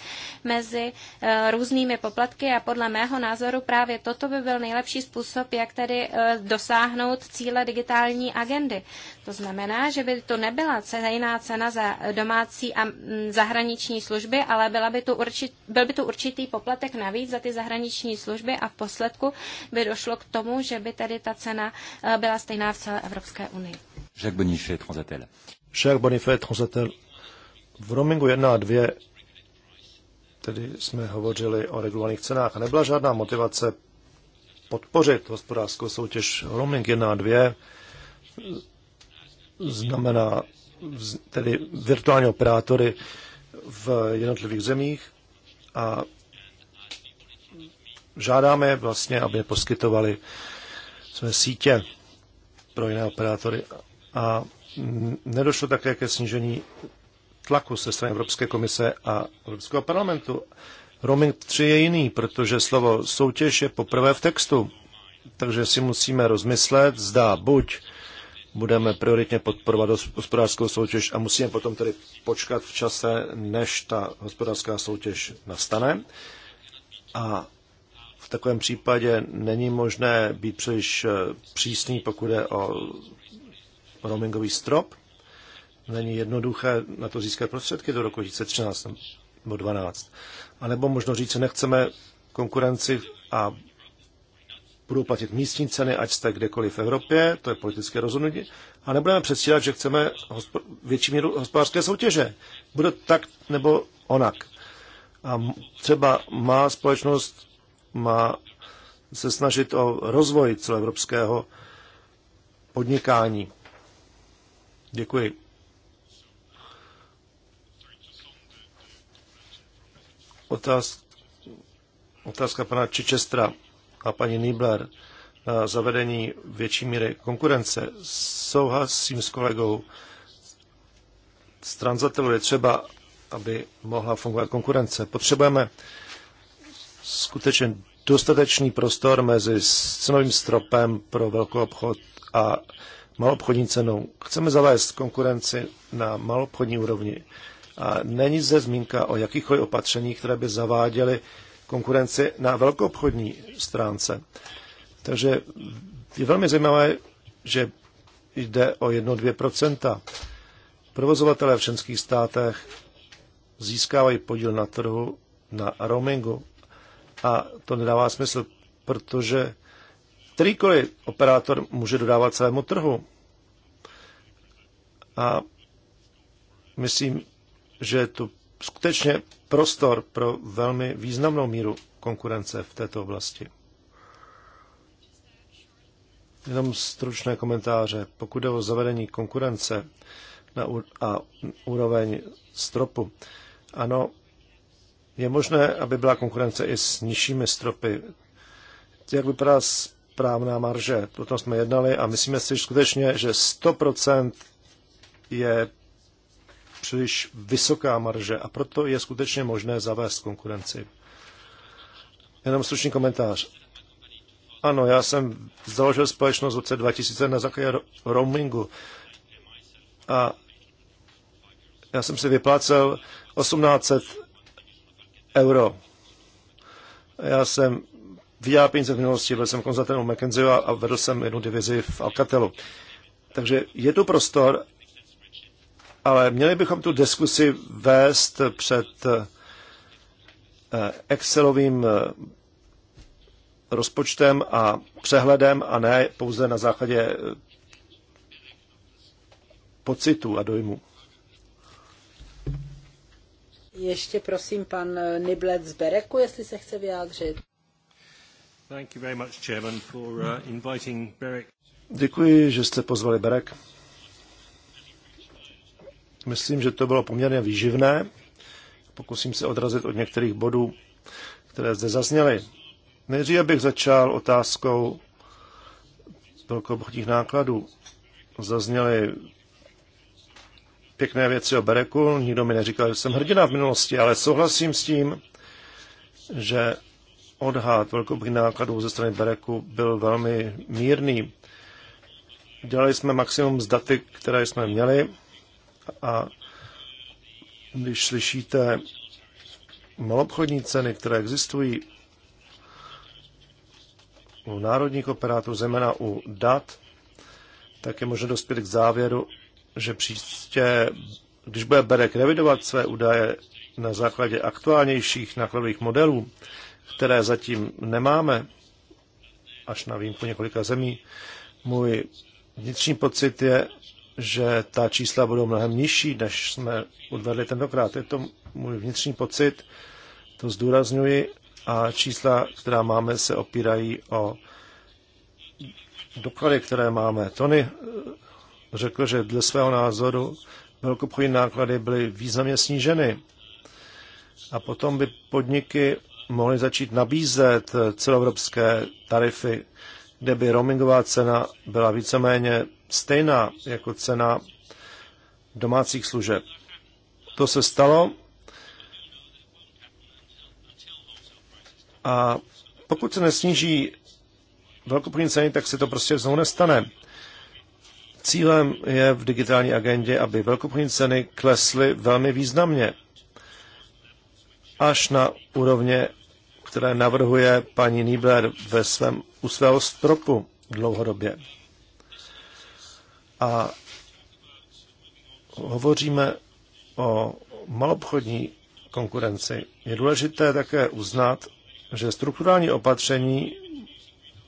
mezi eh, různými poplatky a podle mého názoru právě toto by byl nejlepší způsob, jak tedy eh, dosáhnout cíle digitální agendy. To znamená, že by to nebyla stejná cena za domácí a mm, zahraniční služby, ale byla by tu určit, byl by tu určitý poplatek navíc za ty zahraniční služby a v posledku by došlo k tomu, že by tedy ta cena eh, byla stejná v celé Evropské unii. Jacques Bonifay, Transatel. Jacques Bonifay, Transatel. V roamingu 1 a 2 tedy jsme hovořili o regulovaných cenách a nebyla žádná motivace podpořit hospodářskou soutěž roaming 1 a 2 znamená tedy virtuální operátory v jednotlivých zemích a žádáme vlastně, aby poskytovali své sítě pro jiné operátory. A nedošlo také ke snížení tlaku se strany Evropské komise a Evropského parlamentu. Roaming 3 je jiný, protože slovo soutěž je poprvé v textu. Takže si musíme rozmyslet, zda buď budeme prioritně podporovat hospodářskou soutěž a musíme potom tedy počkat v čase, než ta hospodářská soutěž nastane. A v takovém případě není možné být příliš eh, přísný, pokud je o roamingový strop. Není jednoduché na to získat prostředky do roku 2013 nebo 2012. A nebo možno říct, že nechceme konkurenci a budou platit místní ceny, ať jste kdekoliv v Evropě, to je politické rozhodnutí, a nebudeme předstírat, že chceme větší míru hospodářské soutěže. Bude tak nebo onak. A třeba má společnost má se snažit o rozvoj celoevropského podnikání. Děkuji. Otázka, otázka pana Čičestra a paní Nibler na zavedení větší míry konkurence. Souhlasím s kolegou. Z Transatelu je třeba, aby mohla fungovat konkurence. Potřebujeme skutečně dostatečný prostor mezi cenovým stropem pro velký obchod a malobchodní cenou. Chceme zavést konkurenci na malobchodní úrovni. A není zde zmínka o jakýchkoliv opatřeních, které by zaváděly konkurenci na velkoobchodní stránce. Takže je velmi zajímavé, že jde o 1-2 Provozovatelé v členských státech získávají podíl na trhu na roamingu a to nedává smysl, protože kterýkoliv operátor může dodávat celému trhu. A myslím, že to tu skutečně prostor pro velmi významnou míru konkurence v této oblasti. Jenom stručné komentáře. Pokud jde o zavedení konkurence na a úroveň stropu, ano, je možné, aby byla konkurence i s nižšími stropy. Jak vypadá správná marže? O tom jsme jednali a myslíme si že skutečně, že 100% je příliš vysoká marže a proto je skutečně možné zavést konkurenci. Jenom slušný komentář. Ano, já jsem založil společnost v roce 2000 na základě roamingu a já jsem si vyplácel 1800 euro. Já jsem vydělal peníze v minulosti, byl jsem konzultantem u McKenzie a vedl jsem jednu divizi v Alcatelu. Takže je tu prostor, ale měli bychom tu diskusi vést před eh, Excelovým eh, rozpočtem a přehledem a ne pouze na základě eh, pocitů a dojmů. Ještě prosím pan Niblet z Bereku, jestli se chce vyjádřit. Thank you very much, for, uh, inviting Děkuji, že jste pozvali Berek. Myslím, že to bylo poměrně výživné. Pokusím se odrazit od některých bodů, které zde zazněly. Nejdříve bych začal otázkou velkoobchodních nákladů. Zazněly pěkné věci o Bereku. Nikdo mi neříkal, že jsem hrdina v minulosti, ale souhlasím s tím, že odhad velkoobchodních nákladů ze strany Bereku byl velmi mírný. Dělali jsme maximum z daty, které jsme měli a když slyšíte malobchodní ceny, které existují u národních operátorů, zejména u dat, tak je možné dospět k závěru, že příště, když bude Berek revidovat své údaje na základě aktuálnějších nákladových modelů, které zatím nemáme, až na výjimku několika zemí, můj vnitřní pocit je, že ta čísla budou mnohem nižší, než jsme odvedli tentokrát. Je to můj vnitřní pocit, to zdůrazňuji, a čísla, která máme, se opírají o doklady, které máme. Tony eh, řekl, že dle svého názoru velkopchodní náklady byly významně sníženy. A potom by podniky mohly začít nabízet eh, celoevropské tarify, kde by roamingová cena byla víceméně stejná jako cena domácích služeb. To se stalo a pokud se nesníží velkopodní ceny, tak se to prostě znovu nestane. Cílem je v digitální agendě, aby velkopodní ceny klesly velmi významně až na úrovně, které navrhuje paní Niebler ve svém, u svého stropu dlouhodobě. A hovoříme o malobchodní konkurenci. Je důležité také uznat, že strukturální opatření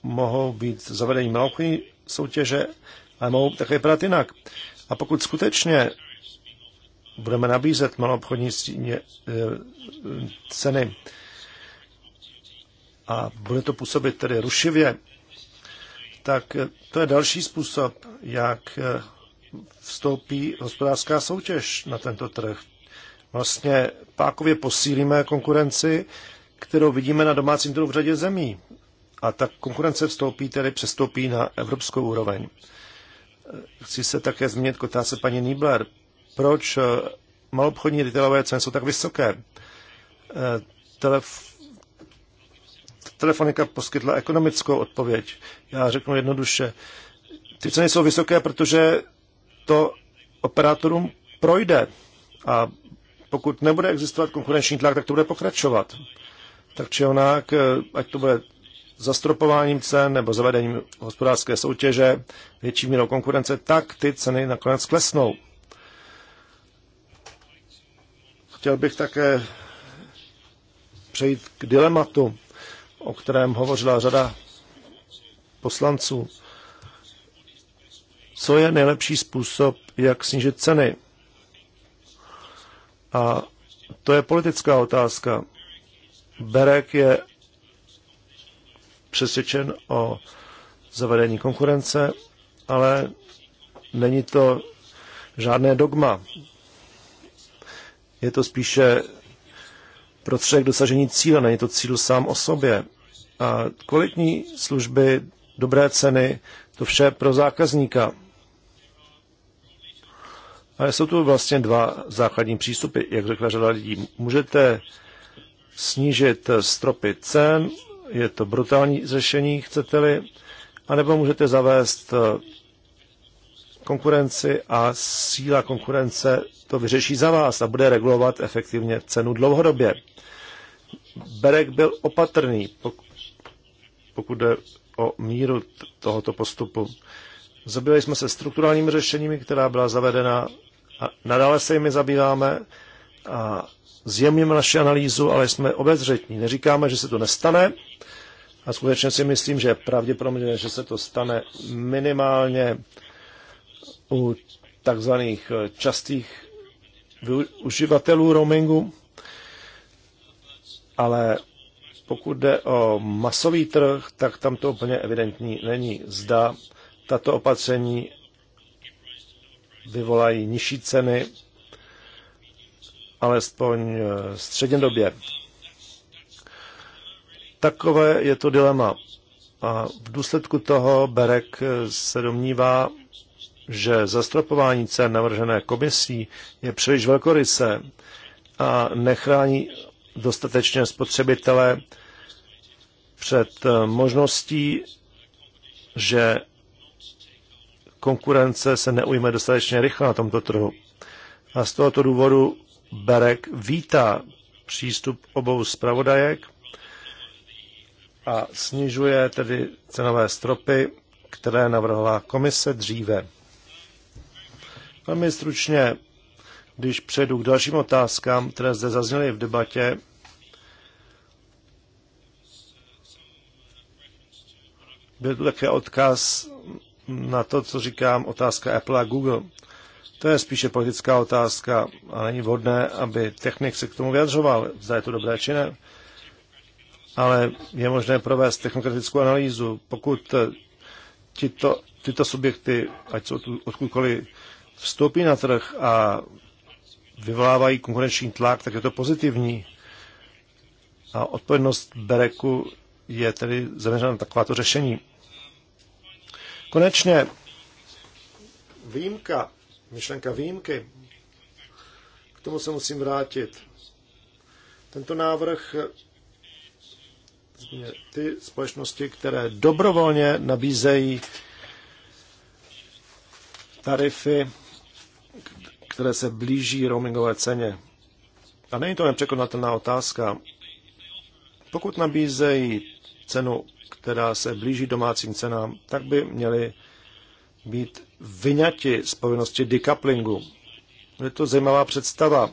mohou být zavedení malobchodní soutěže, ale mohou také vypadat jinak. A pokud skutečně budeme nabízet malobchodní e, ceny a bude to působit tedy rušivě tak to je další způsob, jak vstoupí hospodářská soutěž na tento trh. Vlastně pákově posílíme konkurenci, kterou vidíme na domácím trhu v řadě zemí. A ta konkurence vstoupí, tedy přestoupí na evropskou úroveň. Chci se také zmínit kotá se paní Niebler. Proč malobchodní retailové ceny jsou tak vysoké? Eh, telef- Telefonika poskytla ekonomickou odpověď. Já řeknu jednoduše, ty ceny jsou vysoké, protože to operátorům projde a pokud nebude existovat konkurenční tlak, tak to bude pokračovat. Tak či onak, ať to bude zastropováním cen nebo zavedením hospodářské soutěže, větší mírou konkurence, tak ty ceny nakonec klesnou. Chtěl bych také přejít k dilematu o kterém hovořila řada poslanců. Co je nejlepší způsob, jak snížit ceny? A to je politická otázka. Berek je přesvědčen o zavedení konkurence, ale není to žádné dogma. Je to spíše prostředek dosažení cíle, není to cíl sám o sobě. A kvalitní služby, dobré ceny, to vše pro zákazníka. Ale jsou tu vlastně dva základní přístupy, jak řekla řada lidí. Můžete snížit stropy cen, je to brutální řešení, chcete-li, anebo můžete zavést eh, konkurenci a síla konkurence to vyřeší za vás a bude regulovat efektivně cenu dlouhodobě. Berek byl opatrný, pokud jde o míru tohoto postupu. Zabývali jsme se strukturálními řešeními, která byla zavedena a nadále se jimi zabýváme a zjemníme naši analýzu, ale jsme obezřetní. Neříkáme, že se to nestane a skutečně si myslím, že je pravděpodobně, že se to stane minimálně u takzvaných častých uživatelů roamingu, ale pokud jde o masový trh, tak tam to úplně evidentní není. Zda tato opatření vyvolají nižší ceny, alespoň eh, střednědobě. Takové je to dilema. A v důsledku toho Berek eh, se domnívá, že zastropování cen navržené komisí je příliš velkorysé a nechrání dostatečně spotřebitele před eh, možností, že konkurence se neujme dostatečně rychle na tomto trhu. A z tohoto důvodu Berek vítá přístup obou zpravodajek a snižuje tedy cenové stropy, které navrhla komise dříve. Velmi stručně když přejdu k dalším otázkám, které zde zazněly v debatě, byl tu také odkaz na to, co říkám, otázka Apple a Google. To je spíše politická otázka a není vhodné, aby technik se k tomu vyjadřoval, zda je to dobré či ne. Ale je možné provést technokratickou analýzu. Pokud tyto, tyto subjekty, ať jsou odkudkoliv, vstoupí na trh a vyvolávají konkurenční tlak, tak je to pozitivní. A odpovědnost Bereku je tedy zaměřena na takováto řešení. Konečně výjimka, myšlenka výjimky, k tomu se musím vrátit. Tento návrh ty společnosti, které dobrovolně nabízejí tarify, které se blíží roamingové ceně. A není to nepřekonatelná otázka. Pokud nabízejí cenu, která se blíží domácím cenám, tak by měly být vyňati z povinnosti decouplingu. Je to zajímavá představa.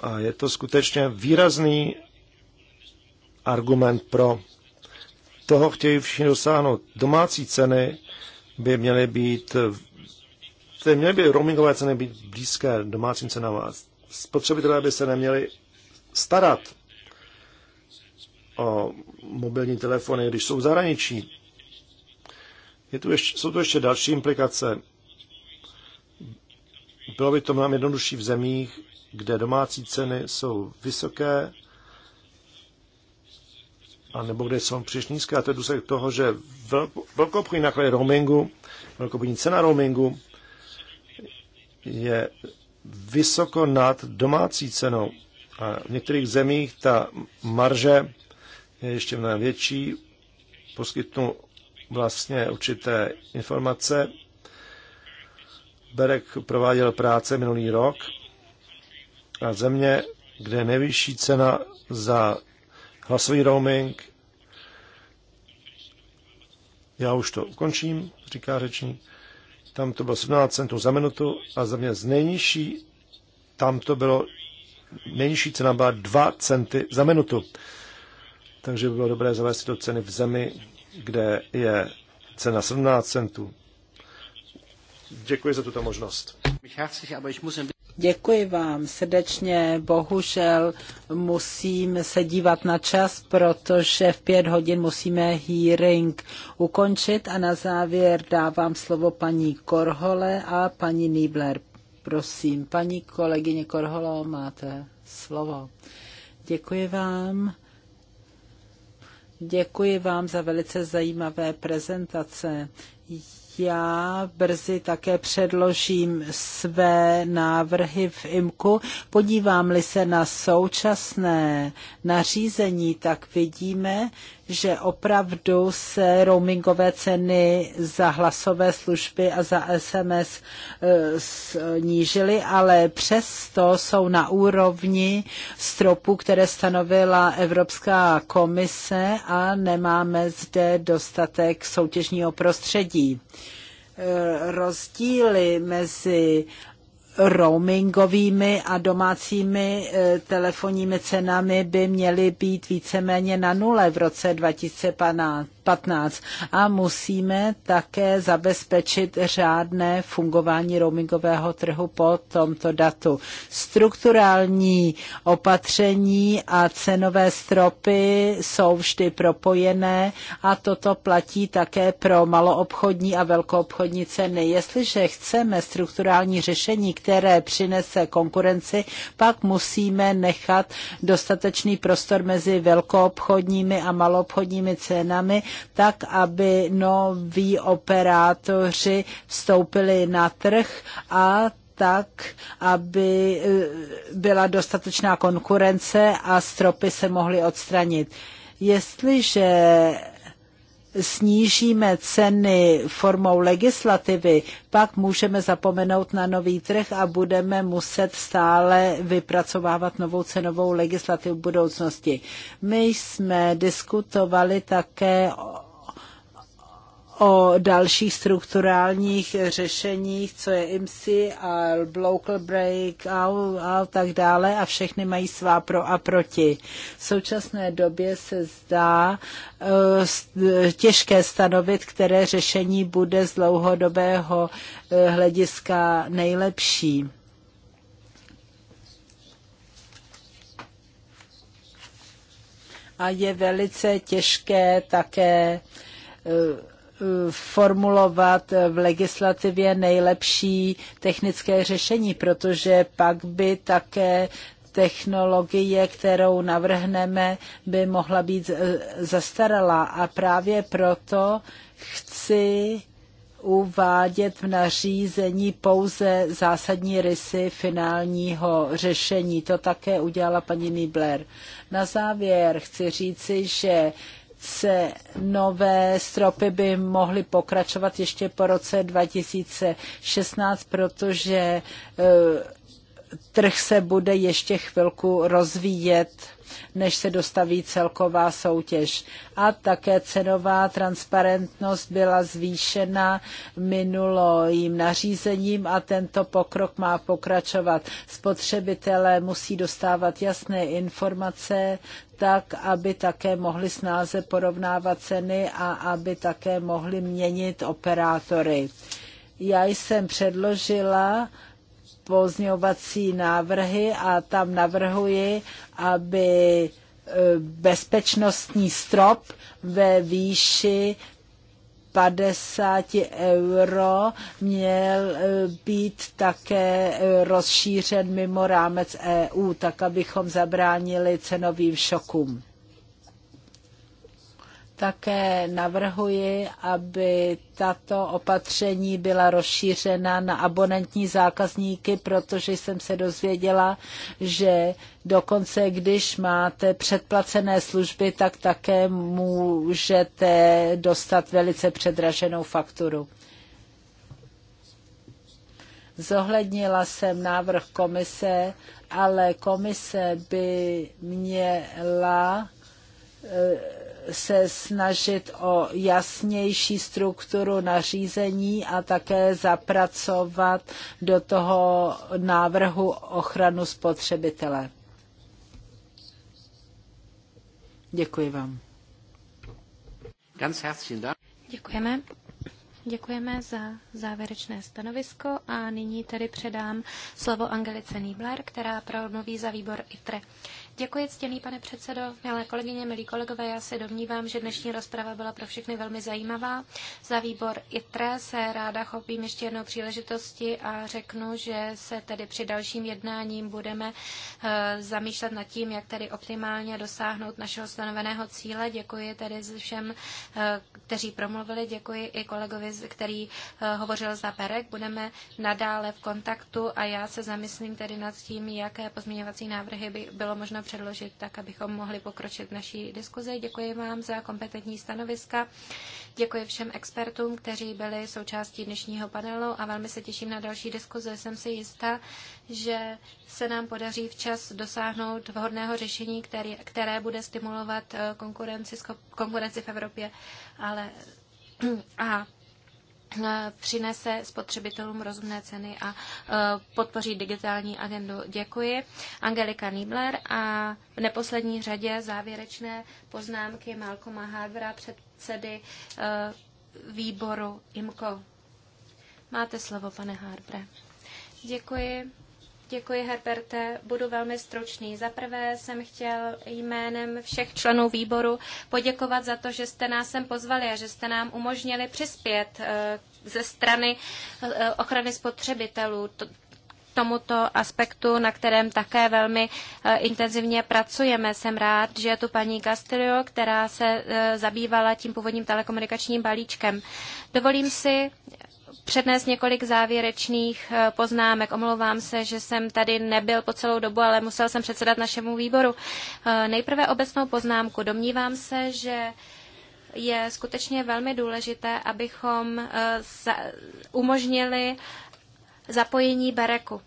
A je to skutečně výrazný argument pro toho chtějí všichni dosáhnout. Domácí ceny by měly být tedy eh, měly by roamingové ceny být blízké domácím cenám a spotřebitelé by se neměli starat o mobilní telefony, když jsou v zahraničí. Je tu ještě, jsou tu ještě další implikace. Bylo by to mnohem jednodušší v zemích, kde domácí ceny jsou vysoké a nebo kde jsou příliš nízké. A to je důsledek toho, že obchodní náklady roamingu, obchodní cena roamingu je vysoko nad domácí cenou. A v některých zemích ta marže je ještě mnohem větší. Poskytnu vlastně určité informace. Berek prováděl práce minulý rok a země, kde je nejvyšší cena za hlasový roaming. Já už to ukončím, říká řečník. Tam to bylo 17 centů za minutu a za mě z nejnižší, tam to bylo, nejnižší cena byla 2 centy za minutu. Takže by bylo dobré zavést do ceny v zemi, kde je cena 17 centů. Děkuji za tuto možnost. Děkuji vám srdečně. Bohužel musím se dívat na čas, protože v pět hodin musíme hearing ukončit a na závěr dávám slovo paní Korhole a paní Niebler. Prosím, paní kolegyně Korholo, máte slovo. Děkuji vám. Děkuji vám za velice zajímavé prezentace já brzy také předložím své návrhy v IMKU. Podívám-li se na současné nařízení, tak vidíme, že opravdu se roamingové ceny za hlasové služby a za SMS e, snížily, ale přesto jsou na úrovni stropu, které stanovila Evropská komise a nemáme zde dostatek soutěžního prostředí e, rozdíly mezi roamingovými a domácími eh, telefonními cenami by měly být víceméně na nule v roce 2015. 15. A musíme také zabezpečit řádné fungování roamingového trhu po tomto datu. Strukturální opatření a cenové stropy jsou vždy propojené a toto platí také pro maloobchodní a velkoobchodní ceny. Jestliže chceme strukturální řešení, které přinese konkurenci, pak musíme nechat dostatečný prostor mezi velkoobchodními a maloobchodními cenami, tak aby noví operátoři vstoupili na trh a tak, aby e, byla dostatečná konkurence a stropy se mohly odstranit. Jestliže snížíme ceny formou legislativy, pak můžeme zapomenout na nový trh a budeme muset stále vypracovávat novou cenovou legislativu v budoucnosti. My jsme diskutovali také o dalších strukturálních řešeních, co je IMSI a local break a, a tak dále a všechny mají svá pro a proti. V současné době se zdá eh, eh, těžké stanovit, které řešení bude z dlouhodobého eh, hlediska nejlepší. A je velice těžké také formulovat v legislativě nejlepší technické řešení, protože pak by také technologie, kterou navrhneme, by mohla být zastaralá. A právě proto chci uvádět v nařízení pouze zásadní rysy finálního řešení. To také udělala paní Nibler. Na závěr chci říci, že se nové stropy by mohly pokračovat ještě po roce 2016, protože eh, trh se bude ještě chvilku rozvíjet, než se dostaví celková soutěž. A také cenová transparentnost byla zvýšena minulým nařízením a tento pokrok má pokračovat. Spotřebitelé musí dostávat jasné informace, tak, aby také mohli snáze porovnávat ceny a aby také mohli měnit operátory. Já jsem předložila pozňovací návrhy a tam navrhuji, aby e, bezpečnostní strop ve výši 50 euro měl e, být také e, rozšířen mimo rámec EU, tak abychom zabránili cenovým šokům. Také navrhuji, aby tato opatření byla rozšířena na abonentní zákazníky, protože jsem se dozvěděla, že dokonce když máte předplacené služby, tak také můžete dostat velice předraženou fakturu. Zohlednila jsem návrh komise, ale komise by měla eh, se snažit o jasnější strukturu nařízení a také zapracovat do toho návrhu ochranu spotřebitele. Děkuji vám. Děkujeme. Děkujeme za závěrečné stanovisko a nyní tedy předám slovo Angelice Nýbler, která promluví za výbor ITRE. Děkuji, ctěný pane předsedo, milé kolegyně, milí kolegové. Já se domnívám, že dnešní rozprava byla pro všechny velmi zajímavá. Za výbor ITRE se ráda chopím ještě jednou příležitosti a řeknu, že se tedy při dalším jednáním budeme eh, zamýšlet nad tím, jak tedy optimálně dosáhnout našeho stanoveného cíle. Děkuji tedy všem, eh, kteří promluvili. Děkuji i kolegovi, který eh, hovořil za Perek. Budeme nadále v kontaktu a já se zamyslím tedy nad tím, jaké pozměňovací návrhy by bylo možno předložit tak, abychom mohli pokročit naší diskuzi. Děkuji vám za kompetentní stanoviska. Děkuji všem expertům, kteří byli součástí dnešního panelu a velmi se těším na další diskuze. Jsem si jistá, že se nám podaří včas dosáhnout vhodného řešení, které které bude stimulovat eh, konkurenci, konkurenci v Evropě, ale a Eh, přinese spotřebitelům rozumné ceny a eh, podpoří digitální agendu. Děkuji. Angelika Niebler a v neposlední řadě závěrečné poznámky Malcoma Harvera, předsedy eh, výboru IMCO. Máte slovo, pane Harbre. Děkuji. Děkuji, Herberte. Budu velmi stručný. Za prvé jsem chtěl jménem všech členů výboru poděkovat za to, že jste nás sem pozvali a že jste nám umožnili přispět eh, ze strany eh, ochrany spotřebitelů tomuto aspektu, na kterém také velmi eh, intenzivně pracujeme. Jsem rád, že je tu paní Castillo, která se zabývala tím původním telekomunikačním balíčkem. Dovolím si přednést několik závěrečných eh, poznámek. Omlouvám se, že jsem tady nebyl po celou dobu, ale musel jsem předsedat našemu výboru. Eh, nejprve obecnou poznámku. Domnívám se, že je skutečně velmi důležité, abychom eh, umožnili zapojení Bereku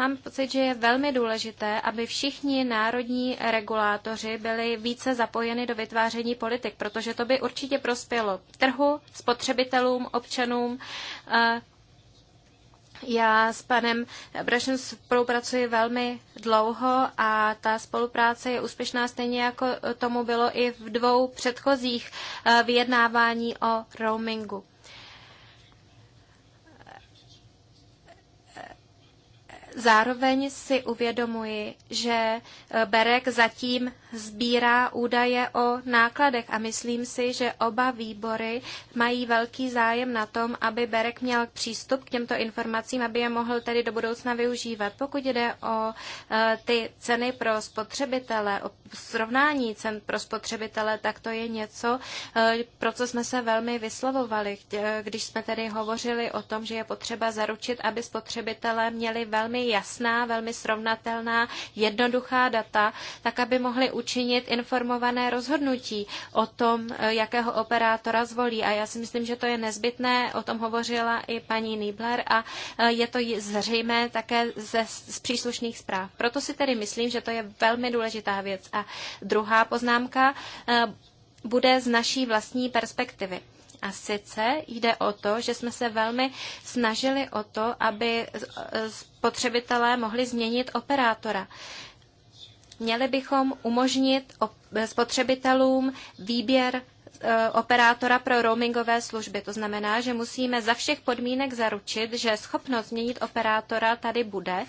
Mám pocit, že je velmi důležité, aby všichni národní regulátoři byli více zapojeni do vytváření politik, protože to by určitě prospělo trhu, spotřebitelům, občanům, eh, já s panem Brašem spolupracuji velmi dlouho a ta spolupráce je úspěšná stejně jako tomu bylo i v dvou předchozích eh, vyjednávání o roamingu. Zároveň si uvědomuji, že eh, Berek zatím sbírá údaje o nákladech a myslím si, že oba výbory mají velký zájem na tom, aby Berek měl přístup k těmto informacím, aby je mohl tedy do budoucna využívat. Pokud jde o eh, ty ceny pro spotřebitele, o srovnání cen pro spotřebitele, tak to je něco, eh, pro co jsme se velmi vyslovovali, když jsme tedy hovořili o tom, že je potřeba zaručit, aby spotřebitele měli velmi jasná, velmi srovnatelná, jednoduchá data, tak aby mohli učinit informované rozhodnutí o tom, eh, jakého operátora zvolí. A já si myslím, že to je nezbytné, o tom hovořila i paní Niebler a eh, je to zřejmé také ze, z příslušných zpráv. Proto si tedy myslím, že to je velmi důležitá věc. A druhá poznámka eh, bude z naší vlastní perspektivy. A sice jde o to, že jsme se velmi snažili o to, aby spotřebitelé mohli změnit operátora. Měli bychom umožnit spotřebitelům výběr Eh, operátora pro roamingové služby. To znamená, že musíme za všech podmínek zaručit, že schopnost změnit operátora tady bude,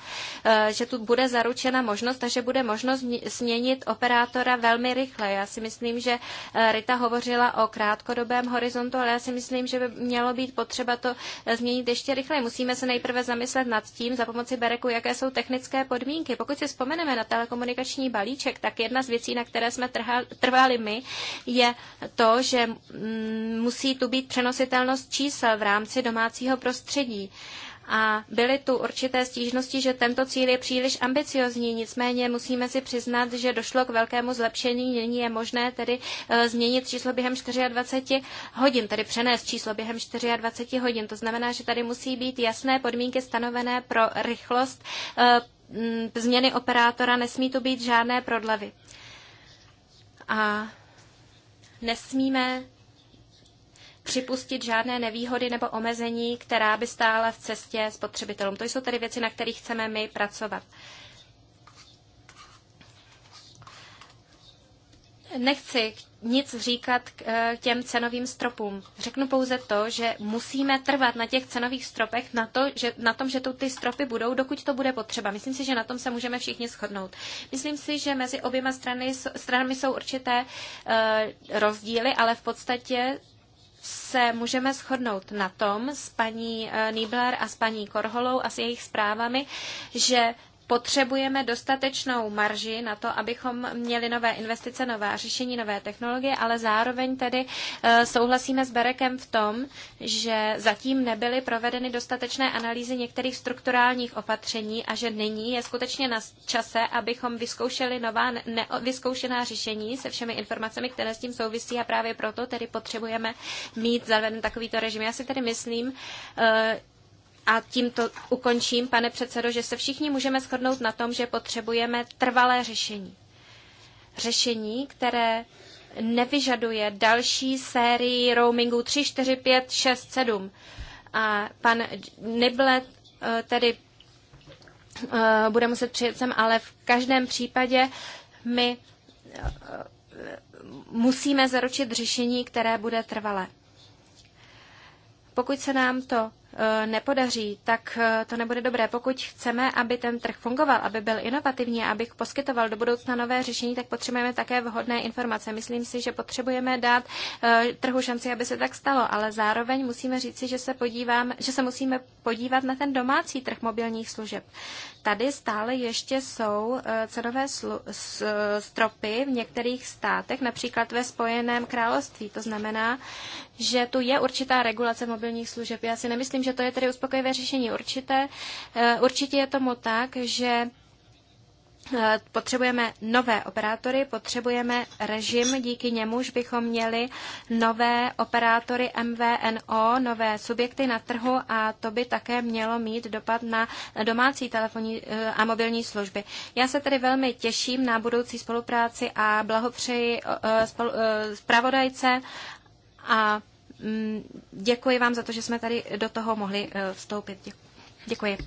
eh, že tu bude zaručena možnost a že bude možnost změnit operátora velmi rychle. Já si myslím, že eh, Rita hovořila o krátkodobém horizontu, ale já si myslím, že by mělo být potřeba to změnit ještě rychleji. Musíme se nejprve zamyslet nad tím za pomoci Bereku, jaké jsou technické podmínky. Pokud si vzpomeneme na telekomunikační balíček, tak jedna z věcí, na které jsme trhali my, je to, že musí tu být přenositelnost čísel v rámci domácího prostředí. A byly tu určité stížnosti, že tento cíl je příliš ambiciozní, nicméně musíme si přiznat, že došlo k velkému zlepšení. Nyní je možné tedy e, změnit číslo během 24 hodin, tedy přenést číslo během 24 hodin. To znamená, že tady musí být jasné podmínky stanovené pro rychlost e, změny operátora, nesmí tu být žádné prodlevy. A nesmíme připustit žádné nevýhody nebo omezení, která by stála v cestě spotřebitelům. To jsou tedy věci, na kterých chceme my pracovat. nechci nic říkat eh, k těm cenovým stropům. Řeknu pouze to, že musíme trvat na těch cenových stropech, na, to, že, na tom, že to ty stropy budou, dokud to bude potřeba. Myslím si, že na tom se můžeme všichni shodnout. Myslím si, že mezi oběma strany, stranami jsou určité uh, rozdíly, ale v podstatě se můžeme shodnout na tom s paní eh, Nibler a s paní Korholou a s jejich zprávami, že potřebujeme dostatečnou marži na to, abychom měli nové investice, nová řešení, nové technologie, ale zároveň tedy eh, souhlasíme s Berekem v tom, že zatím nebyly provedeny dostatečné analýzy některých strukturálních opatření a že nyní je skutečně na čase, abychom vyzkoušeli nová nevyzkoušená řešení se všemi informacemi, které s tím souvisí a právě proto tedy potřebujeme mít zaveden takovýto režim. Já si tedy myslím, eh, a tím to ukončím, pane předsedo, že se všichni můžeme shodnout na tom, že potřebujeme trvalé řešení. Řešení, které nevyžaduje další sérii roamingu 3, 4, 5, 6, 7. A pan Nible eh, tedy eh, bude muset přijet sem, ale v každém případě my eh, musíme zaručit řešení, které bude trvalé. Pokud se nám to Eh, nepodaří, tak eh, to nebude dobré. Pokud chceme, aby ten trh fungoval, aby byl inovativní, aby poskytoval do budoucna nové řešení, tak potřebujeme také vhodné informace. Myslím si, že potřebujeme dát eh, trhu šanci, aby se tak stalo, ale zároveň musíme říci, že se, podívám, že se musíme podívat na ten domácí trh mobilních služeb tady stále ještě jsou eh, cenové eh, stropy v některých státech, například ve Spojeném království. To znamená, že tu je určitá regulace mobilních služeb. Já si nemyslím, že to je tedy uspokojivé řešení. Určité, eh, určitě je tomu tak, že Eh, potřebujeme nové operátory, potřebujeme režim, díky němuž bychom měli nové operátory MVNO, nové subjekty na trhu a to by také mělo mít dopad na domácí telefonní eh, a mobilní služby. Já se tedy velmi těším na budoucí spolupráci a blahopřeji eh, zpravodajce a mm, děkuji vám za to, že jsme tady do toho mohli vstoupit. Děkuji. Děkuji.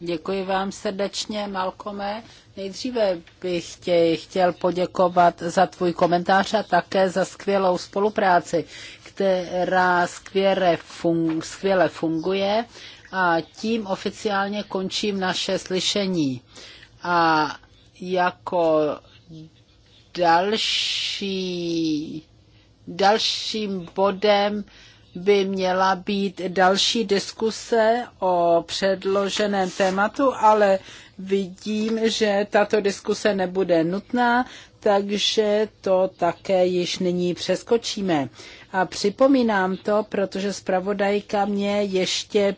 Děkuji vám srdečně, Malkome. Nejdříve bych tě chtěl poděkovat za tvůj komentář a také za skvělou spolupráci, která skvěle, fun- skvěle funguje a tím oficiálně končím naše slyšení. A jako další, dalším bodem by měla být další diskuse o předloženém tématu, ale vidím, že tato diskuse nebude nutná, takže to také již nyní přeskočíme. A připomínám to, protože zpravodajka mě ještě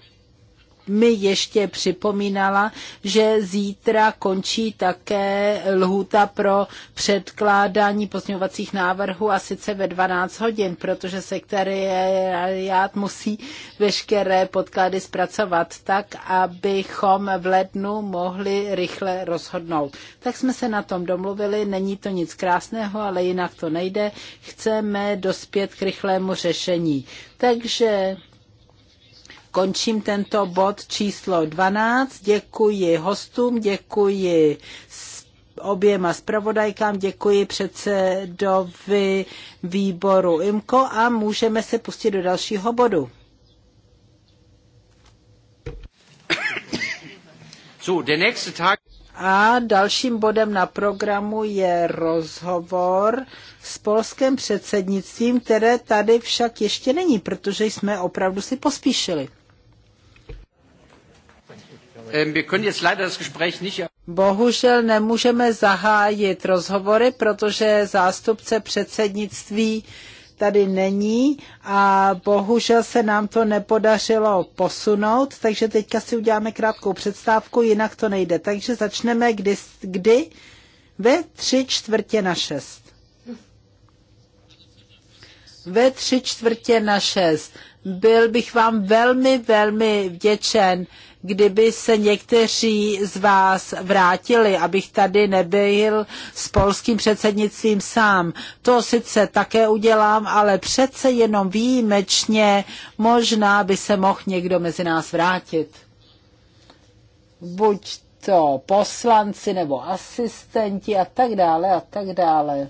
mi ještě připomínala, že zítra končí také lhůta pro předkládání pozměňovacích návrhů a sice ve 12 hodin, protože sekretariát musí veškeré podklady zpracovat tak, abychom v lednu mohli rychle rozhodnout. Tak jsme se na tom domluvili, není to nic krásného, ale jinak to nejde. Chceme dospět k rychlému řešení. Takže končím tento bod číslo 12. Děkuji hostům, děkuji oběma zpravodajkám, děkuji předsedovi výboru IMKO a můžeme se pustit do dalšího bodu. A dalším bodem na programu je rozhovor s polským předsednictvím, které tady však ještě není, protože jsme opravdu si pospíšili. Ähm, er- bohužel nemůžeme zahájit rozhovory, protože zástupce předsednictví tady není a bohužel se nám to nepodařilo posunout, takže teďka si uděláme krátkou předstávku, jinak to nejde. Takže začneme kdy, kdy? ve tři čtvrtě na šest. Ve tři čtvrtě na šest. Byl bych vám velmi, velmi vděčen, kdyby se někteří z vás vrátili, abych tady nebyl s polským předsednictvím sám. To sice také udělám, ale přece jenom výjimečně možná by se mohl někdo mezi nás vrátit. Buď to poslanci nebo asistenti a tak dále a tak dále.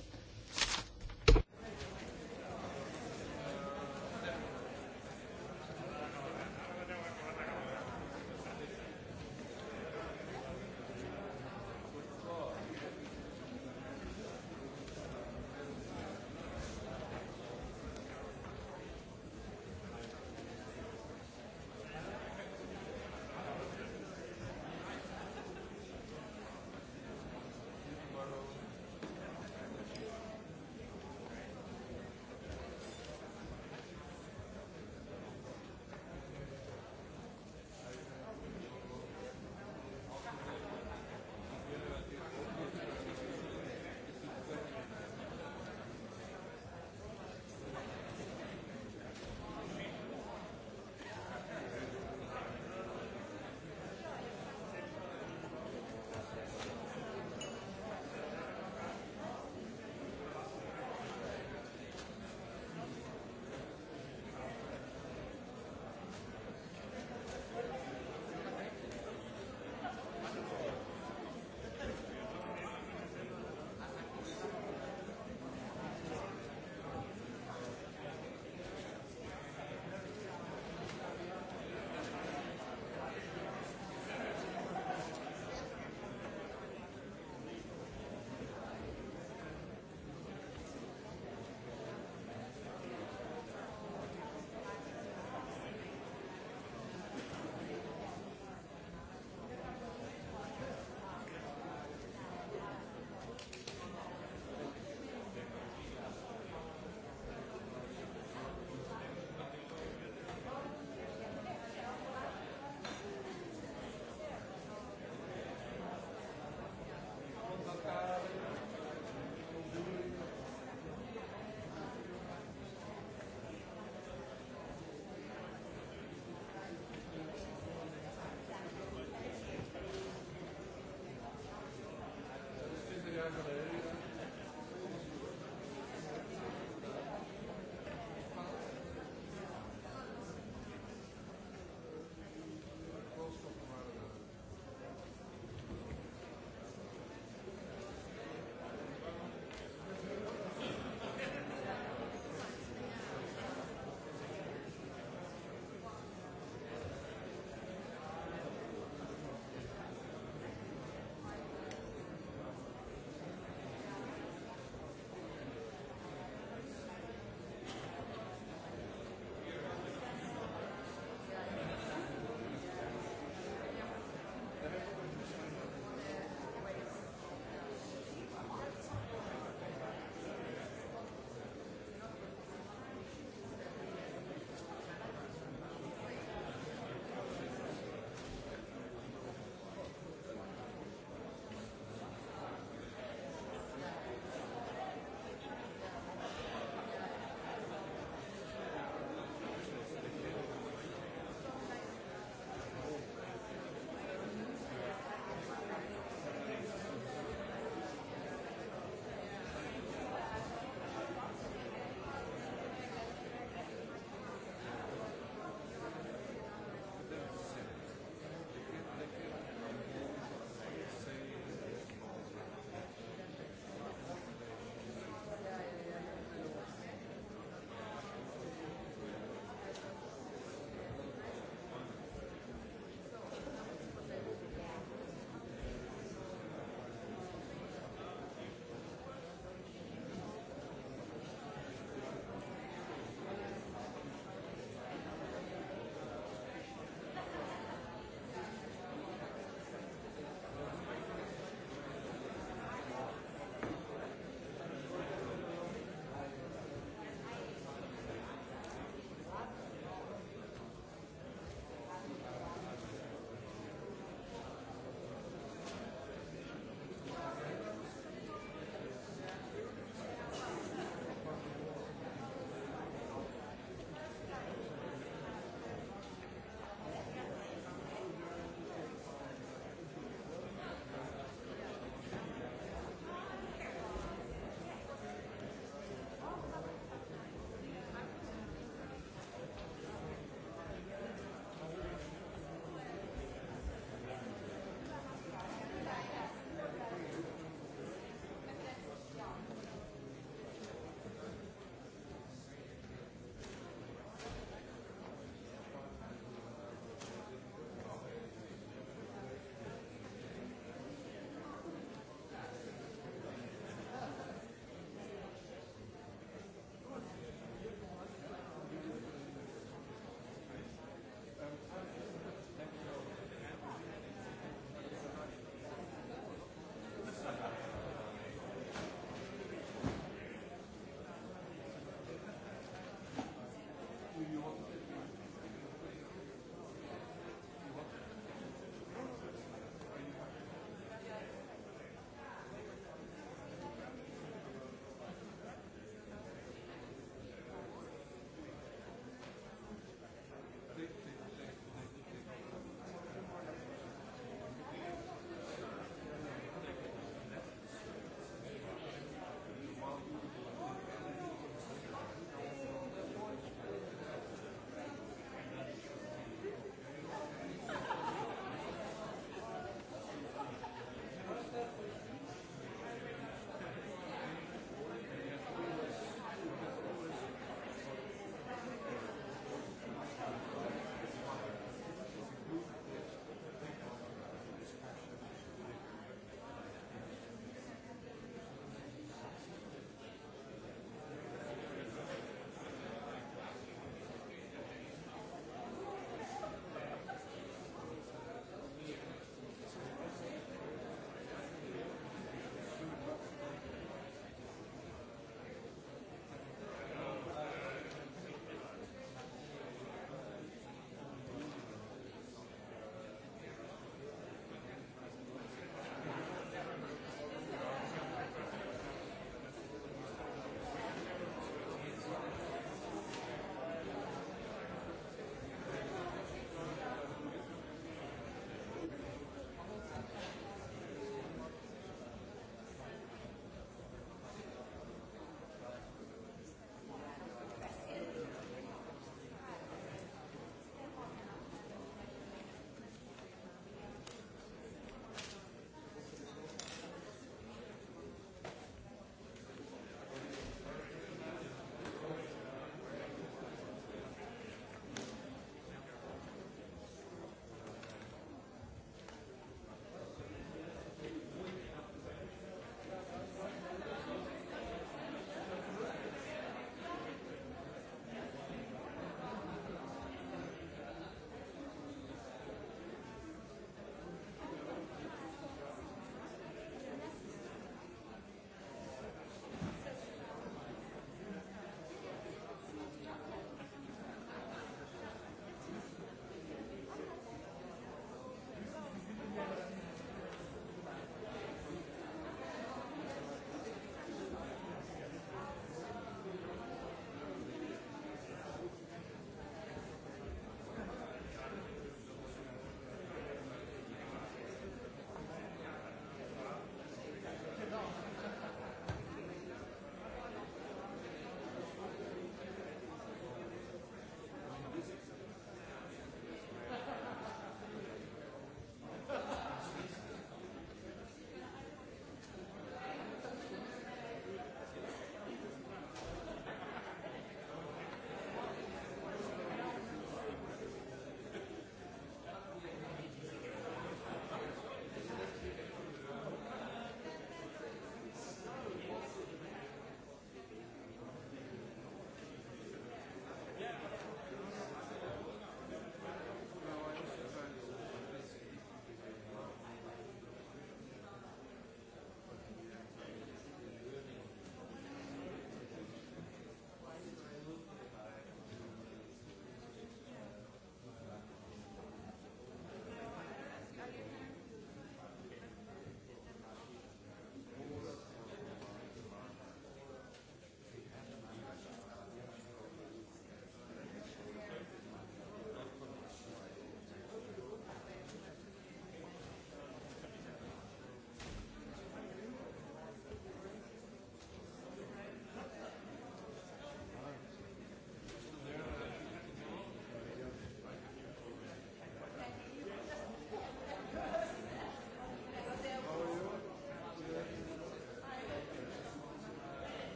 Gracias.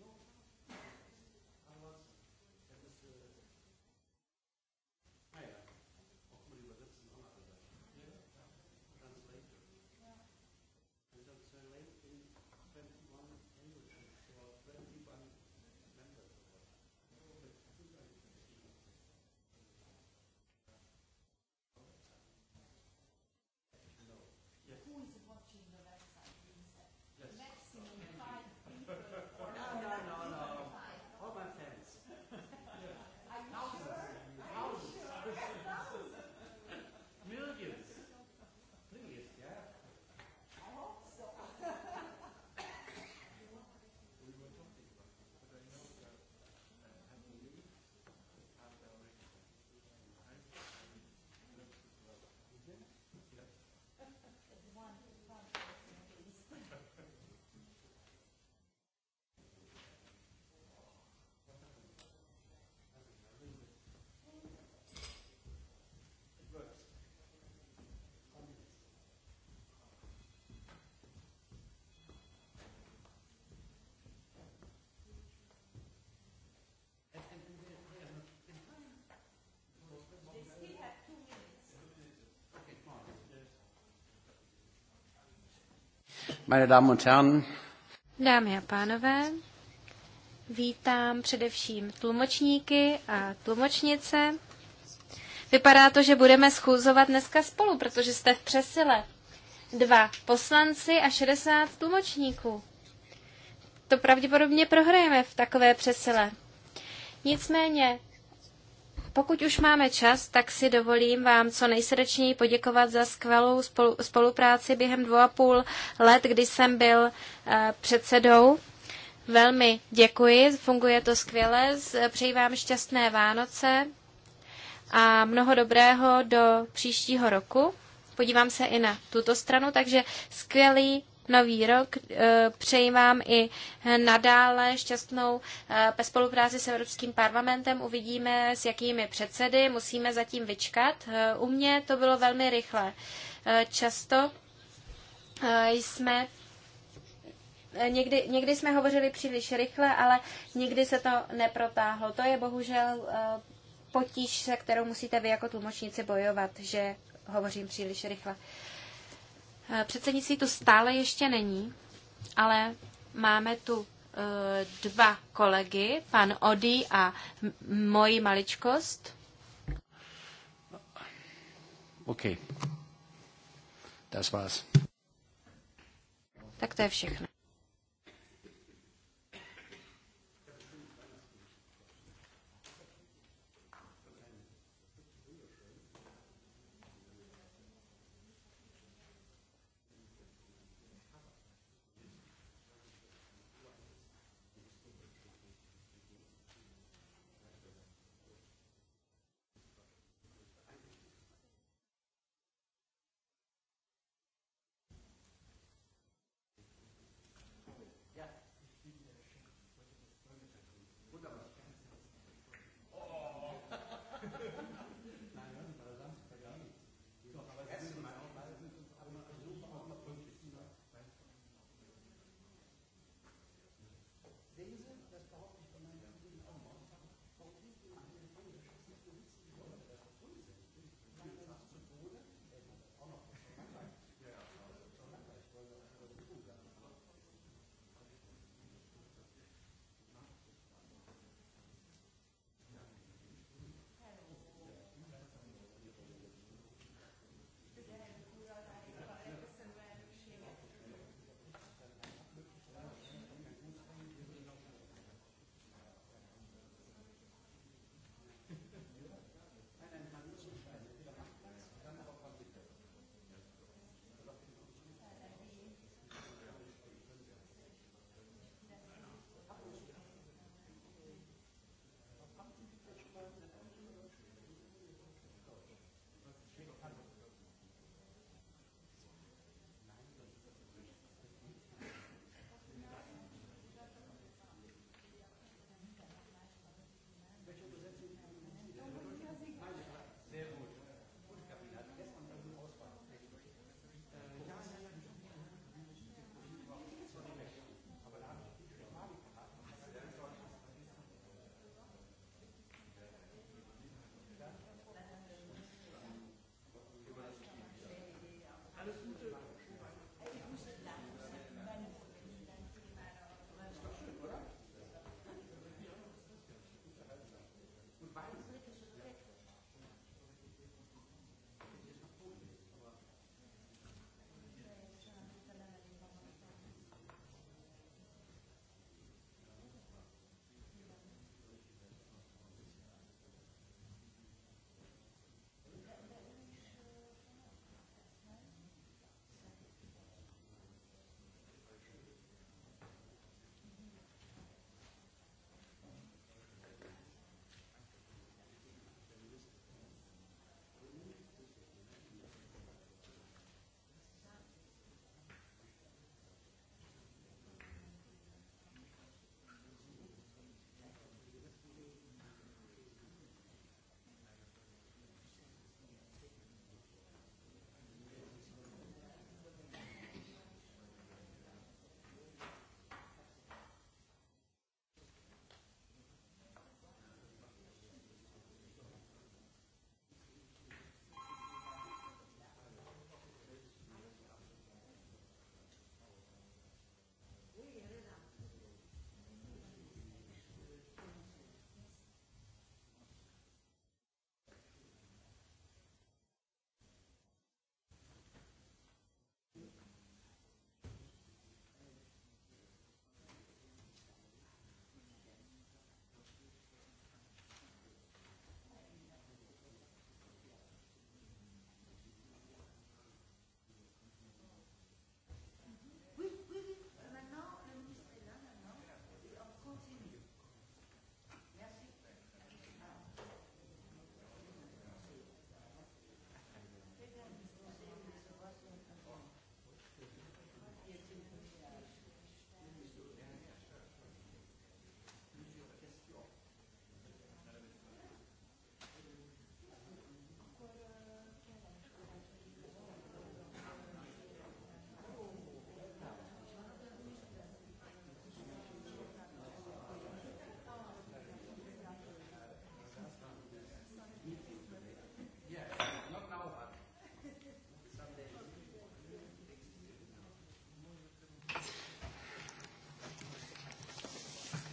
No, meine Damen und Herren. Dámy a pánové, vítám především tlumočníky a tlumočnice. Vypadá to, že budeme schůzovat dneska spolu, protože jste v přesile. Dva poslanci a 60 tlumočníků. To pravděpodobně prohrajeme v takové přesile. Nicméně pokud už máme čas, tak si dovolím vám co nejsrdečněji poděkovat za skvělou spolupráci během dvou a půl let, kdy jsem byl eh, předsedou. Velmi děkuji, funguje to skvěle, přeji vám šťastné Vánoce a mnoho dobrého do příštího roku. Podívám se i na tuto stranu, takže skvělý nový rok. Eh, přeji vám i nadále šťastnou eh, spolupráci s Evropským parlamentem. Uvidíme, s jakými předsedy. Musíme zatím vyčkat. Eh, u mě to bylo velmi rychle. Často jsme Někdy, někdy jsme hovořili příliš rychle, ale nikdy se to neprotáhlo. To je bohužel potíž, se kterou musíte vy jako tlumočníci bojovat, že hovořím příliš rychle. Uh, Eh, předsednictví tu stále ještě není, ale máme tu eh, dva kolegy, pan Odí a moji maličkost. OK. Das war's. Tak to je všechno.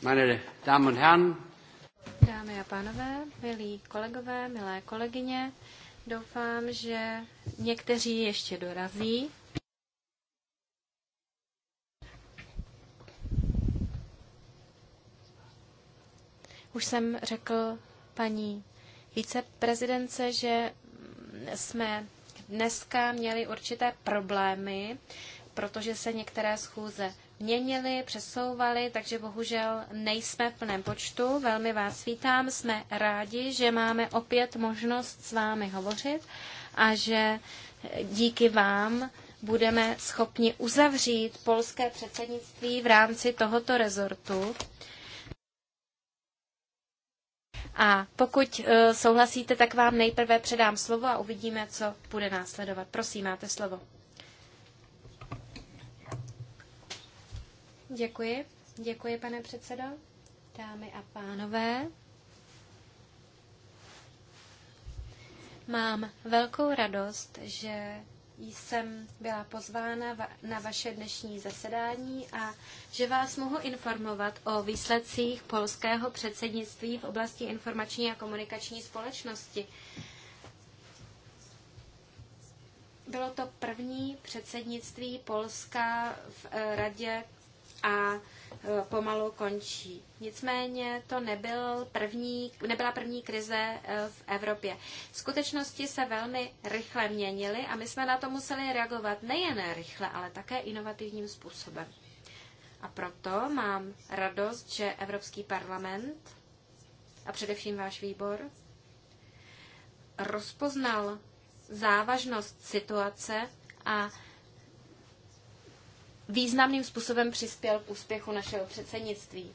meine Damen und Herren. Dámy a pánové, milí kolegové, milé kolegyně, doufám, že někteří ještě dorazí. Už jsem řekl paní viceprezidence, že jsme dneska měli určité problémy, protože se některé schůze měnili, přesouvali, takže bohužel nejsme v plném počtu. Velmi vás vítám, jsme rádi, že máme opět možnost s vámi hovořit a že díky vám budeme schopni uzavřít polské předsednictví v rámci tohoto rezortu. A pokud e, souhlasíte, tak vám nejprve předám slovo a uvidíme, co bude následovat. Prosím, máte slovo. Děkuji. Děkuji, pane předsedo. Dámy a pánové, mám velkou radost, že jsem byla pozvána na vaše dnešní zasedání a že vás mohu informovat o výsledcích polského předsednictví v oblasti informační a komunikační společnosti. Bylo to první předsednictví Polska v eh, Radě a e, pomalu končí. Nicméně to nebyl první, nebyla první krize e, v Evropě. Skutečnosti se velmi rychle měnily a my jsme na to museli reagovat nejen rychle, ale také inovativním způsobem. A proto mám radost, že Evropský parlament a především váš výbor rozpoznal závažnost situace a významným způsobem přispěl k úspěchu našeho předsednictví.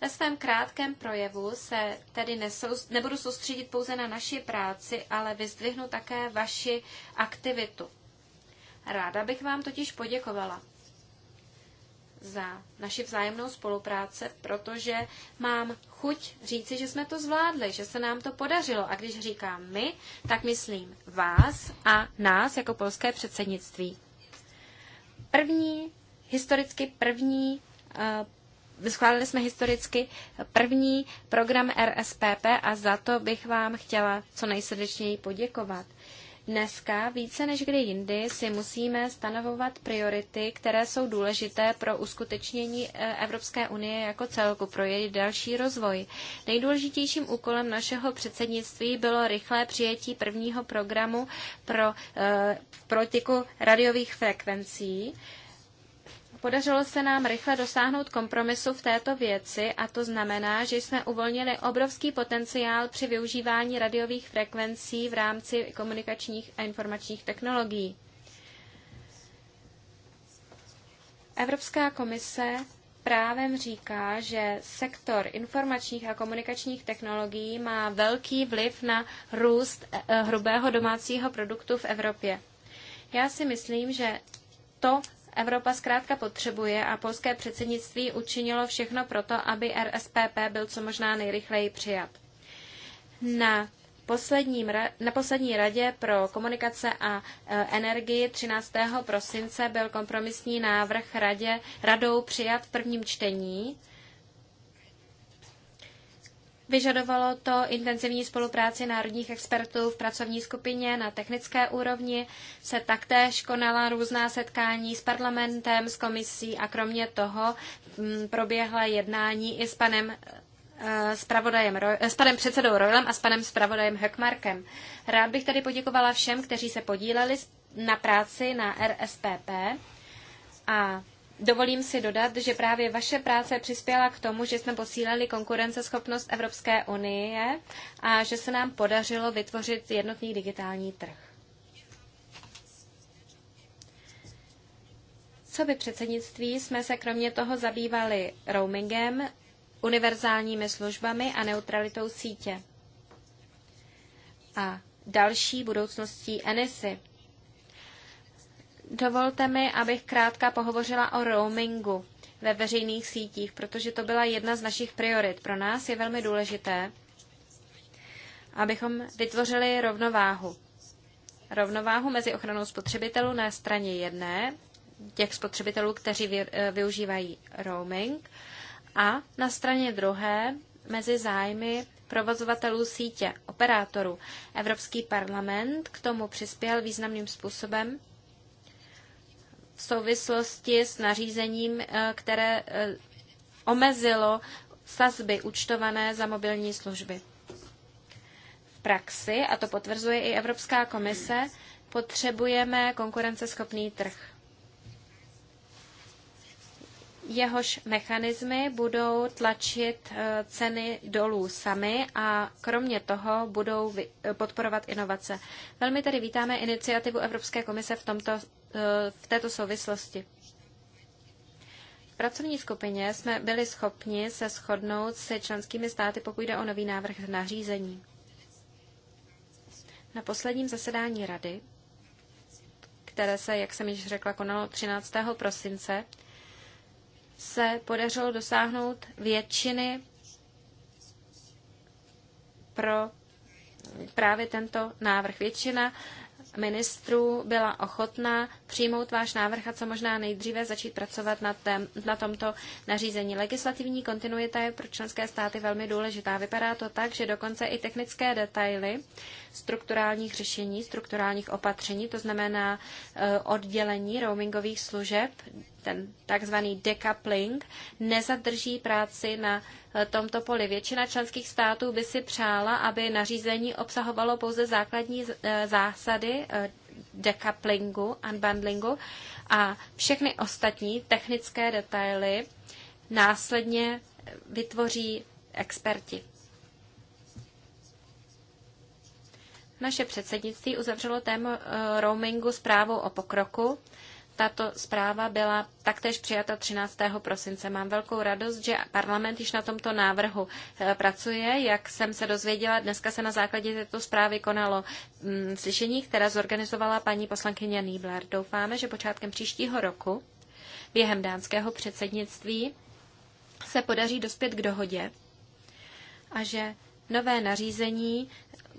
Ve svém krátkém projevu se tedy nesoust, nebudu soustředit pouze na naši práci, ale vyzdvihnu také vaši aktivitu. Ráda bych vám totiž poděkovala za naši vzájemnou spolupráce, protože mám chuť říci, že jsme to zvládli, že se nám to podařilo. A když říkám my, tak myslím vás a nás jako polské předsednictví. První, historicky první, eh, schválili jsme historicky první program RSPP a za to bych vám chtěla co nejsrdečněji poděkovat. Dneska více než kdy jindy si musíme stanovovat priority, které jsou důležité pro uskutečnění e, Evropské unie jako celku, pro její další rozvoj. Nejdůležitějším úkolem našeho předsednictví bylo rychlé přijetí prvního programu pro eh, politiku radiových frekvencí. Podařilo se nám rychle dosáhnout kompromisu v této věci a to znamená, že jsme uvolnili obrovský potenciál při využívání radiových frekvencí v rámci komunikačních a informačních technologií. Evropská komise právem říká, že sektor informačních a komunikačních technologií má velký vliv na růst eh, hrubého domácího produktu v Evropě. Já si myslím, že to Evropa zkrátka potřebuje a polské předsednictví učinilo všechno proto, aby RSPP byl co možná nejrychleji přijat. Na posledním, na poslední radě pro komunikace a e, energii 13. prosince byl kompromisní návrh radě, radou přijat v prvním čtení Vyžadovalo to intenzivní spolupráci národních expertů v pracovní skupině na technické úrovni, se taktéž konala různá setkání s parlamentem, s komisí a kromě toho mm, proběhla jednání i s panem s, eh, pravodajem, eh, s panem předsedou Rojlem a s panem zpravodajem Höckmarkem. Rád bych tady poděkovala všem, kteří se podíleli na práci na RSPP a Dovolím si dodat, že právě vaše práce přispěla k tomu, že jsme posílili konkurenceschopnost Evropské unie a že se nám podařilo vytvořit jednotný digitální trh. Co by předsednictví jsme se kromě toho zabývali roamingem, univerzálními službami a neutralitou sítě. A další budoucností Enisy. Dovolte mi, abych krátka pohovořila o roamingu ve veřejných sítích, protože to byla jedna z našich priorit. Pro nás je velmi důležité, abychom vytvořili rovnováhu. Rovnováhu mezi ochranou spotřebitelů na straně jedné, těch spotřebitelů, kteří eh, využívají roaming, a na straně druhé mezi zájmy provozovatelů sítě, operátorů. Evropský parlament k tomu přispěl významným způsobem v souvislosti s nařízením, eh, které eh, omezilo sazby účtované za mobilní služby. V praxi, a to potvrzuje i Evropská komise, potřebujeme konkurenceschopný trh jehož mechanismy budou tlačit eh, ceny dolů sami a kromě toho budou eh, podporovat inovace. Velmi tedy vítáme iniciativu Evropské komise v, tomto, eh, v této souvislosti. V pracovní skupině jsme byli schopni se shodnout se členskými státy, pokud jde o nový návrh nařízení. Na posledním zasedání rady, které se, jak jsem již řekla, konalo 13. prosince, se podařilo dosáhnout většiny pro právě tento návrh. Většina ministrů byla ochotná přijmout váš návrh a co možná nejdříve začít pracovat na, tém, na tomto nařízení. Legislativní kontinuita je pro členské státy velmi důležitá. Vypadá to tak, že dokonce i technické detaily strukturálních řešení, strukturálních opatření, to znamená eh, oddělení roamingových služeb, ten takzvaný decoupling, nezadrží práci na eh, tomto poli. Většina členských států by si přála, aby nařízení obsahovalo pouze základní eh, zásady decouplingu, unbundlingu a všechny ostatní technické detaily následně vytvoří experti. Naše předsednictví uzavřelo téma eh, roamingu zprávou o pokroku. Tato zpráva byla taktéž přijata 13. prosince. Mám velkou radost, že parlament již na tomto návrhu eh, pracuje. Jak jsem se dozvěděla, dneska se na základě této zprávy konalo mm, slyšení, které zorganizovala paní poslankyně Niebler. Doufáme, že počátkem příštího roku během dánského předsednictví se podaří dospět k dohodě a že nové nařízení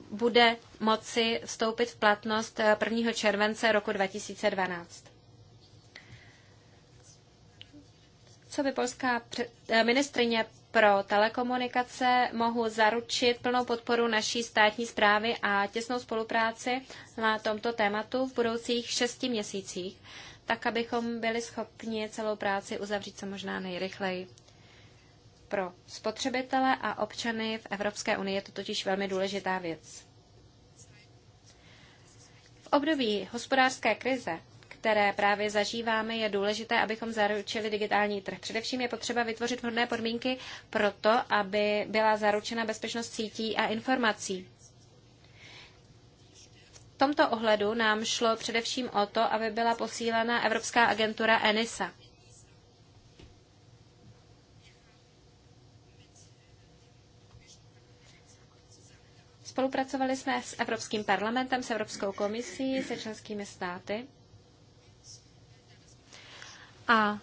bude moci vstoupit v platnost 1. Eh, července roku 2012. Co by polská eh, ministrině pro telekomunikace mohu zaručit plnou podporu naší státní zprávy a těsnou spolupráci na tomto tématu v budoucích šesti měsících, tak abychom byli schopni celou práci uzavřít co možná nejrychleji. Pro spotřebitele a občany v Evropské unii je to totiž velmi důležitá věc. V období hospodářské krize které právě zažíváme, je důležité, abychom zaručili digitální trh. Především je potřeba vytvořit vhodné podmínky pro to, aby byla zaručena bezpečnost sítí a informací. V tomto ohledu nám šlo především o to, aby byla posílena Evropská agentura ENISA. Spolupracovali jsme s Evropským parlamentem, s Evropskou komisí, se členskými státy. A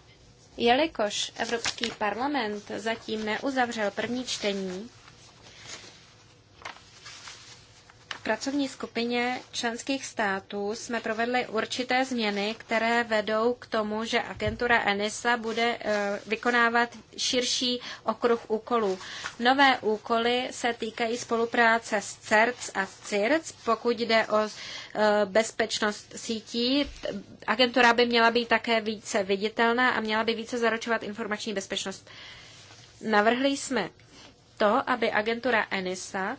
jelikož Evropský parlament zatím neuzavřel první čtení, pracovní skupině členských států jsme provedli určité změny, které vedou k tomu, že agentura ENISA bude eh, vykonávat širší okruh úkolů. Nové úkoly se týkají spolupráce s CERC a s CIRC, pokud jde o eh, bezpečnost sítí. Agentura by měla být také více viditelná a měla by více zaručovat informační bezpečnost. Navrhli jsme to, aby agentura ENISA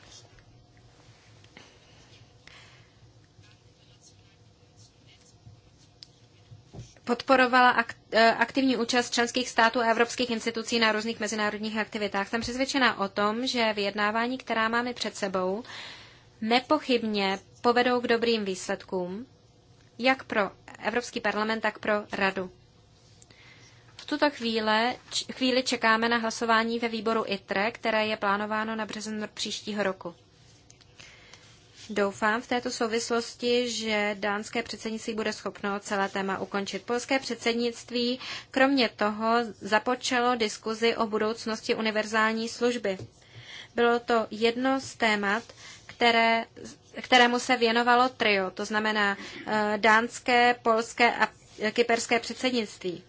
podporovala e, aktivní účast členských států a evropských institucí na různých mezinárodních aktivitách. Jsem přesvědčena o tom, že vyjednávání, která máme před sebou, nepochybně povedou k dobrým výsledkům, jak pro Evropský parlament, tak pro Radu. V tuto chvíle, chvíli čekáme na hlasování ve výboru ITRE, které je plánováno na březen příštího roku. Doufám v této souvislosti, že dánské předsednictví bude schopno celé téma ukončit. Polské předsednictví kromě toho započalo diskuzi o budoucnosti univerzální služby. Bylo to jedno z témat, které, kterému se věnovalo trio, to znamená eh, dánské, polské a kyperské předsednictví.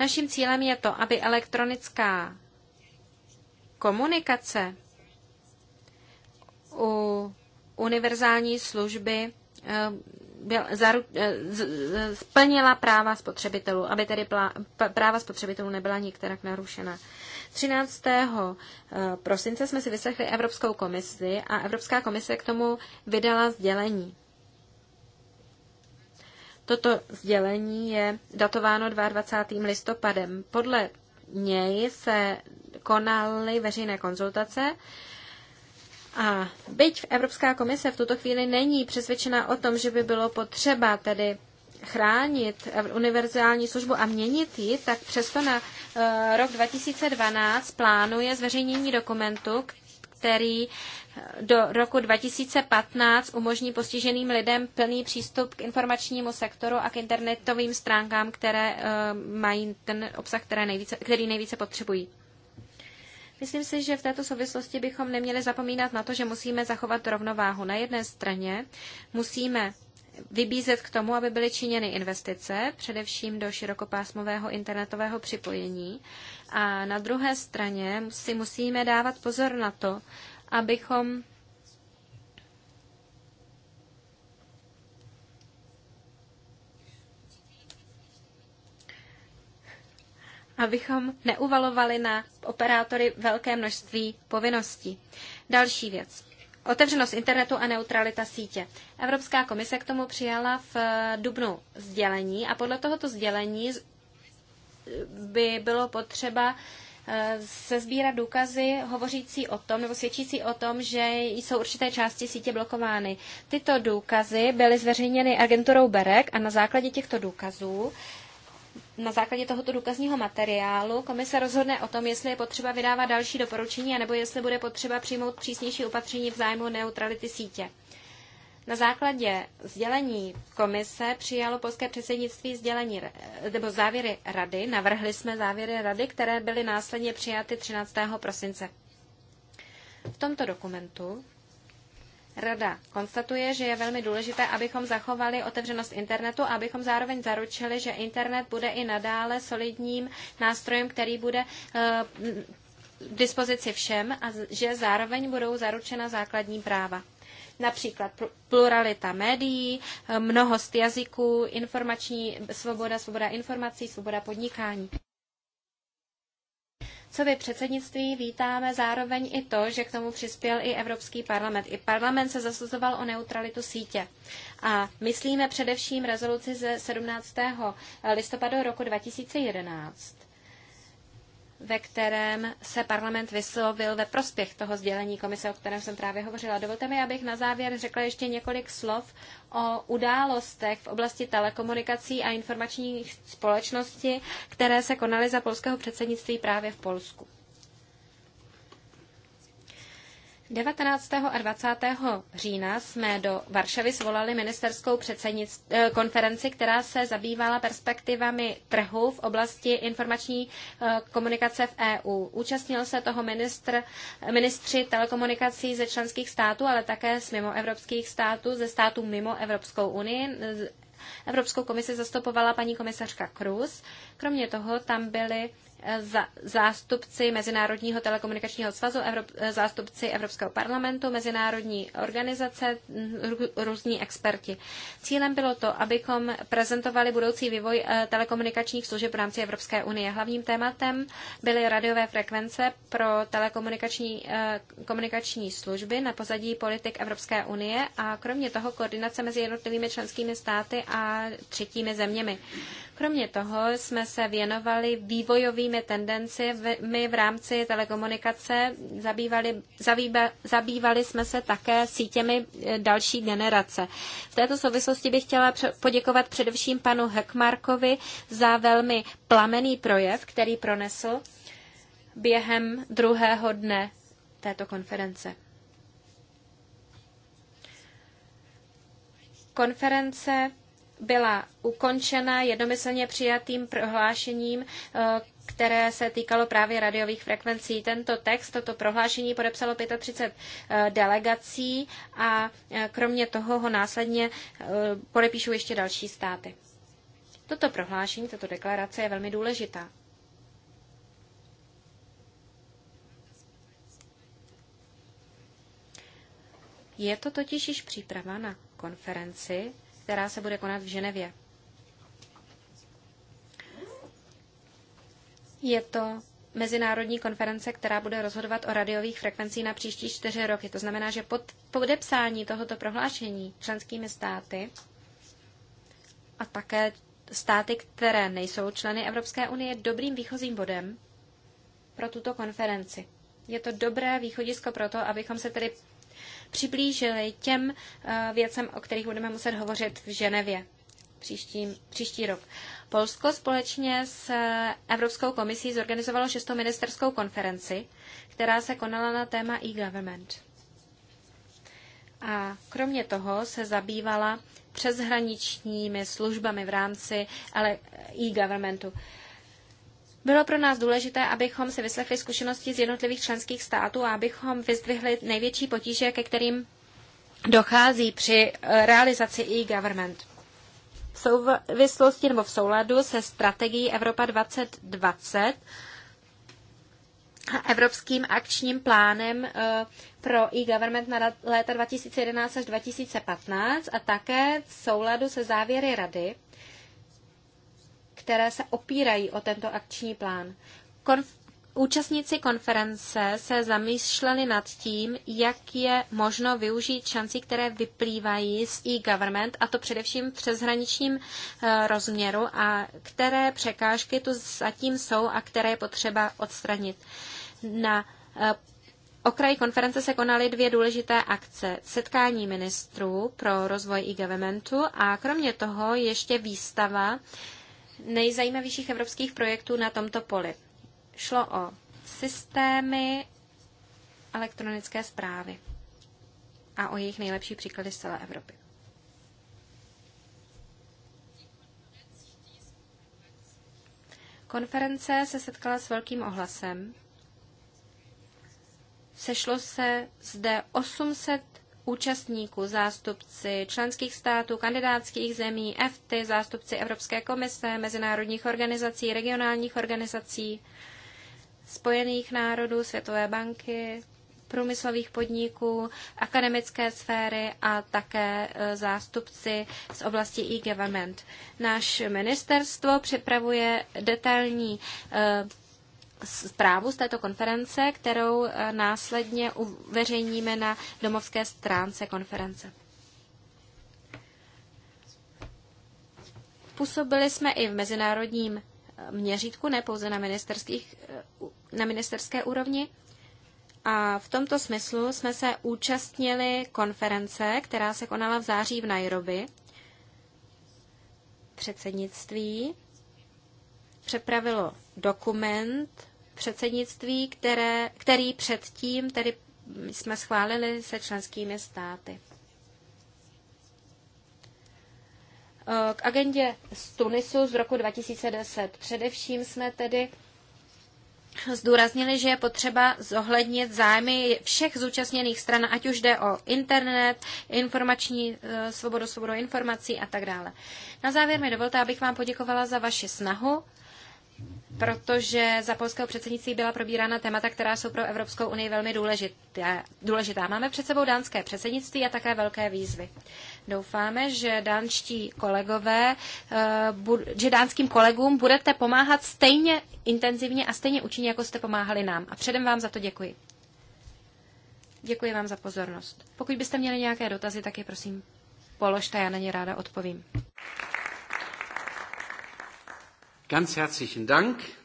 Naším cílem je to, aby elektronická komunikace u univerzální služby eh, byl, zaru, eh, splnila práva spotřebitelů, aby tedy plá, práva spotřebitelů nebyla nikterak narušena. 13. Eh, prosince jsme si vyslechli Evropskou komisi a Evropská komise k tomu vydala sdělení. Toto sdělení je datováno 22. listopadem. Podle něj se konaly veřejné konzultace, a byť Evropská komise v tuto chvíli není přesvědčena o tom, že by bylo potřeba tedy chránit univerzální službu a měnit ji, tak přesto na eh, rok 2012 plánuje zveřejnění dokumentu, který eh, do roku 2015 umožní postiženým lidem plný přístup k informačnímu sektoru a k internetovým stránkám, které eh, mají ten obsah, které nejvíce, který nejvíce potřebují. Myslím si, že v této souvislosti bychom neměli zapomínat na to, že musíme zachovat rovnováhu. Na jedné straně musíme vybízet k tomu, aby byly činěny investice, především do širokopásmového internetového připojení. A na druhé straně si musíme dávat pozor na to, abychom abychom neuvalovali na operátory velké množství povinností. Další věc. Otevřenost internetu a neutralita sítě. Evropská komise k tomu přijala v eh, dubnu sdělení a podle tohoto sdělení by bylo potřeba eh, se sbírat důkazy hovořící o tom nebo svědčící o tom, že jsou určité části sítě blokovány. Tyto důkazy byly zveřejněny agenturou BEREK a na základě těchto důkazů na základě tohoto důkazního materiálu komise rozhodne o tom, jestli je potřeba vydávat další doporučení, anebo jestli bude potřeba přijmout přísnější opatření v zájmu neutrality sítě. Na základě sdělení komise přijalo polské předsednictví sdělení, nebo závěry rady. Navrhli jsme závěry rady, které byly následně přijaty 13. prosince. V tomto dokumentu Rada konstatuje, že je velmi důležité, abychom zachovali otevřenost internetu a abychom zároveň zaručili, že internet bude i nadále solidním nástrojem, který bude k eh, dispozici všem a že zároveň budou zaručena základní práva. Například pluralita médií, eh, mnohost jazyků, informační svoboda, svoboda informací, svoboda podnikání co vy předsednictví vítáme zároveň i to, že k tomu přispěl i Evropský parlament. I parlament se zasazoval o neutralitu sítě. A myslíme především rezoluci ze 17. listopadu roku 2011 ve kterém se parlament vyslovil ve prospěch toho sdělení komise, o kterém jsem právě hovořila. Dovolte mi, abych na závěr řekla ještě několik slov o událostech v oblasti telekomunikací a informačních společností, které se konaly za polského předsednictví právě v Polsku. 19. a 20. října jsme do Varšavy svolali ministerskou eh, konferenci, která se zabývala perspektivami trhu v oblasti informační eh, komunikace v EU. Účastnil se toho ministr, ministři telekomunikací ze členských států, ale také z mimoevropských států, ze států mimo Evropskou unii, Evropskou komisi zastupovala paní komisařka Cruz. Kromě toho tam byli zástupci Mezinárodního telekomunikačního svazu, eh, zástupci Evropského parlamentu, mezinárodní organizace, hm, různí experti. Cílem bylo to, abychom prezentovali budoucí vývoj eh, telekomunikačních služeb v rámci Evropské unie. Hlavním tématem byly radiové frekvence pro telekomunikační eh, komunikační služby na pozadí politik Evropské unie a kromě toho koordinace mezi jednotlivými členskými státy a třetími zeměmi. Kromě toho jsme se věnovali vývojovým budoucími tendencemi v rámci telekomunikace. Zabývali, zabýba, zabývali jsme se také sítěmi eh, další generace. V této souvislosti bych chtěla poděkovat především panu Hekmarkovi za velmi plamený projev, který pronesl během druhého dne této konference. Konference byla ukončena jednomyslně přijatým prohlášením, eh, které se týkalo právě radiových frekvencí. Tento text, toto prohlášení podepsalo 35 eh, delegací a eh, kromě toho ho následně eh, podepíšou ještě další státy. Toto prohlášení, tato deklarace je velmi důležitá. Je to totiž již příprava na konferenci, která se bude konat v Ženevě. Je to mezinárodní konference, která bude rozhodovat o radiových frekvencích na příští čtyři roky. To znamená, že pod podepsání tohoto prohlášení členskými státy a také státy, které nejsou členy Evropské unie, je dobrým výchozím bodem pro tuto konferenci. Je to dobré východisko pro to, abychom se tedy přiblížili těm eh, věcem, o kterých budeme muset hovořit v Ženevě příští, příští rok. Polsko společně s Evropskou komisí zorganizovalo šestou ministerskou konferenci, která se konala na téma e-government. A kromě toho se zabývala přeshraničními službami v rámci e-governmentu. Bylo pro nás důležité, abychom si vyslechli zkušenosti z jednotlivých členských států a abychom vyzdvihli největší potíže, ke kterým dochází při eh, realizaci e-government v souvislosti nebo v souladu se strategií Evropa 2020 a Evropským akčním plánem eh, pro e-government na léta 2011 až 2015 a také v souladu se závěry rady, které se opírají o tento akční plán. Konf- Účastníci konference se zamýšleli nad tím, jak je možno využít šanci, které vyplývají z e-government, a to především v přeshraničním eh, rozměru, a které překážky tu zatím jsou a které je potřeba odstranit. Na eh, okraji konference se konaly dvě důležité akce. Setkání ministrů pro rozvoj e-governmentu a kromě toho ještě výstava nejzajímavějších evropských projektů na tomto poli šlo o systémy elektronické zprávy a o jejich nejlepší příklady z celé Evropy. Konference se setkala s velkým ohlasem. Sešlo se zde 800 účastníků, zástupci členských států, kandidátských zemí, EFTY, zástupci Evropské komise, mezinárodních organizací, regionálních organizací Spojených národů, Světové banky, průmyslových podniků, akademické sféry a také e, zástupci z oblasti e-government. Náš ministerstvo připravuje detailní e, zprávu z této konference, kterou e, následně uveřejníme na domovské stránce konference. Působili jsme i v mezinárodním měřítku, ne pouze na, ministerských, eh, na ministerské úrovni. A v tomto smyslu jsme se účastnili konference, která se konala v září v Nairobi. Předsednictví přepravilo dokument předsednictví, které, který předtím tedy jsme schválili se členskými státy. K agendě z Tunisu z roku 2010. Především jsme tedy zdůraznili, že je potřeba zohlednit zájmy všech zúčastněných stran, ať už jde o internet, informační eh, svobodu, svobodu informací a tak dále. Na závěr mi dovolte, abych vám poděkovala za vaši snahu, protože za polského předsednictví byla probírána témata, která jsou pro Evropskou unii velmi důležité. důležitá. Máme před sebou dánské předsednictví a také velké výzvy. Doufáme, že dánští kolegové, eh, že dánským kolegům budete pomáhat stejně intenzivně a stejně účinně, jako jste pomáhali nám. A předem vám za to děkuji. Děkuji vám za pozornost. Pokud byste měli nějaké dotazy, tak je prosím položte, já na ně ráda odpovím. Ganz herzlichen Dank.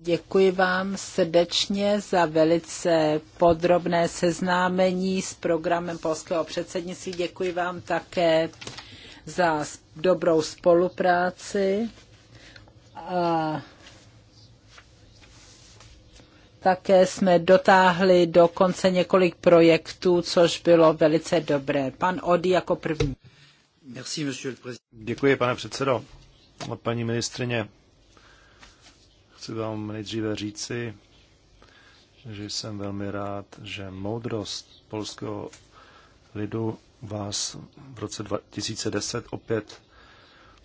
Děkuji vám srdečně za velice podrobné seznámení s programem polského předsednictví. Děkuji vám také za dobrou spolupráci a také jsme dotáhli do konce několik projektů, což bylo velice dobré. Pan Odi jako první. Děkuji, pane předsedo. Paní ministrině, Chci vám nejdříve říci, že jsem velmi rád, že moudrost polského lidu vás v roce 2010 opět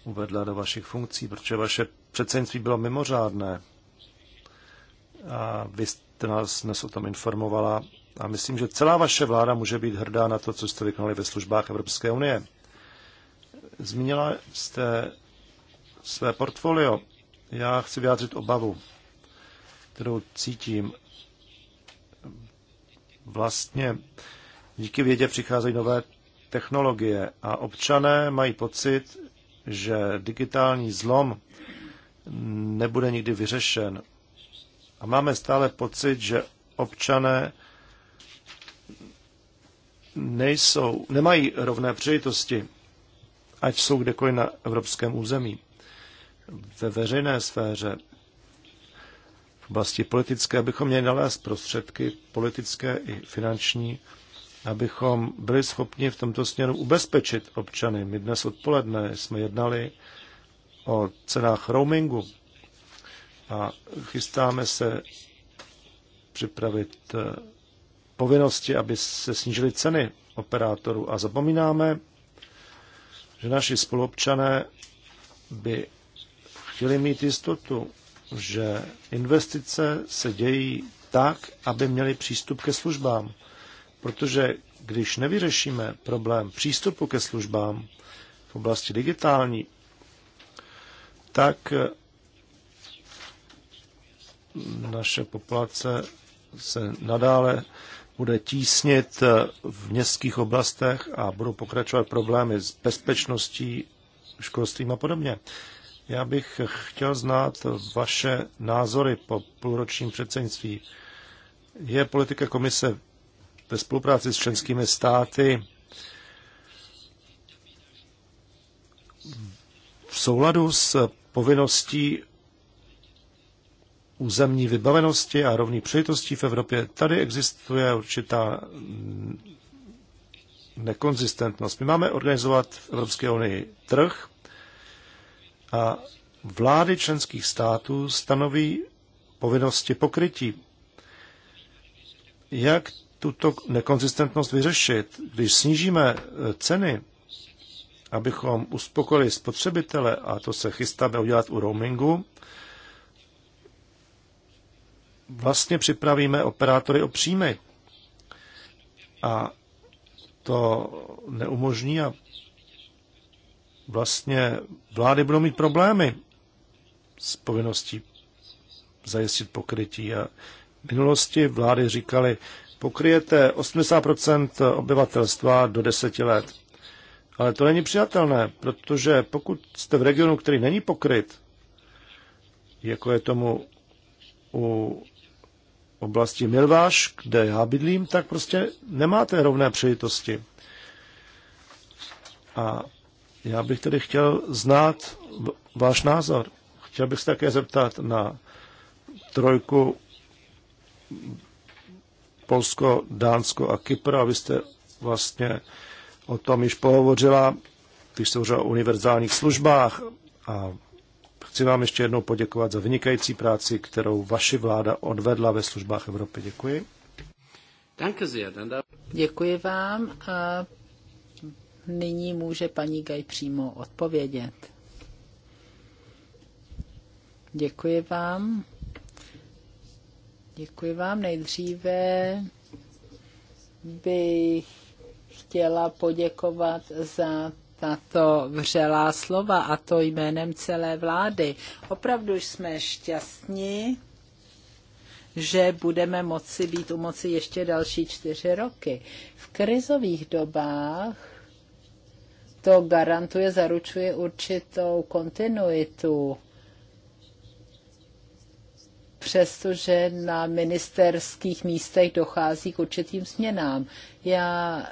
uvedla do vašich funkcí, protože vaše předsednictví bylo mimořádné. A vy jste nás dnes o tom informovala a myslím, že celá vaše vláda může být hrdá na to, co jste vykonali ve službách Evropské unie. Zmínila jste své portfolio já chci vyjádřit obavu, kterou cítím. Vlastně díky vědě přicházejí nové technologie a občané mají pocit, že digitální zlom nebude nikdy vyřešen. A máme stále pocit, že občané nejsou, nemají rovné příležitosti, ať jsou kdekoliv na evropském území ve veřejné sféře, v oblasti politické, abychom měli nalézt prostředky politické i finanční, abychom byli schopni v tomto směru ubezpečit občany. My dnes odpoledne jsme jednali o cenách roamingu a chystáme se připravit eh, povinnosti, aby se snížily ceny operátorů. A zapomínáme, že naši spolupčané by chtěli mít jistotu, že investice se dějí tak, aby měli přístup ke službám. Protože když nevyřešíme problém přístupu ke službám v oblasti digitální, tak eh, naše populace se nadále bude tísnit eh, v městských oblastech a budou pokračovat problémy s bezpečností, školstvím a podobně. Já bych chtěl znát vaše názory po půlročním předsednictví. Je politika komise ve spolupráci s členskými státy v souladu s povinností územní vybavenosti a rovný přejitostí v Evropě. Tady existuje určitá nekonzistentnost. My máme organizovat v Evropské unii trh, a vlády členských států stanoví povinnosti pokrytí. Jak tuto nekonzistentnost vyřešit? Když snížíme e, ceny, abychom uspokojili spotřebitele, a to se chystáme udělat u roamingu, vlastně připravíme operátory o příjmy. A to neumožní a vlastně vlády budou mít problémy s povinností zajistit pokrytí. A v minulosti vlády říkaly, pokryjete 80% obyvatelstva do deseti let. Ale to není přijatelné, protože pokud jste v regionu, který není pokryt, jako je tomu u oblasti Milváš, kde já bydlím, tak prostě nemáte rovné přejitosti. A já bych tedy chtěl znát váš názor. Chtěl bych se také zeptat na trojku Polsko, Dánsko a Kypr, a vy jste vlastně o tom již pohovořila, když jste hovořila o univerzálních službách a chci vám ještě jednou poděkovat za vynikající práci, kterou vaši vláda odvedla ve službách Evropy. Děkuji. Děkuji vám a nyní může paní Gaj přímo odpovědět. Děkuji vám. Děkuji vám. Nejdříve bych chtěla poděkovat za tato vřelá slova a to jménem celé vlády. Opravdu jsme šťastní, že budeme moci být u moci ještě další čtyři roky. V krizových dobách to garantuje, zaručuje určitou kontinuitu. Přestože na ministerských místech dochází k určitým změnám. Já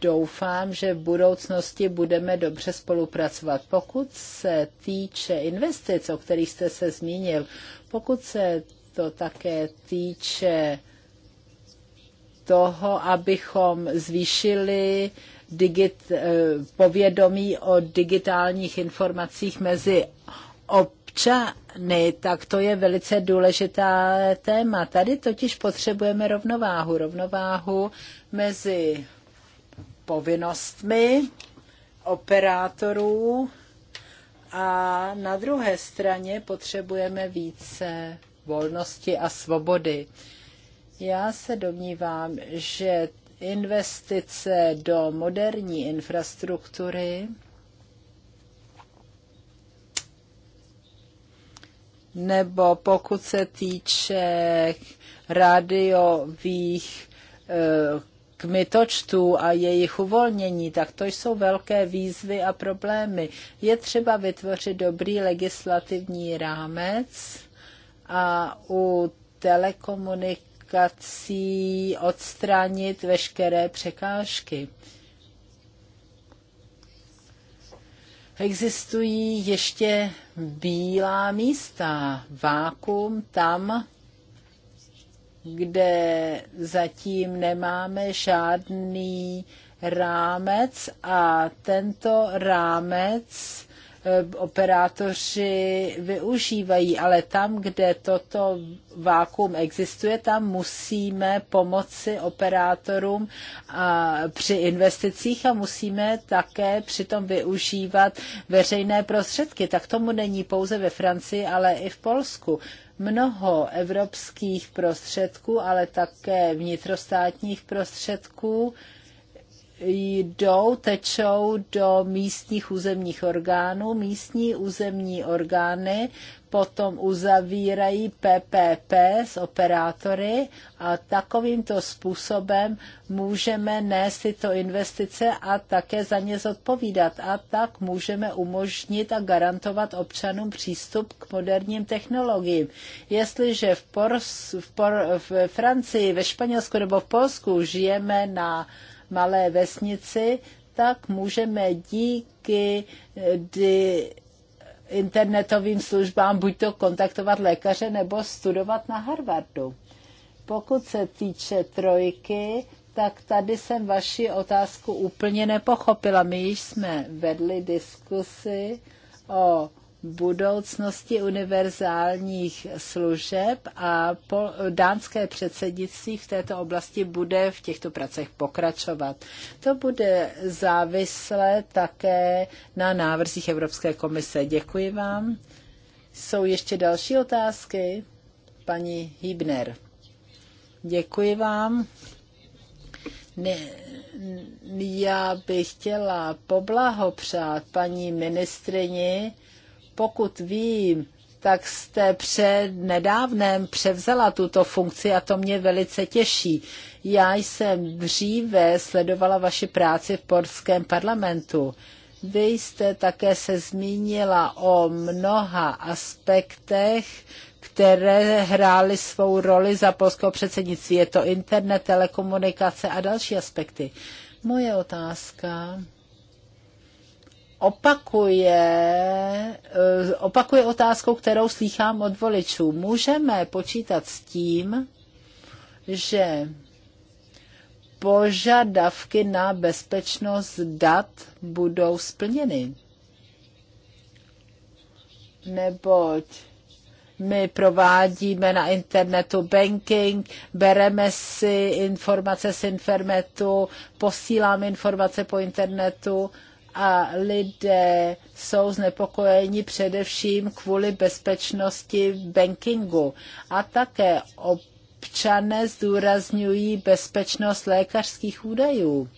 doufám, že v budoucnosti budeme dobře spolupracovat. Pokud se týče investic, o kterých jste se zmínil, pokud se to také týče toho, abychom zvýšili digit, eh, povědomí o digitálních informacích mezi občany, tak to je velice důležitá téma. Tady totiž potřebujeme rovnováhu. Rovnováhu mezi povinnostmi operátorů a na druhé straně potřebujeme více volnosti a svobody. Já se domnívám, že investice do moderní infrastruktury nebo pokud se týče rádiových eh, kmitočtů a jejich uvolnění, tak to jsou velké výzvy a problémy. Je třeba vytvořit dobrý legislativní rámec a u telekomunik kvalifikací odstranit veškeré překážky. Existují ještě bílá místa, vákum tam, kde zatím nemáme žádný rámec a tento rámec Eh, operátoři využívají, ale tam, kde toto vákum existuje, tam musíme pomoci operátorům a při investicích a musíme také přitom využívat veřejné prostředky. Tak tomu není pouze ve Francii, ale i v Polsku mnoho evropských prostředků, ale také vnitrostátních prostředků jdou, tečou do místních územních orgánů. Místní územní orgány potom uzavírají PPP s operátory a takovýmto způsobem můžeme nést tyto investice a také za ně zodpovídat. A tak můžeme umožnit a garantovat občanům přístup k moderním technologiím. Jestliže v, Pors, v, Por, v Francii, ve Španělsku nebo v Polsku žijeme na malé vesnici, tak můžeme díky eh, internetovým službám buď to kontaktovat lékaře nebo studovat na Harvardu. Pokud se týče trojky, tak tady jsem vaši otázku úplně nepochopila. My již jsme vedli diskusy o budoucnosti univerzálních služeb a po, dánské předsednictví v této oblasti bude v těchto pracech pokračovat. To bude závislé také na návrzích Evropské komise. Děkuji vám. Jsou ještě další otázky? Paní Hibner. Děkuji vám. Ne, já bych chtěla poblahopřát paní ministrini pokud vím, tak jste před nedávnem převzala tuto funkci a to mě velice těší. Já jsem dříve sledovala vaši práci v polském parlamentu. Vy jste také se zmínila o mnoha aspektech, které hrály svou roli za polského předsednictví. Je to internet, telekomunikace a další aspekty. Moje otázka opakuje, eh, opakuje otázku, kterou slýchám od voličů. Můžeme počítat s tím, že požadavky na bezpečnost dat budou splněny. Neboť my provádíme na internetu banking, bereme si informace z internetu, posíláme informace po internetu a lidé jsou znepokojeni především kvůli bezpečnosti bankingu a také občané zdůrazňují bezpečnost lékařských údajů,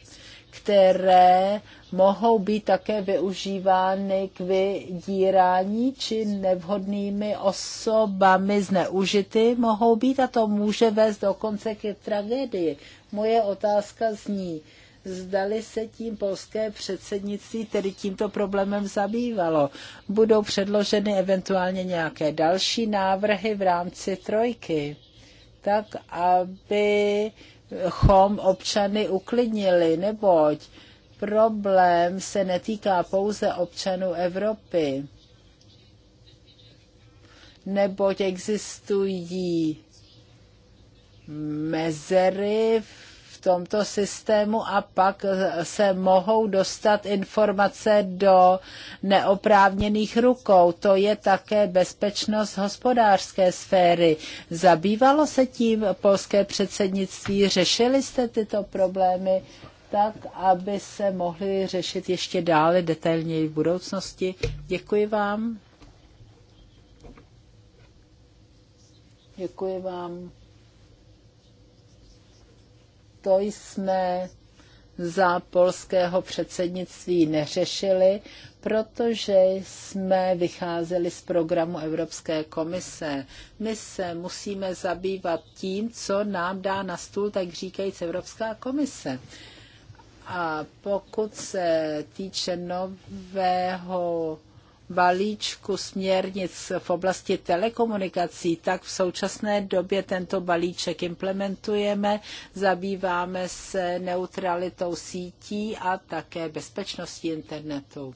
které mohou být také využívány k vydírání či nevhodnými osobami zneužity mohou být a to může vést dokonce k tragédii. Moje otázka zní, zdali se tím polské předsednictví tedy tímto problémem zabývalo. Budou předloženy eventuálně nějaké další návrhy v rámci trojky, tak abychom občany uklidnili, neboť problém se netýká pouze občanů Evropy, neboť existují mezery v tomto systému a pak se mohou dostat informace do neoprávněných rukou. To je také bezpečnost hospodářské sféry. Zabývalo se tím polské předsednictví? Řešili jste tyto problémy? tak, aby se mohly řešit ještě dále detailněji v budoucnosti. Děkuji vám. Děkuji vám to jsme za polského předsednictví neřešili, protože jsme vycházeli z programu Evropské komise. My se musíme zabývat tím, co nám dá na stůl, tak říkajíc Evropská komise. A pokud se týče nového balíčku směrnic v oblasti telekomunikací, tak v současné době tento balíček implementujeme, zabýváme se neutralitou sítí a také bezpečností internetu,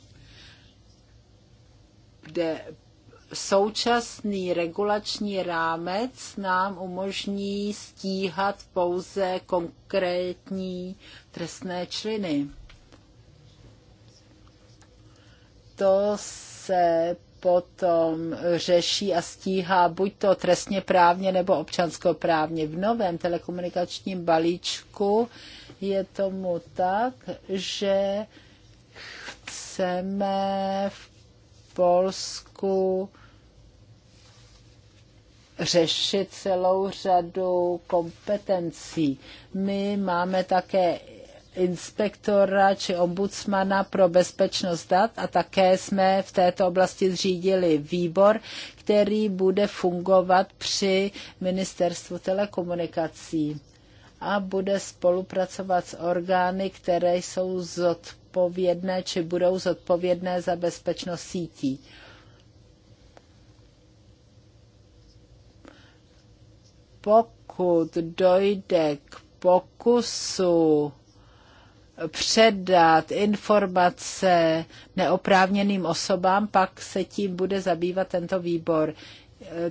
kde současný regulační rámec nám umožní stíhat pouze konkrétní trestné činy. To se potom řeší a stíhá buď to trestně právně nebo občanskoprávně. V novém telekomunikačním balíčku je tomu tak, že chceme v Polsku řešit celou řadu kompetencí. My máme také inspektora či ombudsmana pro bezpečnost dat a také jsme v této oblasti zřídili výbor, který bude fungovat při ministerstvu telekomunikací a bude spolupracovat s orgány, které jsou zodpovědné či budou zodpovědné za bezpečnost sítí. Pokud dojde k pokusu předat informace neoprávněným osobám, pak se tím bude zabývat tento výbor.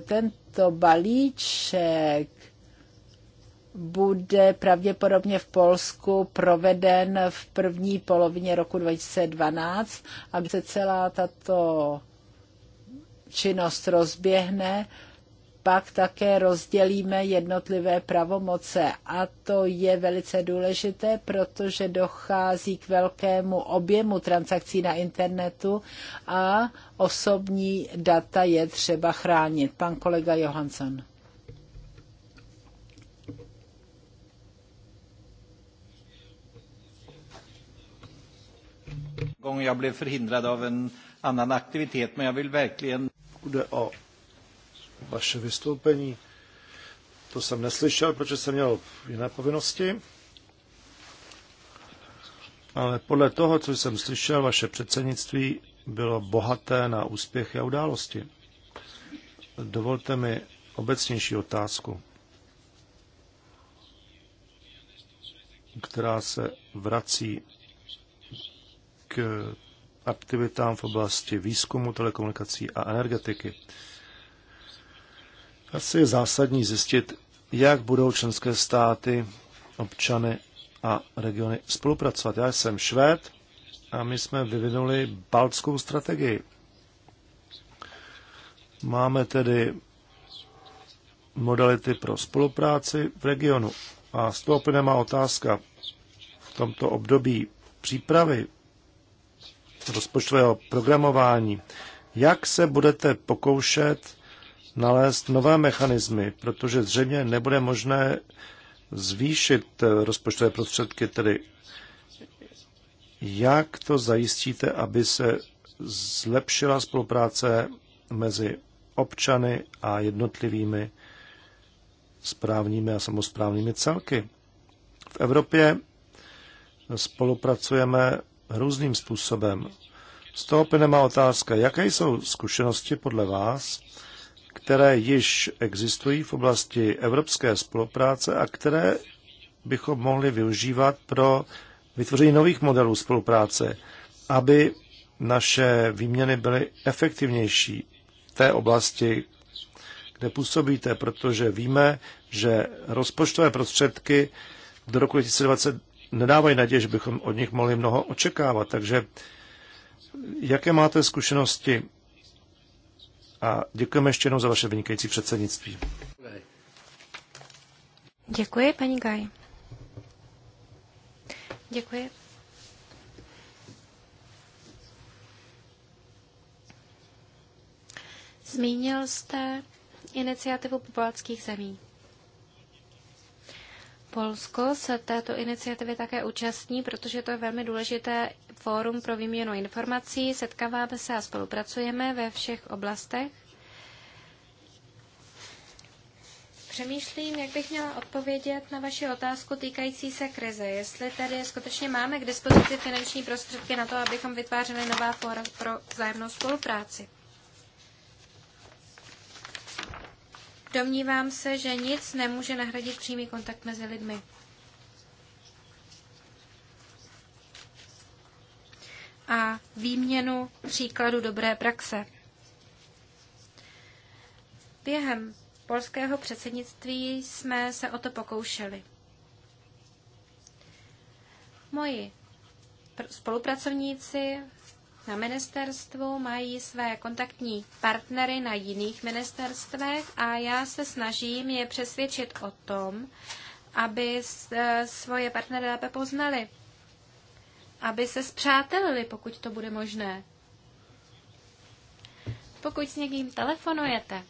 Tento balíček bude pravděpodobně v Polsku proveden v první polovině roku 2012 a se celá tato činnost rozběhne, pak také rozdělíme jednotlivé pravomoce. A to je velice důležité, protože dochází k velkému objemu transakcí na internetu a osobní data je třeba chránit. Pan kolega Johansson. já byl blev av en annan aktivitet, men já vill verkligen vaše vystoupení. To jsem neslyšel, protože jsem měl jiné povinnosti. Ale podle toho, co jsem slyšel, vaše předsednictví bylo bohaté na úspěchy a události. Dovolte mi obecnější otázku, která se vrací k aktivitám v oblasti výzkumu, telekomunikací a energetiky. Asi je zásadní zjistit, jak budou členské státy, občany a regiony spolupracovat. Já jsem Švéd a my jsme vyvinuli baltskou strategii. Máme tedy modality pro spolupráci v regionu. A z toho plyne má otázka v tomto období přípravy rozpočtového programování. Jak se budete pokoušet nalézt nové mechanismy, protože zřejmě nebude možné zvýšit eh, rozpočtové prostředky, tedy jak to zajistíte, aby se zlepšila spolupráce mezi občany a jednotlivými správními a samozprávnými celky. V Evropě spolupracujeme různým způsobem. Z toho plyne má otázka, jaké jsou zkušenosti podle vás které již existují v oblasti evropské spolupráce a které bychom mohli využívat pro vytvoření nových modelů spolupráce, aby naše výměny byly efektivnější v té oblasti, kde působíte, protože víme, že rozpočtové prostředky do roku 2020 nedávají naději, že bychom od nich mohli mnoho očekávat. Takže jaké máte zkušenosti a děkujeme ještě jednou za vaše vynikající předsednictví. Děkuji, paní Gaj. Děkuji. Zmínil jste iniciativu pobaltských zemí. Polsko se této iniciativy také účastní, protože to je velmi důležité fórum pro výměnu informací, setkáváme se a spolupracujeme ve všech oblastech. Přemýšlím, jak bych měla odpovědět na vaši otázku týkající se krize. Jestli tady skutečně máme k dispozici finanční prostředky na to, abychom vytvářeli nová fóra pro vzájemnou spolupráci. Domnívám se, že nic nemůže nahradit přímý kontakt mezi lidmi. a výměnu příkladu dobré praxe. Během polského předsednictví jsme se o to pokoušeli. Moji spolupracovníci na ministerstvu mají své kontaktní partnery na jiných ministerstvech a já se snažím je přesvědčit o tom, aby svoje partnery lépe poznali aby se zpřátelili, pokud to bude možné. Pokud s někým telefonujete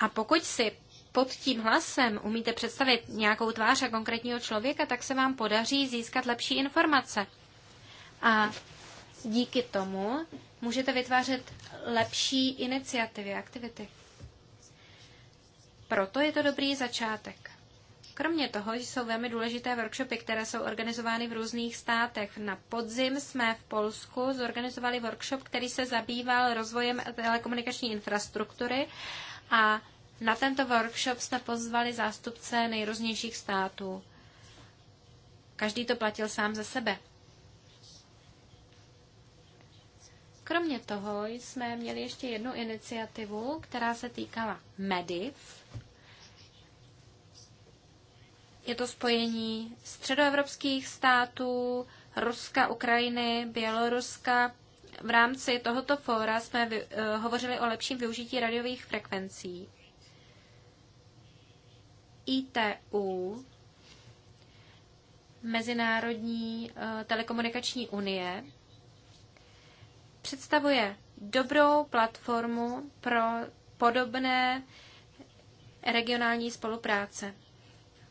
a pokud si pod tím hlasem umíte představit nějakou tvář a konkrétního člověka, tak se vám podaří získat lepší informace. A díky tomu můžete vytvářet lepší iniciativy, aktivity. Proto je to dobrý začátek. Kromě toho jsou velmi důležité workshopy, které jsou organizovány v různých státech. Na podzim jsme v Polsku zorganizovali workshop, který se zabýval rozvojem telekomunikační infrastruktury a na tento workshop jsme pozvali zástupce nejrůznějších států. Každý to platil sám za sebe. Kromě toho jsme měli ještě jednu iniciativu, která se týkala MEDIV, je to spojení středoevropských států, Ruska, Ukrajiny, Běloruska. V rámci tohoto fóra jsme vy, uh, hovořili o lepším využití radiových frekvencí. ITU, Mezinárodní uh, telekomunikační unie, představuje dobrou platformu pro podobné regionální spolupráce.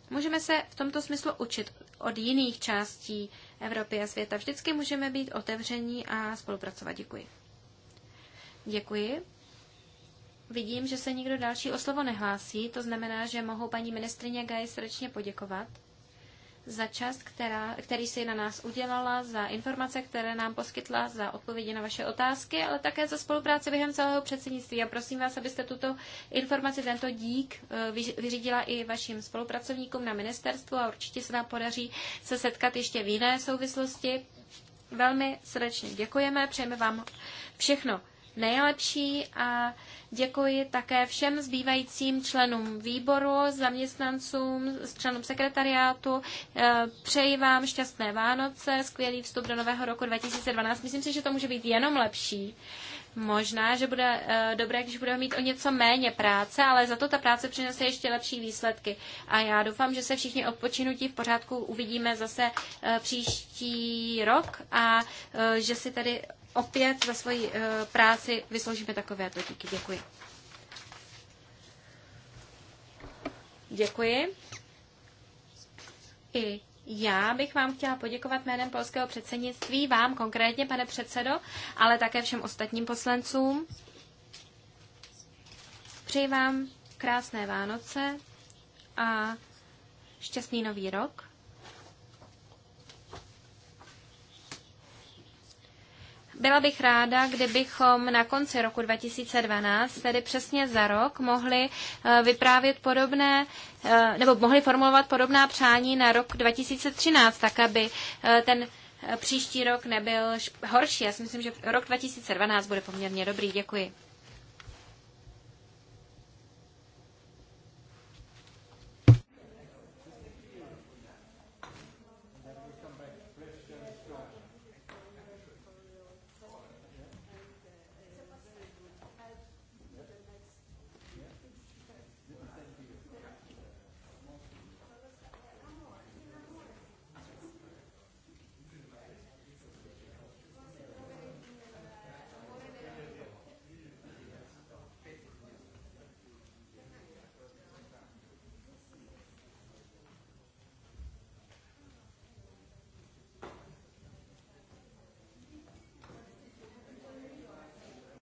Můžeme se v tomto smyslu učit od jiných částí Evropy a světa. Vždycky můžeme být otevření a spolupracovat. Děkuji. Děkuji. Vidím, že se nikdo další o slovo nehlásí, to znamená, že mohu paní ministrině Gaj srdečně poděkovat za čas, která, který si na nás udělala, za informace, které nám poskytla, za odpovědi na vaše otázky, ale také za spolupráci během celého předsednictví. A prosím vás, abyste tuto informaci, tento dík eh, vyřídila i vašim spolupracovníkům na ministerstvu a určitě se nám podaří se setkat ještě v jiné souvislosti. Velmi srdečně děkujeme, přejeme vám všechno nejlepší a děkuji také všem zbývajícím členům výboru, zaměstnancům, členům sekretariátu. Eh, přeji vám šťastné Vánoce, skvělý vstup do nového roku 2012. Myslím si, že to může být jenom lepší. Možná, že bude eh, dobré, když budeme mít o něco méně práce, ale za to ta práce přinese ještě lepší výsledky. A já doufám, že se všichni odpočinutí v pořádku uvidíme zase eh, příští rok a že si tady opět za svoji eh, práci vysloužíme takovéto díky. Děkuji. Děkuji. I já bych vám chtěla poděkovat jménem polského předsednictví, vám konkrétně, pane předsedo, ale také všem ostatním poslancům. Přeji vám krásné Vánoce a šťastný nový rok. Byla bych ráda, kdybychom na konci roku 2012, tedy přesně za rok, mohli eh, vyprávět podobné, eh, nebo mohli formulovat podobná přání na rok 2013, tak aby eh, ten příští rok nebyl horší. Já si myslím, že rok 2012 bude poměrně dobrý. Děkuji.